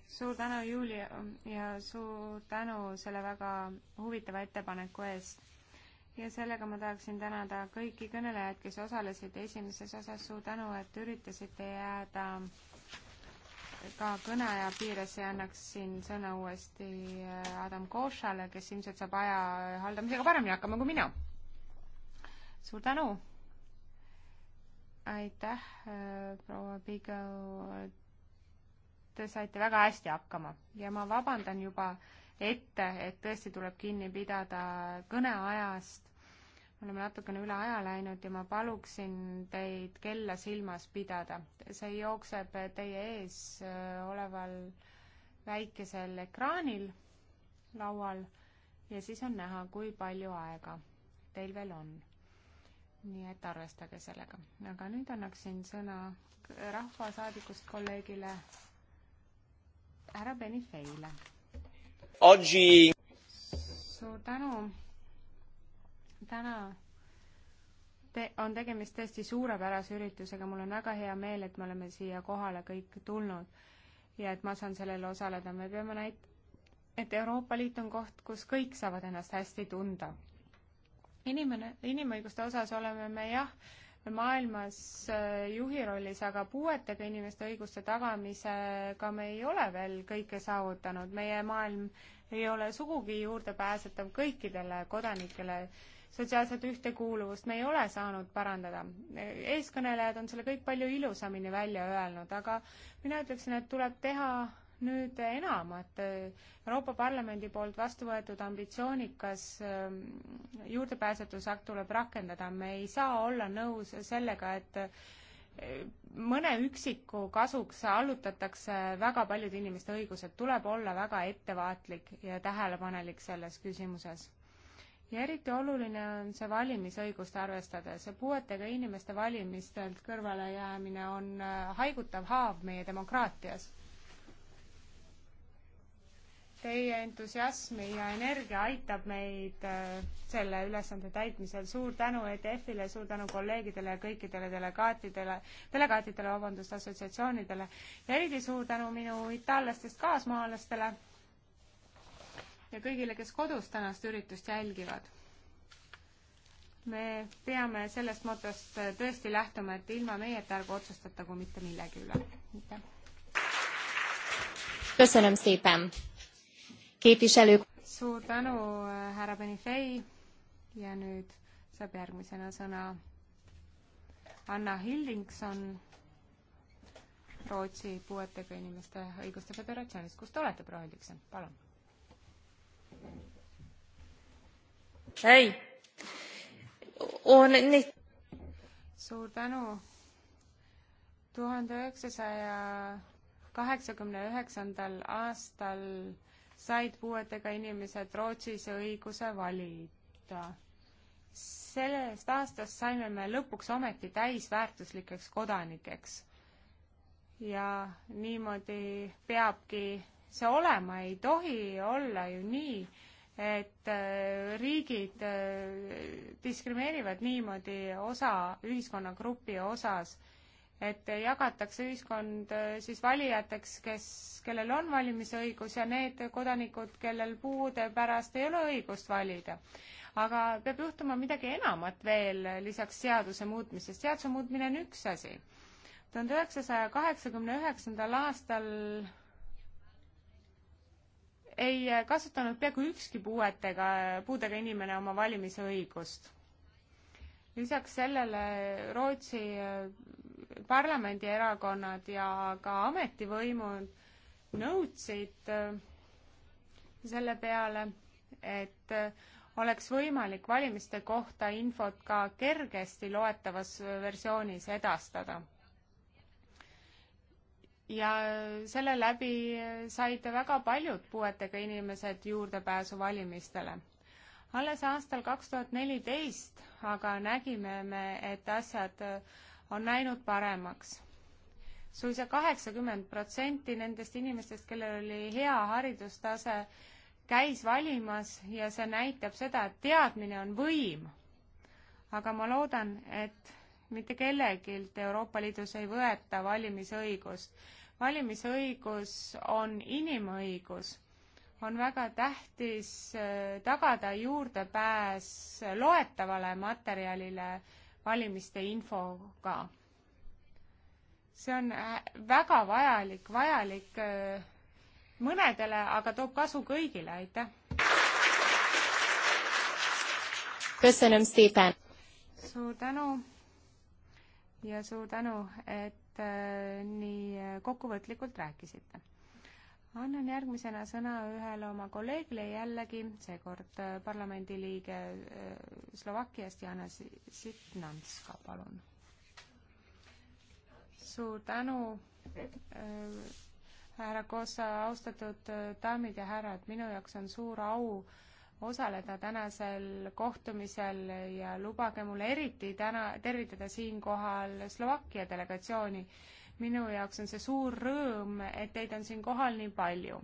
Speaker 3: suur tänu, Julia, ja suur tänu selle väga huvitava ettepaneku eest ja sellega ma tahaksin tänada kõiki kõnelejaid, kes osalesid esimeses osas, suur tänu, et üritasite jääda ka kõneaja piires ja annaksin sõna uuesti äh, Adam Košale, kes ilmselt saab aja haldamisega paremini hakkama kui mina. suur tänu! aitäh, äh, proua Pigo. Te saite väga hästi hakkama ja ma vabandan juba ette, et tõesti tuleb kinni pidada kõneajast me oleme natukene üle aja läinud ja ma paluksin teid kella silmas pidada. see jookseb teie ees äh, oleval väikesel ekraanil laual ja siis on näha, kui palju aega teil veel on. nii et arvestage sellega. aga nüüd annaksin sõna rahvasaadikust kolleegile härra Benifeile. suur tänu täna te-, on tegemist tõesti suurepärase üritusega, mul on väga hea meel, et me oleme siia kohale kõik tulnud ja et ma saan sellel osaleda, me peame näit-, et Euroopa Liit on koht, kus kõik saavad ennast hästi tunda. inimene, inimõiguste osas oleme me jah, maailmas äh, juhi rollis, aga puuetega inimeste õiguste tagamisega me ei ole veel kõike saavutanud, meie maailm ei ole sugugi juurdepääsetav kõikidele kodanikele sotsiaalset ühtekuuluvust me ei ole saanud parandada. eeskõnelejad on selle kõik palju ilusamini välja öelnud, aga mina ütleksin, et tuleb teha nüüd enam, et Euroopa Parlamendi poolt vastu võetud ambitsioonikas ähm, juurdepääsetusakt tuleb rakendada, me ei saa olla nõus sellega, et äh, mõne üksiku kasuks allutatakse väga paljude inimeste õigused, tuleb olla väga ettevaatlik ja tähelepanelik selles küsimuses ja eriti oluline on see valimisõigust arvestades ja puuetega inimeste valimistelt kõrvalejäämine on äh, haigutav haav meie demokraatias. Teie entusiasmi ja energia aitab meid äh, selle ülesande täitmisel. suur tänu ETF-ile, suur tänu kolleegidele ja kõikidele delegaatidele, delegaatidele, vabandust, assotsiatsioonidele ja eriti suur tänu minu itaallastest kaasmaalastele ja kõigile, kes kodus tänast üritust jälgivad. me peame sellest motost tõesti lähtuma, et ilma meieta ärgu otsustatagu mitte millegi üle. aitäh. köszönöm szépen. Képviselő. Suur tänu, äh, härra Benifei. Ja nüüd saab järgmisena sõna Anna Hildingson Rootsi puuetega inimeste õiguste föderatsioonist. Kus te olete, proua Hildingson? Palun ei, on neid. suur tänu. tuhande üheksasaja kaheksakümne üheksandal aastal said puuetega inimesed Rootsis õiguse valida. sellest aastast saime me lõpuks ometi täisväärtuslikeks kodanikeks. ja niimoodi peabki see olema ei tohi olla ju nii, et äh, riigid äh, diskrimineerivad niimoodi osa, ühiskonnagrupi osas, et jagatakse ühiskond äh, siis valijateks, kes, kellel on valimisõigus ja need kodanikud, kellel puude pärast ei ole õigust valida aga peab juhtuma midagi enamat veel lisaks seaduse muutmisest. seaduse muutmine on üks asi. tuhande üheksasaja kaheksakümne üheksandal aastal ei kasutanud peaaegu ükski puuetega, puudega inimene oma valimisõigust. lisaks sellele Rootsi äh, parlamendierakonnad ja ka ametivõimud nõudsid äh, selle peale, et äh, oleks võimalik valimiste kohta infot ka kergesti loetavas versioonis edastada ja selle läbi said väga paljud puuetega inimesed juurdepääsu valimistele. alles aastal kaks tuhat neliteist aga nägime me, et asjad on läinud paremaks suisa kaheksakümmend protsenti nendest inimestest, kellel oli hea haridustase, käis valimas ja see näitab seda, et teadmine on võim. aga ma loodan, et mitte kellelgi Euroopa Liidus ei võeta valimisõigust valimisõigus on inimõigus, on väga tähtis äh, tagada juurdepääs loetavale materjalile valimiste infoga. see on äh, väga vajalik, vajalik äh, mõnedele, aga toob kasu kõigile, aitäh! köszönöm szépen! Suur tänu ja suur tänu, et et äh, nii äh, kokkuvõtlikult rääkisite. annan järgmisena sõna ühele oma kolleegile jällegi, seekord äh, parlamendiliige Slovakkiast, Jana Sitnanska, palun. suur tänu härra Kossa, austatud daamid ja härrad, minu jaoks on suur au äh, osaleda tänasel kohtumisel ja lubage mul eriti täna tervitada siinkohal Slovakkia delegatsiooni. minu jaoks on see suur rõõm, et teid on siin kohal nii palju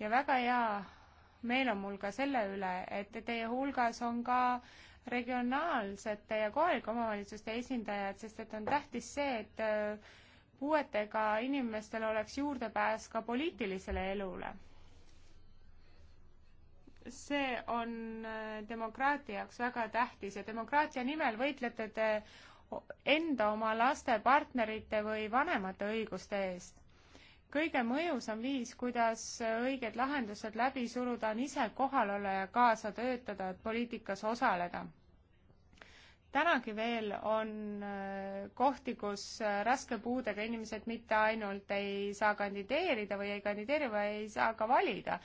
Speaker 3: ja väga hea meel on mul ka selle üle, et teie hulgas on ka regionaalsete ja kohalike omavalitsuste esindajad, sest et on tähtis see, et puuetega inimestel oleks juurdepääs ka poliitilisele elule see on äh, demokraatia jaoks väga tähtis ja demokraatia nimel võitlete te enda oma laste, partnerite või vanemate õiguste eest. kõige mõjusam viis, kuidas õiged lahendused läbi suruda, on ise kohal olla ja kaasa töötada, et poliitikas osaleda. tänagi veel on äh, kohti, kus äh, raske puudega inimesed mitte ainult ei saa kandideerida või ei kandideeri, vaid ei saa ka valida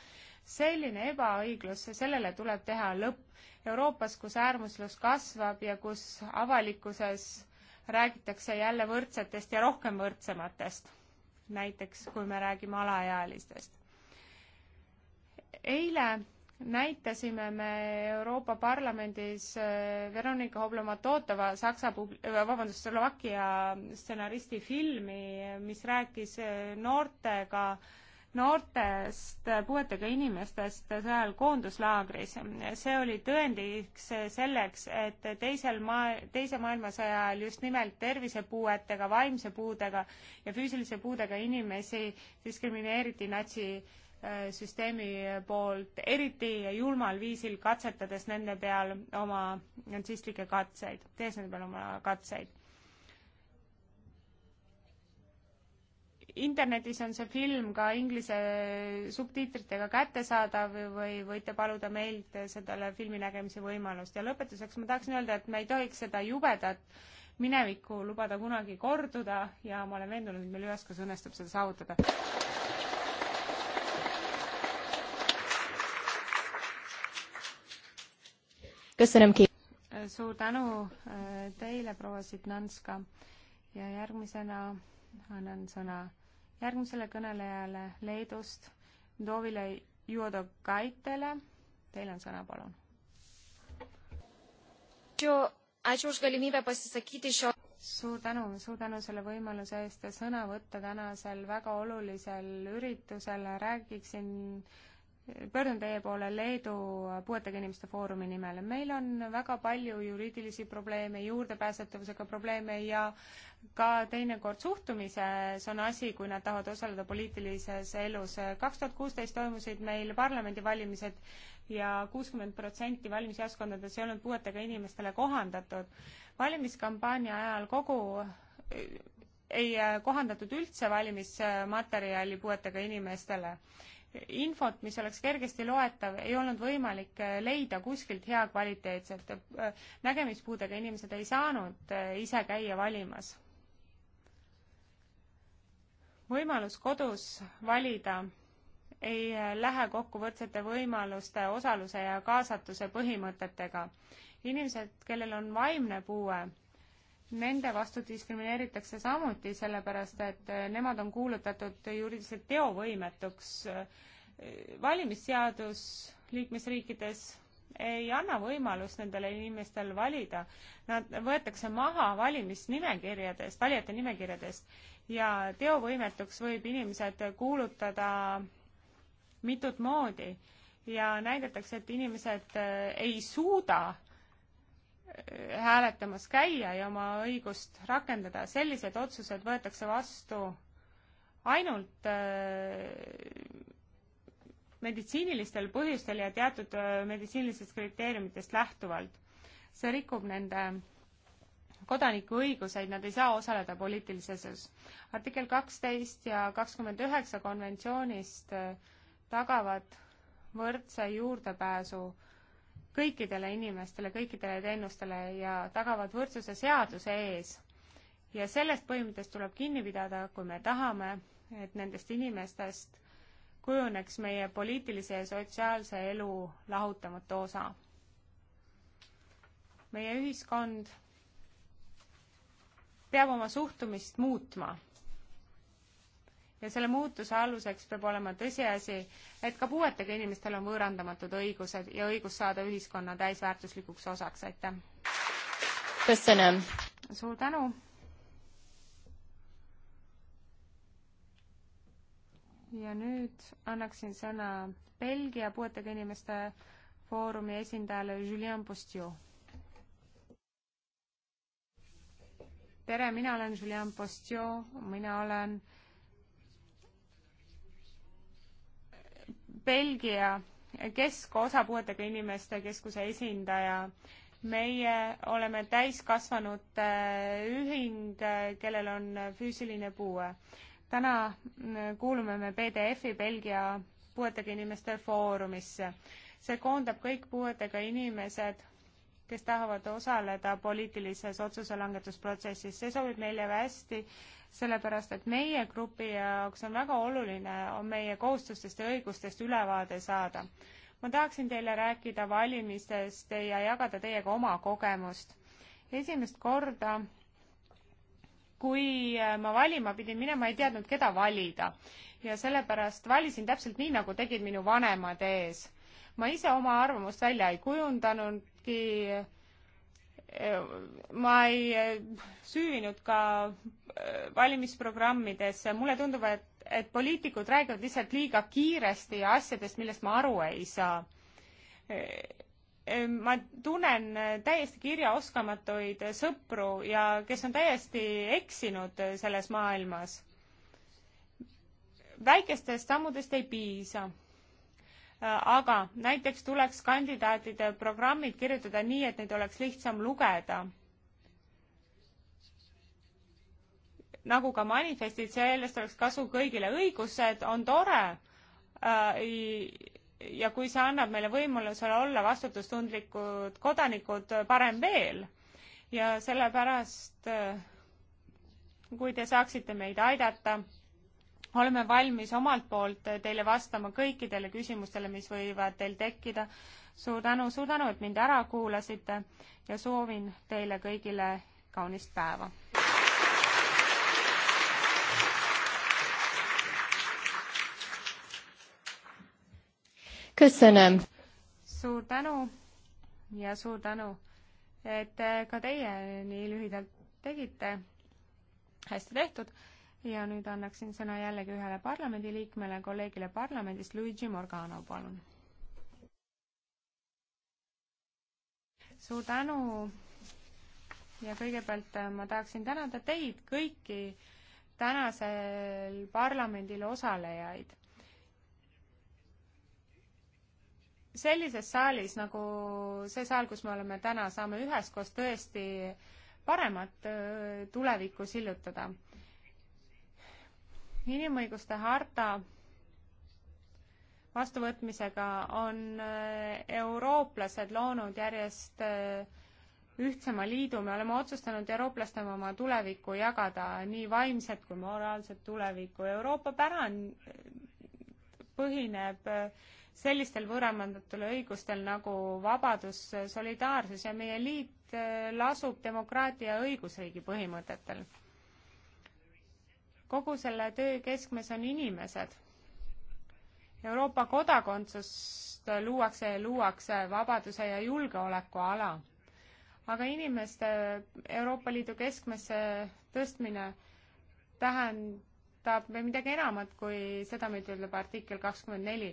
Speaker 3: selline ebaõiglus, sellele tuleb teha lõpp. Euroopas, kus äärmuslus kasvab ja kus avalikkuses räägitakse jälle võrdsetest ja rohkem võrdsematest, näiteks kui me räägime alaealistest. eile näitasime me Euroopa Parlamendis äh, Veronika Hoblomatotova Saksa pub-, äh, vabandust, Slovakkia stsenaristi filmi, mis rääkis äh, noortega äh, noortest puuetega inimestest sel ajal koonduslaagris. see oli tõendiks selleks, et teisel maa, teise maailmasõja ajal just nimelt tervisepuuetega, vaimse puudega ja füüsilise puudega inimesi diskrimineeriti natsisüsteemi äh, poolt eriti julmal viisil, katsetades nende peal oma natsistlikke katseid, tehes nende peal oma katseid internetis on see film ka inglise subtiitritega kättesaadav või võite paluda meilt sellele filmi nägemise võimalust. ja lõpetuseks ma tahaksin öelda, et me ei tohiks seda jubedat minevikku lubada kunagi korduda ja ma olen veendunud, et meil üheskoos õnnestub seda saavutada. suur tänu äh, teile, proua Sitnanska ja järgmisena annan sõna järgmisele kõnelejale Leedust, Dovile Juodokaitele. Teil on sõna, palun. suur tänu, suur tänu selle võimaluse eest sõna võtta tänasel väga olulisel üritusel, räägiksin pöördun teie poole Leedu puuetega inimeste foorumi nimel. meil on väga palju juriidilisi probleeme, juurdepääsetavusega probleeme ja ka teinekord suhtumises on asi, kui nad tahavad osaleda poliitilises elus. kaks tuhat kuusteist toimusid meil parlamendivalimised ja kuuskümmend protsenti valimisjaoskondades ei olnud puuetega inimestele kohandatud. valimiskampaania ajal kogu ei kohandatud üldse valimismaterjali puuetega inimestele infot, mis oleks kergesti loetav, ei olnud võimalik äh, leida kuskilt hea kvaliteetset. Äh, nägemispuudega inimesed ei saanud äh, ise käia valimas. võimalus kodus valida ei lähe kokku võrdsete võimaluste, osaluse ja kaasatuse põhimõtetega. inimesed, kellel on vaimne puue nende vastu diskrimineeritakse samuti, sellepärast et äh, nemad on kuulutatud juriidiliselt teovõimetuks. Äh, valimisseadus liikmesriikides ei anna võimalust nendele inimestel valida, nad võetakse maha valimisnimekirjadest, valijate nimekirjadest ja teovõimetuks võib inimesed kuulutada mitut moodi ja näidatakse, et inimesed äh, ei suuda äh, hääletamas käia ja oma õigust rakendada. sellised otsused võetakse vastu ainult äh, meditsiinilistel põhjustel ja teatud äh, meditsiinilistest kriteeriumitest lähtuvalt. see rikub nende kodanikuõiguseid, nad ei saa osaleda poliitilises elus. artikkel kaksteist ja kakskümmend üheksa konventsioonist äh, tagavad võrdse juurdepääsu äh, kõikidele inimestele, kõikidele teenustele ja tagavad võrdsuse seaduse ees. ja sellest põhimõttest tuleb kinni pidada, kui me tahame, et nendest inimestest kujuneks meie poliitilise ja sotsiaalse elu lahutamatu osa. meie ühiskond peab oma suhtumist muutma ja selle muutuse aluseks peab olema tõsiasi, et ka puuetega inimestel on võõrandamatud õigused ja õigus saada ühiskonna täisväärtuslikuks osaks, aitäh! suur tänu! ja nüüd annaksin sõna Belgia puuetega inimeste foorumi esindajale Julien Postio. tere, mina olen Julien Postio, mina olen Belgia keskosa puuetega inimeste keskuse esindaja. meie oleme täiskasvanute äh, ühing, äh, kellel on äh, füüsiline puue. täna mm, kuulume me BDF-i Belgia puuetega inimeste foorumisse. see koondab kõik puuetega inimesed kes tahavad osaleda poliitilises otsuselangetusprotsessis. see sobib meile hästi, sellepärast et meie grupi jaoks on väga oluline, on meie kohustustest ja õigustest ülevaade saada. ma tahaksin teile rääkida valimistest ja jagada teiega oma kogemust. esimest korda kui ma valima pidin minema, ma ei teadnud, keda valida. ja sellepärast valisin täpselt nii, nagu tegid minu vanemad ees. ma ise oma arvamust välja ei kujundanud, siiski eh, ma ei eh, süüvinud ka eh, valimisprogrammidesse, mulle tundub, et, et poliitikud räägivad lihtsalt liiga kiiresti ja asjadest, millest ma aru ei saa. ma tunnen täiesti kirjaoskamatuid sõpru ja kes on täiesti eksinud selles maailmas. väikestest sammudest ei piisa aga näiteks tuleks kandidaatide programmid kirjutada nii, et neid oleks lihtsam lugeda. nagu ka manifestid, sellest oleks kasu kõigile. õigused on tore äh, ja kui see annab meile võimaluse olla vastutustundlikud kodanikud, parem veel. ja sellepärast, äh, kui te saaksite meid aidata oleme valmis omalt poolt teile vastama kõikidele küsimustele, mis võivad teil tekkida. suur tänu, suur tänu, et mind ära kuulasite ja soovin teile kõigile kaunist päeva.
Speaker 2: köszönöm.
Speaker 3: suur tänu ja suur tänu, et ka teie nii lühidalt tegite. hästi tehtud ja nüüd annaksin sõna jällegi ühele parlamendiliikmele, kolleegile parlamendist, Luigi Morgano, palun. suur tänu ja kõigepealt äh, ma tahaksin tänada teid kõiki tänasel parlamendil osalejaid. sellises saalis nagu see saal, kus me oleme täna, saame üheskoos tõesti paremat äh, tulevikku sillutada inimõiguste harta vastuvõtmisega on äh, eurooplased loonud järjest äh, ühtsema liidu, me oleme otsustanud eurooplastena oma tulevikku jagada, nii vaimset kui moraalset tulevikku. Euroopa pärand äh, põhineb sellistel võõramandatutel õigustel nagu vabadus, solidaarsus ja meie liit lasub demokraatia ja õigusriigi põhimõtetel kogu selle töö keskmes on inimesed. Euroopa kodakondsust luuakse ja luuakse vabaduse ja julgeoleku ala. aga inimeste Euroopa Liidu keskmesse tõstmine tähendab midagi enamat kui seda, mida ütleb artikkel kakskümmend neli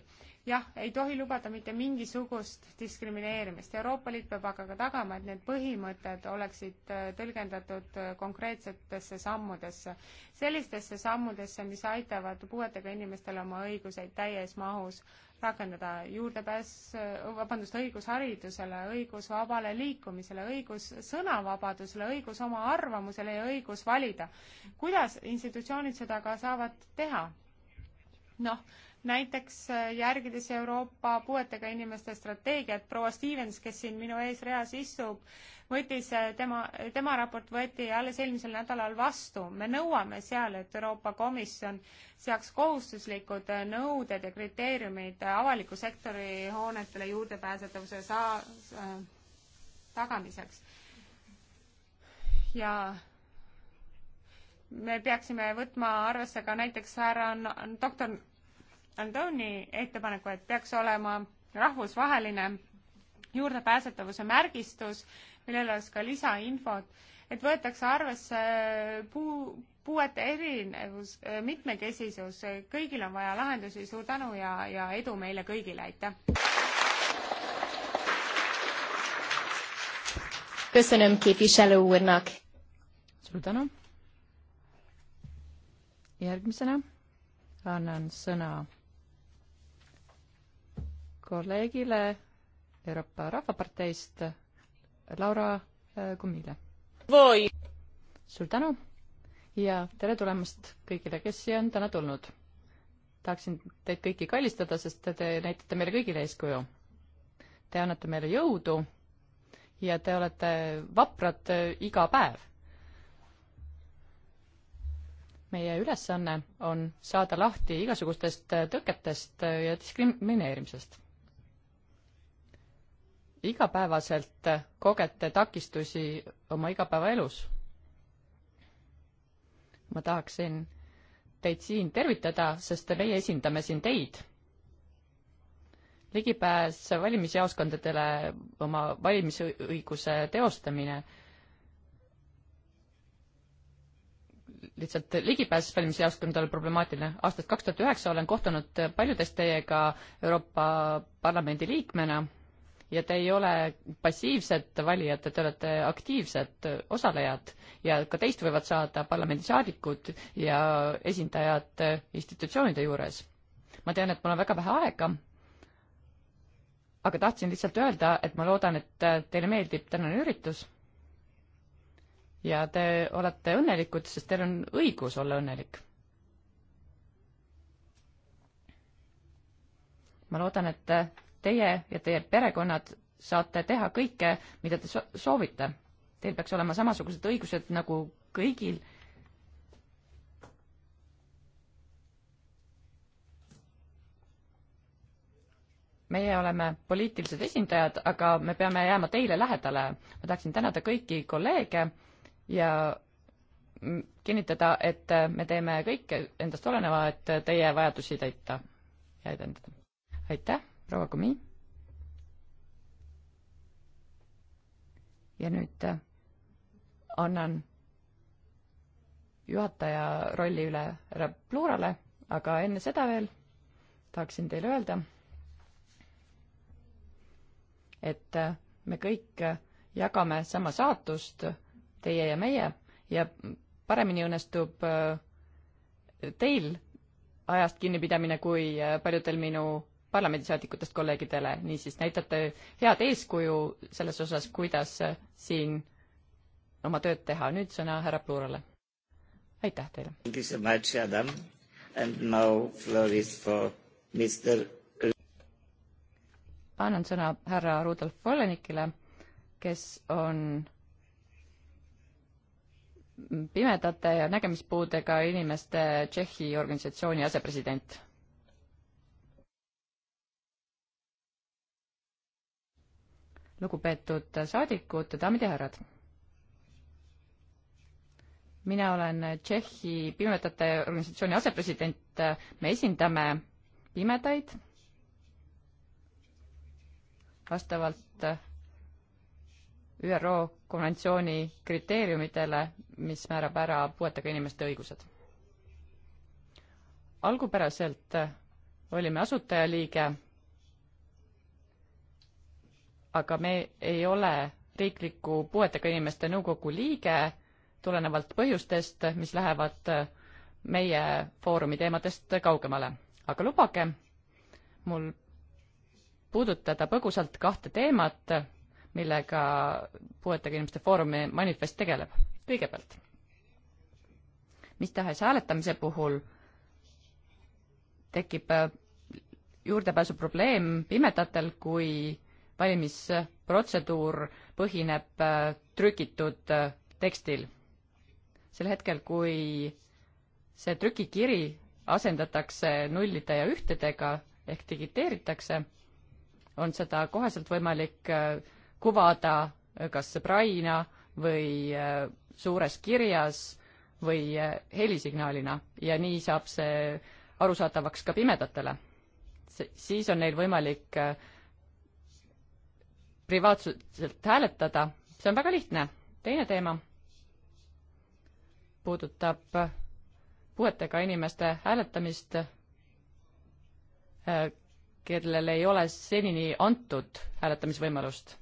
Speaker 3: jah, ei tohi lubada mitte mingisugust diskrimineerimist. Euroopa Liit peab aga ka tagama, et need põhimõtted oleksid äh, tõlgendatud äh, konkreetsetesse sammudesse, sellistesse sammudesse, mis aitavad puuetega inimestel oma õiguseid täies mahus rakendada. juurdepääs, äh, vabandust, õigus haridusele, õigus vabale liikumisele, õigus sõnavabadusele, õigus oma arvamusele ja õigus valida. kuidas institutsioonid seda ka saavad teha? noh näiteks äh, järgides Euroopa puuetega inimeste strateegiat, proua Stevens, kes siin minu ees reas istub, võttis äh, tema, tema raport võeti alles eelmisel nädalal vastu. me nõuame seal, et Euroopa Komisjon seaks kohustuslikud äh, nõuded ja kriteeriumid avaliku sektori hoonetele juurdepääsetavuse saa- äh,, tagamiseks. ja me peaksime võtma arvesse ka näiteks härra doktor Aldoni ettepaneku, et peaks olema rahvusvaheline juurdepääsetavuse märgistus, millel oleks ka lisainfot, et võetakse arvesse puu, puuete erinevus, mitmekesisus, kõigil on vaja lahendusi, suur tänu ja, ja edu meile kõigile, aitäh!
Speaker 2: Köszönöm képviselő úrnak. Suur tänu. järgmisena annan sõna kolleegile Euroopa Rahvaparteist, Laura äh, Kummile. suur tänu ja tere tulemast kõigile, kes siia on täna tulnud. tahaksin teid kõiki kallistada, sest te näitate meile kõigile eeskuju. Te annate meile jõudu ja te olete vaprad äh, iga päev meie ülesanne on saada lahti igasugustest äh, tõketest ja diskrimineerimisest igapäevaselt kogete takistusi oma igapäevaelus? ma tahaksin teid siin tervitada, sest meie esindame siin teid. ligipääs valimisjaoskondadele, oma valimisõiguse teostamine, lihtsalt ligipääs valimisjaoskondadele problemaatiline. aastast kaks tuhat üheksa olen kohtunud paljudest teiega Euroopa Parlamendi liikmena ja te ei ole passiivsed valijad, te olete aktiivsed osalejad ja ka teist võivad saada parlamendisaadikud ja esindajad institutsioonide juures. ma tean, et mul on väga vähe aega, aga tahtsin lihtsalt öelda, et ma loodan, et teile meeldib tänane üritus ja te olete õnnelikud, sest teil on õigus olla õnnelik. ma loodan, et teie ja teie perekonnad saate teha kõike, mida te so soovite. Teil peaks olema samasugused õigused nagu kõigil. meie oleme poliitilised esindajad, aga me peame jääma teile lähedale. ma tahaksin tänada kõiki kolleege ja kinnitada, et me teeme kõike endast oleneva, et teie vajadusi täita ja edendada. aitäh! proua Kumi. ja nüüd äh, annan juhataja rolli üle härra Pluurale, aga enne seda veel tahaksin teile öelda, et äh, me kõik äh, jagame sama saatust, teie ja meie, ja paremini õnnestub teil ajast kinnipidamine kui paljudel minu parlamendisaadikutest kolleegidele, niisiis näitate head eeskuju selles osas, kuidas siin oma tööd teha. nüüd sõna härra Pluurale. aitäh teile! annan sõna härra Rudolf Volenikile, kes on pimedate ja nägemispuudega inimeste Tšehhi organisatsiooni asepresident lugupeetud saadikud, daamid ja härrad. mina olen Tšehhi Pimedate Organisatsiooni asepresident, me esindame pimedaid vastavalt ÜRO konventsiooni kriteeriumidele, mis määrab ära puuetega inimeste õigused. algupäraselt olime asutajaliige aga me ei ole riikliku puuetega inimeste nõukogu liige tulenevalt põhjustest, mis lähevad meie foorumi teemadest kaugemale. aga lubage mul puudutada põgusalt kahte teemat, millega puuetega inimeste foorumi manifest tegeleb. kõigepealt, mis tahes hääletamise puhul tekib juurdepääsuprobleem pimedatel, kui valimisprotseduur põhineb äh, trükitud äh, tekstil. sel hetkel, kui see trükikiri asendatakse nullide ja ühtedega ehk digiteeritakse, on seda koheselt võimalik äh, kuvada kas braina või suures kirjas või helisignaalina ja nii saab see arusaadavaks ka pimedatele. siis on neil võimalik privaatselt hääletada, see on väga lihtne. teine teema puudutab puuetega inimeste hääletamist, äh, kellel ei ole senini antud hääletamisvõimalust.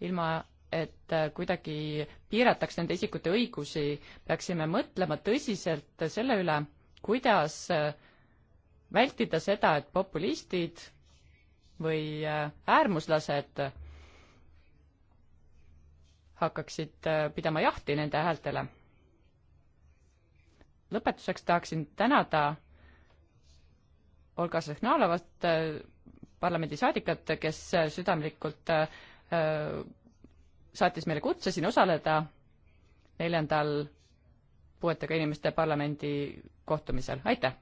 Speaker 2: ilma, et äh, kuidagi piirataks nende isikute õigusi, peaksime mõtlema tõsiselt selle üle, kuidas äh, vältida seda, et populistid või äh, äärmuslased hakkaksid äh, pidama jahti nende häältele. lõpetuseks tahaksin tänada Olga Sõhnalovat, äh, parlamendisaadikat, kes südamlikult saatis meile kutse siin osaleda neljandal puuetega inimeste parlamendi kohtumisel, aitäh!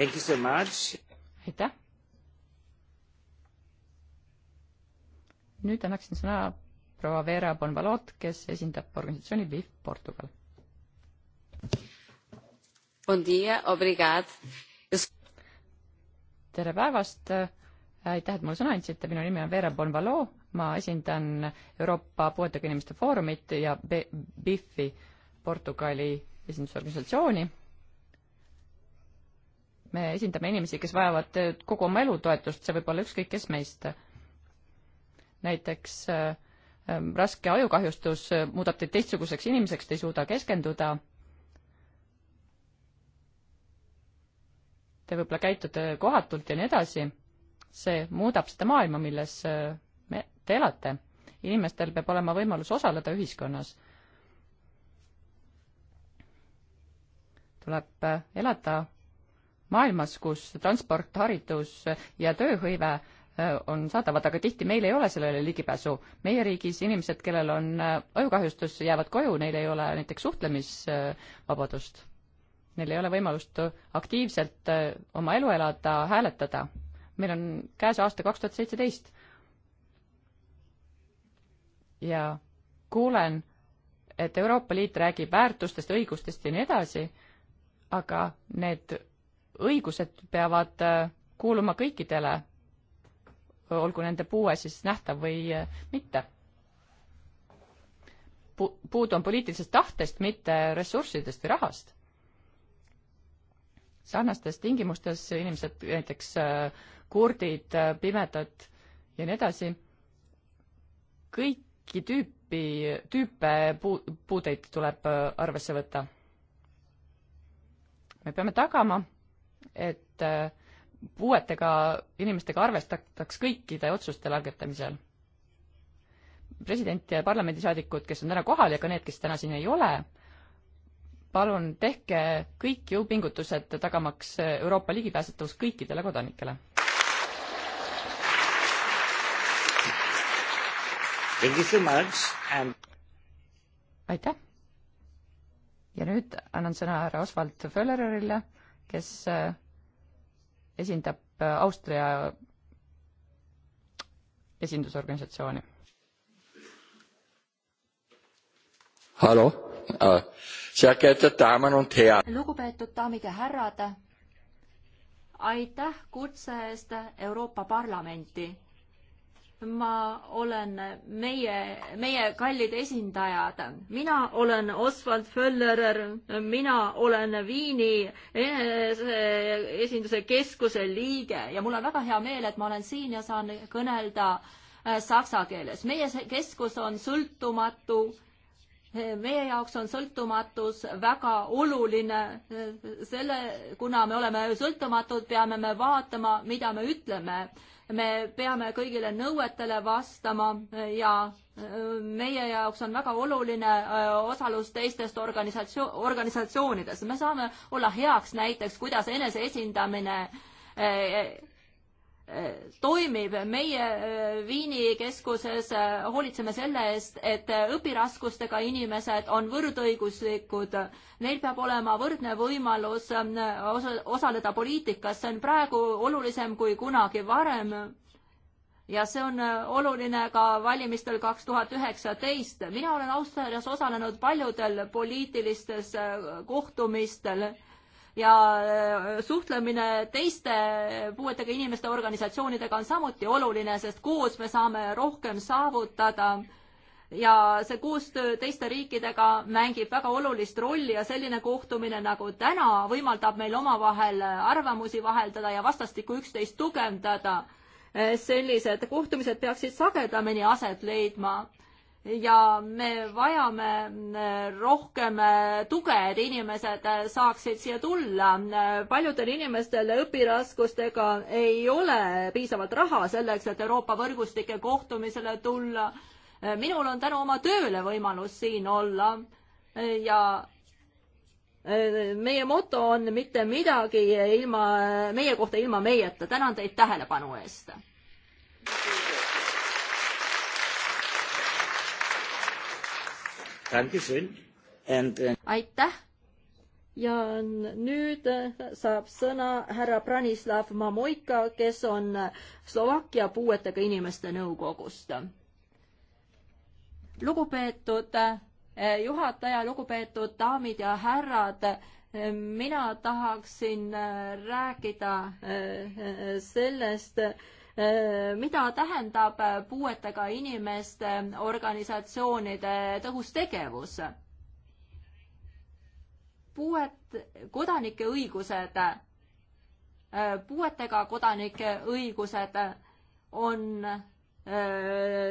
Speaker 3: aitäh.
Speaker 2: nüüd annaksin sõna proua Vera Bonvalot, kes esindab organisatsiooni BIF Portugal. tere päevast, aitäh, et mulle sõna andsite, minu nimi on Vera Bonvalot, ma esindan Euroopa Puuetega Inimeste Foorumit ja BIF-i Portugali esindusorganisatsiooni me esindame inimesi, kes vajavad kogu oma elu toetust, see võib olla ükskõik kes meist. näiteks äh, äh, raske ajukahjustus äh, muudab teid teistsuguseks inimeseks, te ei suuda keskenduda. Te võib-olla käitute kohatult ja nii edasi. see muudab seda maailma, milles me, te elate. inimestel peab olema võimalus osaleda ühiskonnas. tuleb elada maailmas, kus transport, haridus ja tööhõive äh, on saadavad, aga tihti meil ei ole sellele ligipääsu. meie riigis inimesed, kellel on äh, ajukahjustus, jäävad koju, neil ei ole näiteks suhtlemisvabadust. Neil ei ole võimalust aktiivselt äh, oma elu elada, hääletada. meil on käes aasta kaks tuhat seitseteist. ja kuulen, et Euroopa Liit räägib väärtustest, õigustest ja nii edasi, aga need õigused peavad äh, kuuluma kõikidele, olgu nende puue siis nähtav või äh, mitte. puudu on poliitilisest tahtest, mitte ressurssidest või rahast. sarnastes tingimustes inimesed, näiteks äh, kurdid, pimedad ja nii edasi, kõiki tüüpi, tüüpe puu-, puudeid tuleb arvesse võtta. me peame tagama et äh, puuetega inimestega arvestataks kõikide otsuste langetamisel. president ja parlamendisaadikud, kes on täna kohal ja ka need, kes täna siin ei ole, palun tehke kõik jõupingutused, tagamaks Euroopa ligipääsetavus kõikidele kodanikele. aitäh! ja nüüd annan sõna härra Oswald Föllerile kes äh, esindab äh, Austria esindusorganisatsiooni.
Speaker 1: hallo, äh, lugupeetud daamid ja härrad, aitäh kutse eest Euroopa Parlamenti ma olen meie, meie kallid esindajad. mina olen Oswald Föllerer, mina olen Viini esinduse keskuse liige ja mul on väga hea meel, et ma olen siin ja saan kõnelda äh, saksa keeles. meie keskus on sõltumatu, meie jaoks on sõltumatus väga oluline, äh, selle, kuna me oleme sõltumatud, peame me vaatama, mida me ütleme me peame kõigile nõuetele vastama ja äh, meie jaoks on väga oluline äh, osalus teistest organisatsioon, organisatsioonidest. me saame olla heaks näiteks, kuidas eneseesindamine äh, toimib. meie äh, Viini keskuses äh, hoolitseme selle eest, et äh, õpiraskustega inimesed on võrdõiguslikud. Neil peab olema võrdne võimalus osaleda poliitikas, see on praegu olulisem kui kunagi varem. ja see on oluline ka valimistel kaks tuhat üheksateist. mina olen Austraalias osalenud paljudel poliitilistes kohtumistel ja äh, suhtlemine teiste puuetega inimeste organisatsioonidega on samuti oluline, sest koos me saame rohkem saavutada ja see koostöö teiste riikidega mängib väga olulist rolli ja selline kohtumine nagu täna võimaldab meil omavahel arvamusi vaheldada ja vastastikku üksteist tugevdada. Äh, sellised kohtumised peaksid sagedamini aset leidma ja me vajame äh, rohkem äh, tuge, et inimesed äh, saaksid siia tulla. paljudel inimestel õpiraskustega ei ole piisavalt raha selleks, et Euroopa võrgustike kohtumisele tulla. minul on tänu oma tööle võimalus siin olla ja meie moto on mitte midagi ilma, meie kohta ilma meieta. tänan teid tähelepanu eest. Uh, aitäh ja nüüd äh, saab sõna härra Branislav Mamoika, kes on äh, Slovakkia puuetega inimeste nõukogust. lugupeetud äh, juhataja, lugupeetud daamid ja härrad, mina tahaksin rääkida sellest, mida tähendab äh, puuetega inimeste organisatsioonide tõhus tegevus? puuet, kodanike õigused, äh, puuetega kodanike õigused on äh,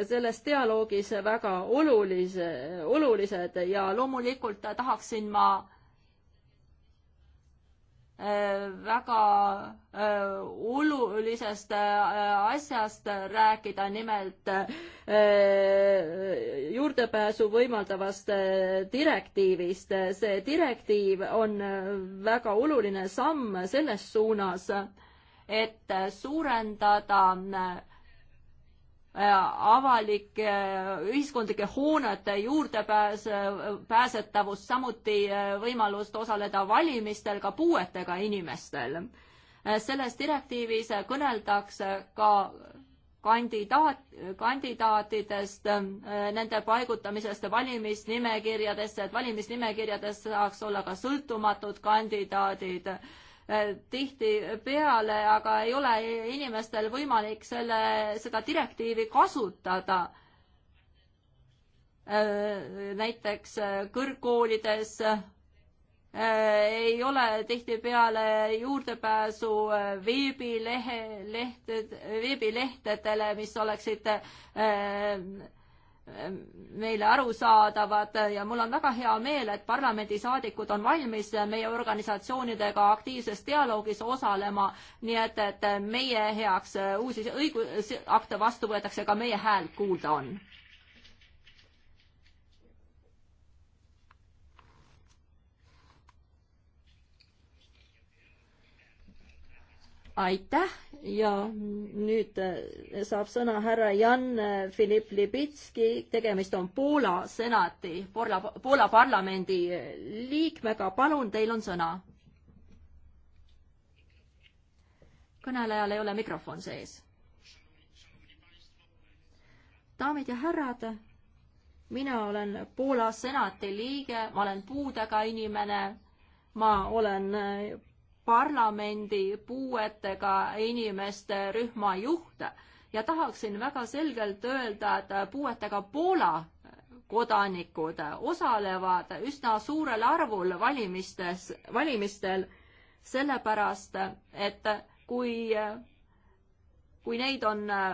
Speaker 1: selles dialoogis väga olulise, olulised ja loomulikult tahaksin ma väga äh, olulisest äh, asjast rääkida, nimelt äh, juurdepääsu võimaldavast direktiivist. see direktiiv on väga oluline samm selles suunas, et suurendada Äh, avalike äh, ühiskondlike hoonete juurdepääs, äh, pääsetavus, samuti võimalust osaleda valimistel ka puuetega inimestel. selles direktiivis kõneldakse ka kandidaat, kandidaatidest, nende paigutamisest valimisnimekirjadesse, et valimisnimekirjades saaks olla ka sõltumatud kandidaadid Äh, tihtipeale, aga ei ole inimestel võimalik selle, seda direktiivi kasutada. Äh, näiteks äh, kõrgkoolides ei ole tihtipeale juurdepääsu veebilehe, lehted, veebilehtedele, mis oleksid meile arusaadavad ja mul on väga hea meel, et parlamendisaadikud on valmis meie organisatsioonidega aktiivses dialoogis osalema, nii et, et meie heaks uusi õigusakte vastu võetakse, ka meie hääl kuulda on. aitäh ja nüüd äh, saab sõna härra Jan Filip äh, Libitski, tegemist on Poola senati, Poola, Poola parlamendi äh, liikmega, palun, teil on sõna. kõnelejal ei ole mikrofon sees. daamid ja härrad, mina olen Poola senati liige, ma olen puudega inimene ma olen parlamendi puuetega inimeste rühma juht ja tahaksin väga selgelt öelda, et puuetega Poola kodanikud osalevad üsna suurel arvul valimistes, valimistel, sellepärast et kui, kui neid on äh,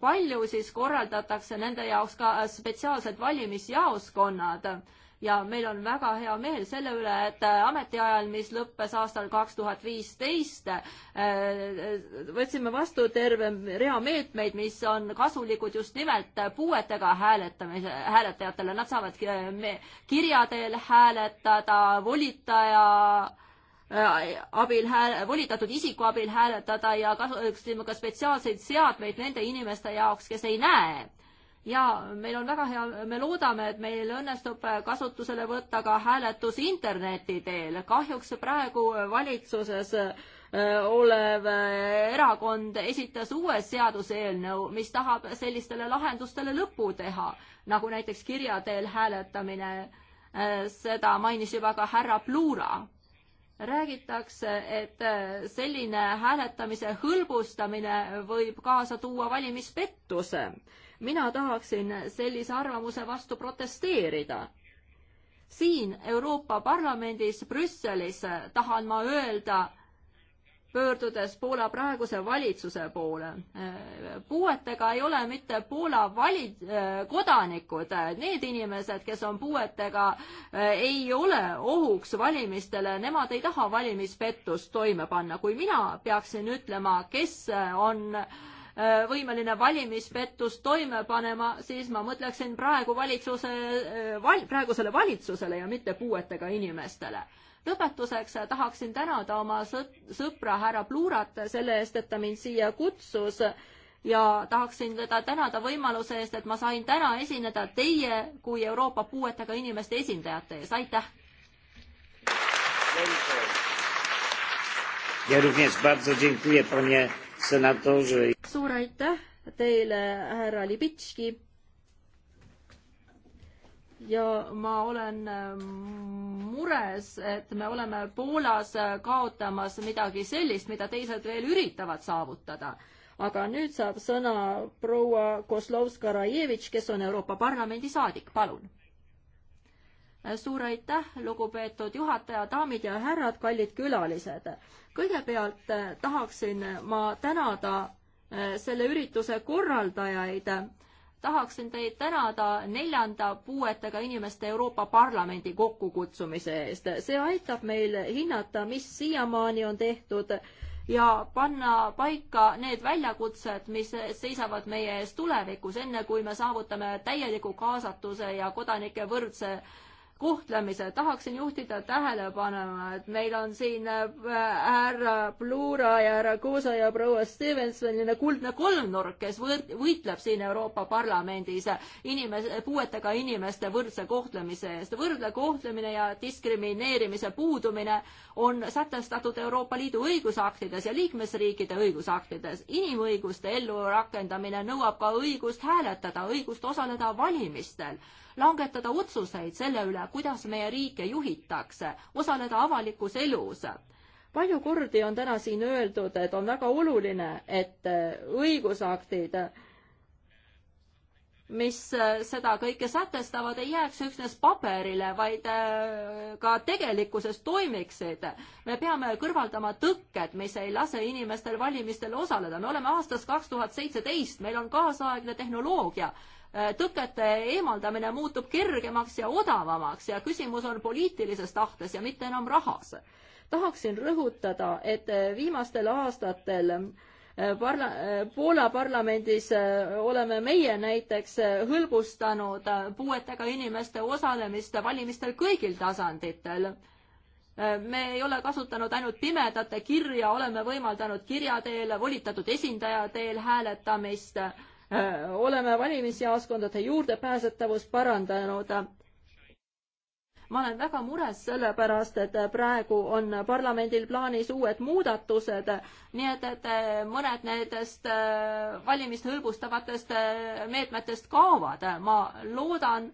Speaker 1: palju, siis korraldatakse nende jaoks ka spetsiaalsed valimisjaoskonnad ja meil on väga hea meel selle üle, et ametiajal, mis lõppes aastal kaks tuhat viisteist, eh, võtsime vastu terve rea meetmeid, mis on kasulikud just nimelt puuetega hääletamise, hääletajatele, nad saavad eh, kirja teel hääletada, volitaja eh, abil hääl-, volitatud isiku abil hääletada ja kasutasime ka spetsiaalseid seadmeid nende inimeste jaoks, kes ei näe ja meil on väga hea, me loodame, et meil õnnestub kasutusele võtta ka hääletus interneti teel. kahjuks praegu valitsuses äh, olev äh, erakond esitas uue seaduseelnõu, mis tahab sellistele lahendustele lõpu teha, nagu näiteks kirja teel hääletamine. Äh, seda mainis juba ka härra Plura. räägitakse, et selline hääletamise hõlbustamine võib kaasa tuua valimispettuse mina tahaksin sellise arvamuse vastu protesteerida. siin Euroopa Parlamendis Brüsselis tahan ma öelda, pöördudes Poola praeguse valitsuse poole. puuetega ei ole mitte Poola vali-, kodanikud, need inimesed, kes on puuetega, ei ole ohuks valimistele, nemad ei taha valimispettust toime panna. kui mina peaksin ütlema, kes on äh, Äh, võimeline valimispettust toime panema, siis ma mõtleksin praegu valitsuse äh, val,, praegusele valitsusele ja mitte puuetega inimestele. lõpetuseks tahaksin tänada oma sõpra härra Pluurat selle eest, et ta mind siia kutsus ja tahaksin teda tänada võimaluse eest, et ma sain täna esineda teie kui Euroopa puuetega inimeste esindajate ees, aitäh!
Speaker 3: Ja również bardzo dziękuję panie Eh,
Speaker 1: suur aitäh teile, härra Libitski. ja ma olen eh, mures, et me oleme Poolas eh, kaotamas midagi sellist, mida teised veel üritavad saavutada aga nüüd saab sõna proua Kozlovska-Rajevitš, kes on Euroopa Parlamendi saadik, palun suur aitäh, lugupeetud juhataja, daamid ja härrad, kallid külalised. kõigepealt eh, tahaksin ma tänada eh, selle ürituse korraldajaid. tahaksin teid tänada neljanda puuetega inimeste Euroopa Parlamendi kokkukutsumise eest. see aitab meil hinnata, mis siiamaani on tehtud ja panna paika need väljakutsed, mis seisavad meie ees tulevikus, enne kui me saavutame täieliku kaasatuse ja kodanike võrdse äh, kohtlemise. tahaksin juhtida tähelepanu, et meil on siin äh, härra Plura ja härra Kuusa ja proua Stevens, selline kuldne kolmnurk, kes võitleb siin Euroopa Parlamendis inimese, puuetega inimeste võrdse kohtlemise eest. võrdne kohtlemine ja diskrimineerimise puudumine on sätestatud Euroopa Liidu õigusaktides ja liikmesriikide õigusaktides. inimõiguste ellurakendamine nõuab ka õigust hääletada, õigust osaleda valimistel langetada otsuseid selle üle, kuidas meie riike juhitakse, osaleda avalikus elus palju kordi on täna siin öeldud, et on väga oluline, et äh, õigusaktid, mis äh, seda kõike sätestavad, ei jääks üksnes paberile, vaid äh, ka tegelikkuses toimiksid. me peame kõrvaldama tõkked, mis ei lase inimestel valimistel osaleda. me oleme aastas kaks tuhat seitseteist, meil on kaasaegne tehnoloogia Äh, tõkete eemaldamine muutub kergemaks ja odavamaks ja küsimus on poliitilises tahtes ja mitte enam rahas. tahaksin rõhutada, et äh, viimastel aastatel äh, parla-, Poola parlamendis oleme meie näiteks hõlbustanud puuetega inimeste osalemist valimistel kõigil tasanditel me ei ole kasutanud ainult pimedate kirja, oleme võimaldanud kirja teel, volitatud esindaja teel hääletamist Äh, oleme valimisjaoskondade juurdepääsetavust parandanud. ma olen väga mures sellepärast, et praegu on parlamendil plaanis uued muudatused, nii et, et mõned nendest äh, valimist hõlbustavatest äh, meetmetest kaovad. ma loodan,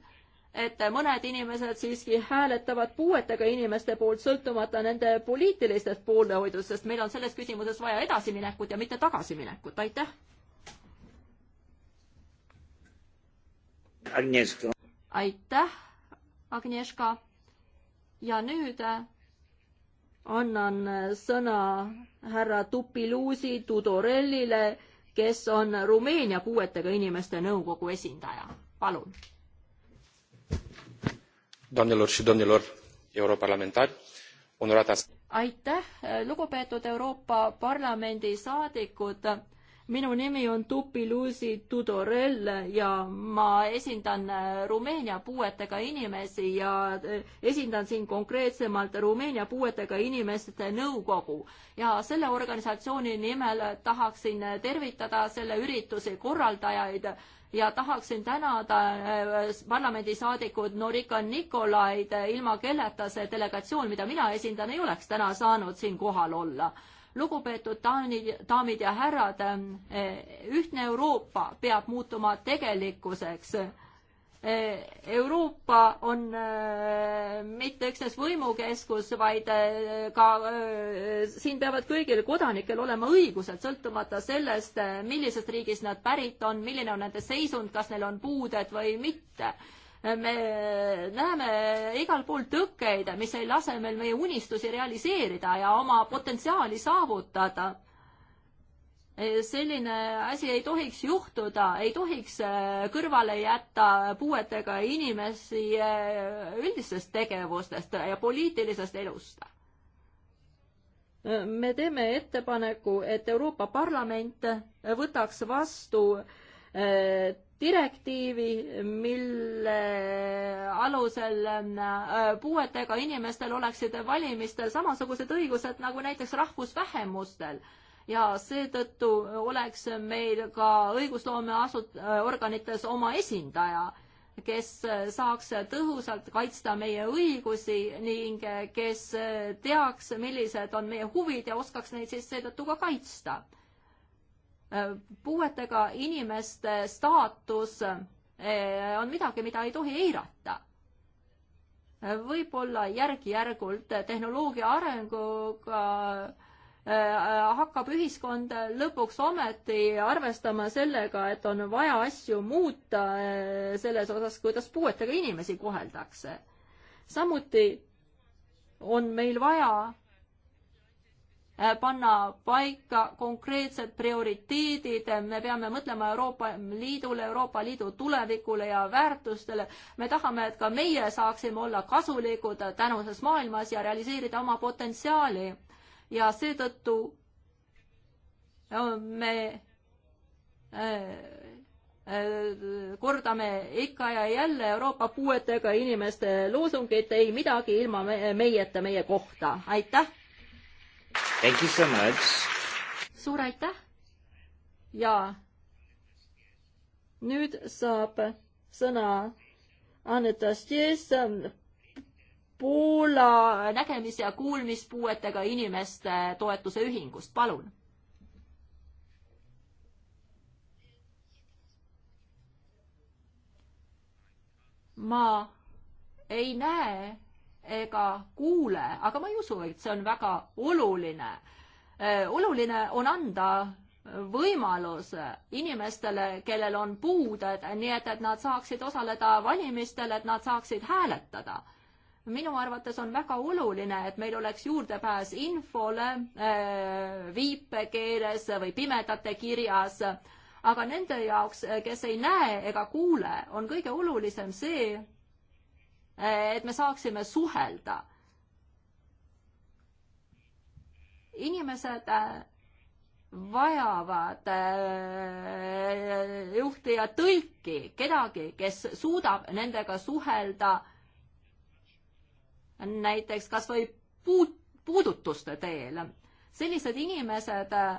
Speaker 1: et mõned inimesed siiski hääletavad puuetega inimeste poolt, sõltumata nende poliitilistest poolehoidudest, sest meil on selles küsimuses vaja edasiminekut ja mitte tagasiminekut, aitäh! Agnieszka. aitäh, Agnieszka. ja nüüd äh, annan äh, sõna härra Tupiluusi Tudorellile, kes on Rumeenia puuetega inimeste nõukogu esindaja. palun. aitäh, lugupeetud Euroopa Parlamendi saadikud minu nimi on Tupilusi Tudorel ja ma esindan äh, Rumeenia puuetega inimesi ja äh, esindan siin konkreetsemalt Rumeenia puuetega inimeste nõukogu. ja selle organisatsiooni nimel tahaksin äh, tervitada selle ürituse korraldajaid ja tahaksin tänada parlamendisaadikud Norika Nikolaid, ilma kelleta see delegatsioon, mida mina esindan, ei oleks täna saanud siin kohal olla lugupeetud daanid, daamid ja härrad, eh, ühtne Euroopa peab muutuma tegelikkuseks. Eh, Euroopa on eh, mitte üksnes võimukeskus, vaid ka siin peavad kõigil kodanikel olema õigused, sõltumata sellest, millisest riigist nad pärit on, milline on nende seisund, kas neil on puuded või mitte me näeme igal pool tõkkeid, mis ei lase meil meie unistusi realiseerida ja oma potentsiaali saavutada selline asi ei tohiks juhtuda, ei tohiks kõrvale jätta puuetega inimesi üldistest tegevustest ja poliitilisest elust. me teeme ettepaneku, et Euroopa Parlament võtaks vastu eh, direktiivi, mille alusel äh, puuetega inimestel oleksid valimistel samasugused õigused nagu näiteks rahvusvähemustel ja seetõttu oleks meil ka õigusloome asut-, organites oma esindaja, kes saaks tõhusalt kaitsta meie õigusi ning kes teaks, millised on meie huvid ja oskaks neid siis seetõttu ka kaitsta Äh, puuetega inimeste staatus äh, on midagi, mida ei tohi eirata. Äh, võib-olla järk-järgult tehnoloogia arenguga hakkab ühiskond lõpuks ometi arvestama sellega, et on vaja asju muuta selles osas, kuidas puuetega inimesi koheldakse. samuti on meil vaja Äh, panna paika konkreetsed prioriteedid, me peame mõtlema Euroopa Liidule, Euroopa Liidu tulevikule ja väärtustele. me tahame, et ka meie saaksime olla kasulikud tänases maailmas ja realiseerida oma potentsiaali. ja seetõttu äh, me äh, kordame ikka ja jälle Euroopa puuetega inimeste loosungit, ei midagi ilma meieta meie kohta. aitäh! suur aitäh ja nüüd saab sõna Anastas Poola nägemis- ja kuulmispuuetega inimeste toetuse ühingust, palun. ma ei näe ega kuule, aga ma ei usu, et see on väga oluline. Äh, oluline on anda võimalus inimestele, kellel on puuded, nii et, et nad saaksid osaleda valimistel, et nad saaksid hääletada. minu arvates on väga oluline, et meil oleks juurdepääs infole äh, viipekeeles või pimedate kirjas aga nende jaoks, kes ei näe ega kuule, on kõige olulisem see, et me saaksime suhelda. inimesed äh, vajavad äh, juhti ja tõlki, kedagi, kes suudab nendega suhelda näiteks kas või puut-, puudutuste teel. sellised inimesed äh,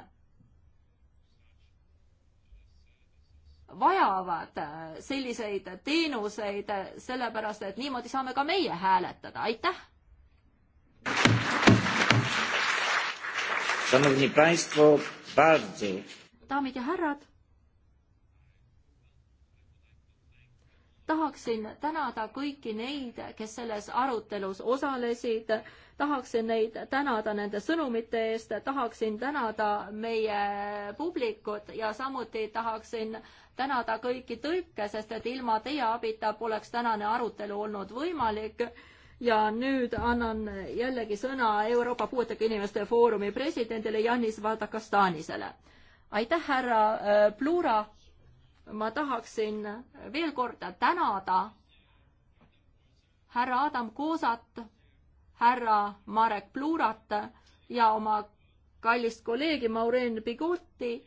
Speaker 1: vajavad äh, selliseid teenuseid, äh, sellepärast et niimoodi saame ka meie hääletada, aitäh. daamid ja härrad. tahaksin tänada kõiki neid, kes selles arutelus osalesid, tahaksin neid tänada nende sõnumite eest, tahaksin tänada meie publikut ja samuti tahaksin äh, tänada kõiki tõlke, sest et ilma teie abita poleks tänane arutelu olnud võimalik. ja nüüd annan jällegi sõna Euroopa Puuetega Inimeste Foorumi presidendile Janis Vardakastanisele. aitäh, härra äh, Plura. ma tahaksin veel kord tänada härra Adam Koosat, härra Marek Plurat ja oma kallist kolleegi Maureen Bigotti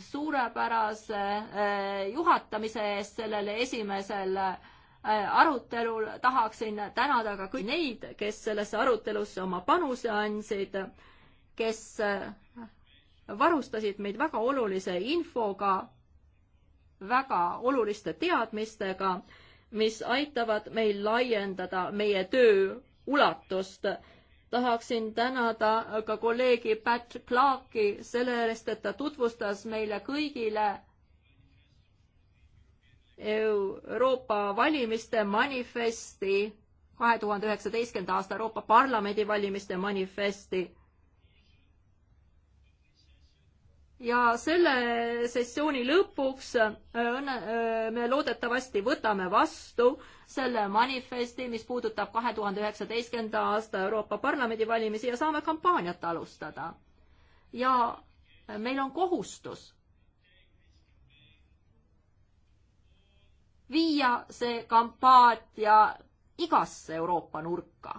Speaker 1: suurepärase eh, juhatamise eest sellel esimesel eh, arutelul. tahaksin tänada ka kõiki neid, kes sellesse arutelusse oma panuse andsid, kes eh, varustasid meid väga olulise infoga, väga oluliste teadmistega, mis aitavad meil laiendada meie töö ulatust tahaksin tänada ka kolleegi Pat Clarki selle eest, et ta tutvustas meile kõigile Euroopa valimiste manifesti, kahe tuhande üheksateistkümnenda aasta Euroopa Parlamendi valimiste manifesti ja selle sessiooni lõpuks äh, õnne, äh, me loodetavasti võtame vastu selle manifesti, mis puudutab kahe tuhande üheksateistkümnenda aasta Euroopa Parlamendi valimisi ja saame kampaaniat alustada. ja meil on kohustus viia see kampaania igasse Euroopa nurka.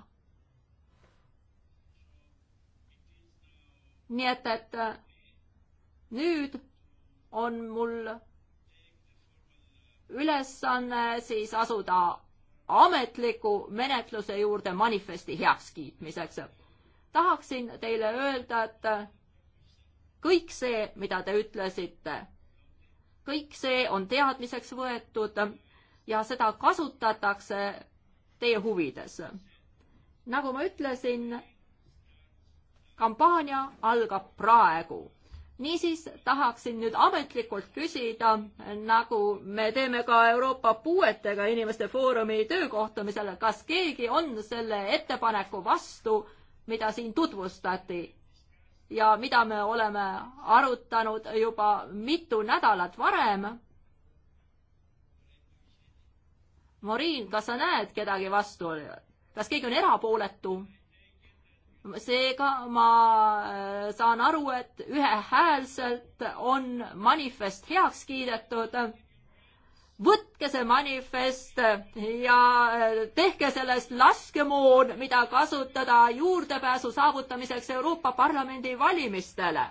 Speaker 1: nii et, et äh, nüüd on mul ülesanne siis asuda ametliku menetluse juurde manifesti heakskiitmiseks. tahaksin teile öelda, et kõik see, mida te ütlesite, kõik see on teadmiseks võetud ja seda kasutatakse teie huvides. nagu ma ütlesin, kampaania algab praegu niisiis tahaksin nüüd ametlikult küsida, nagu me teeme ka Euroopa Puuetega Inimeste Foorumi töökohtumisel, kas keegi on selle ettepaneku vastu, mida siin tutvustati ja mida me oleme arutanud juba mitu nädalat varem? Moriin, kas sa näed kedagi vastu? kas keegi on erapooletu? seega ma äh, saan aru, et ühehäälselt on manifest heaks kiidetud. võtke see manifest ja äh, tehke sellest laskemoon, mida kasutada juurdepääsu saavutamiseks Euroopa Parlamendi valimistele.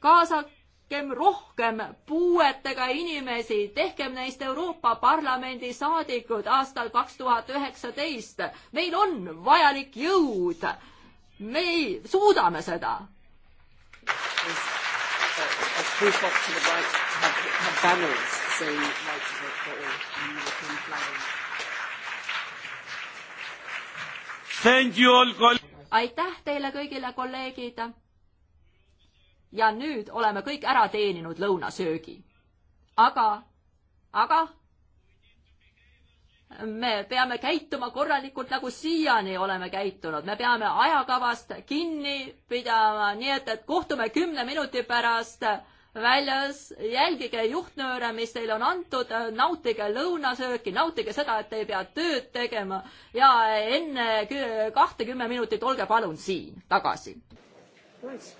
Speaker 1: kaasake tehkem rohkem puuetega inimesi, tehkem neist Euroopa Parlamendi saadikud aastal kaks tuhat üheksateist. meil on vajalik jõud. me ei, suudame seda. aitäh teile kõigile, kolleegid ja nüüd oleme kõik ära teeninud lõunasöögi. aga, aga me peame käituma korralikult, nagu siiani oleme käitunud, me peame ajakavast kinni pidama, nii et, et kohtume kümne minuti pärast väljas, jälgige juhtnööre, mis teile on antud, nautige lõunasööki, nautige seda, et te ei pea tööd tegema ja enne kahtekümme minutit olge palun siin tagasi. Nice.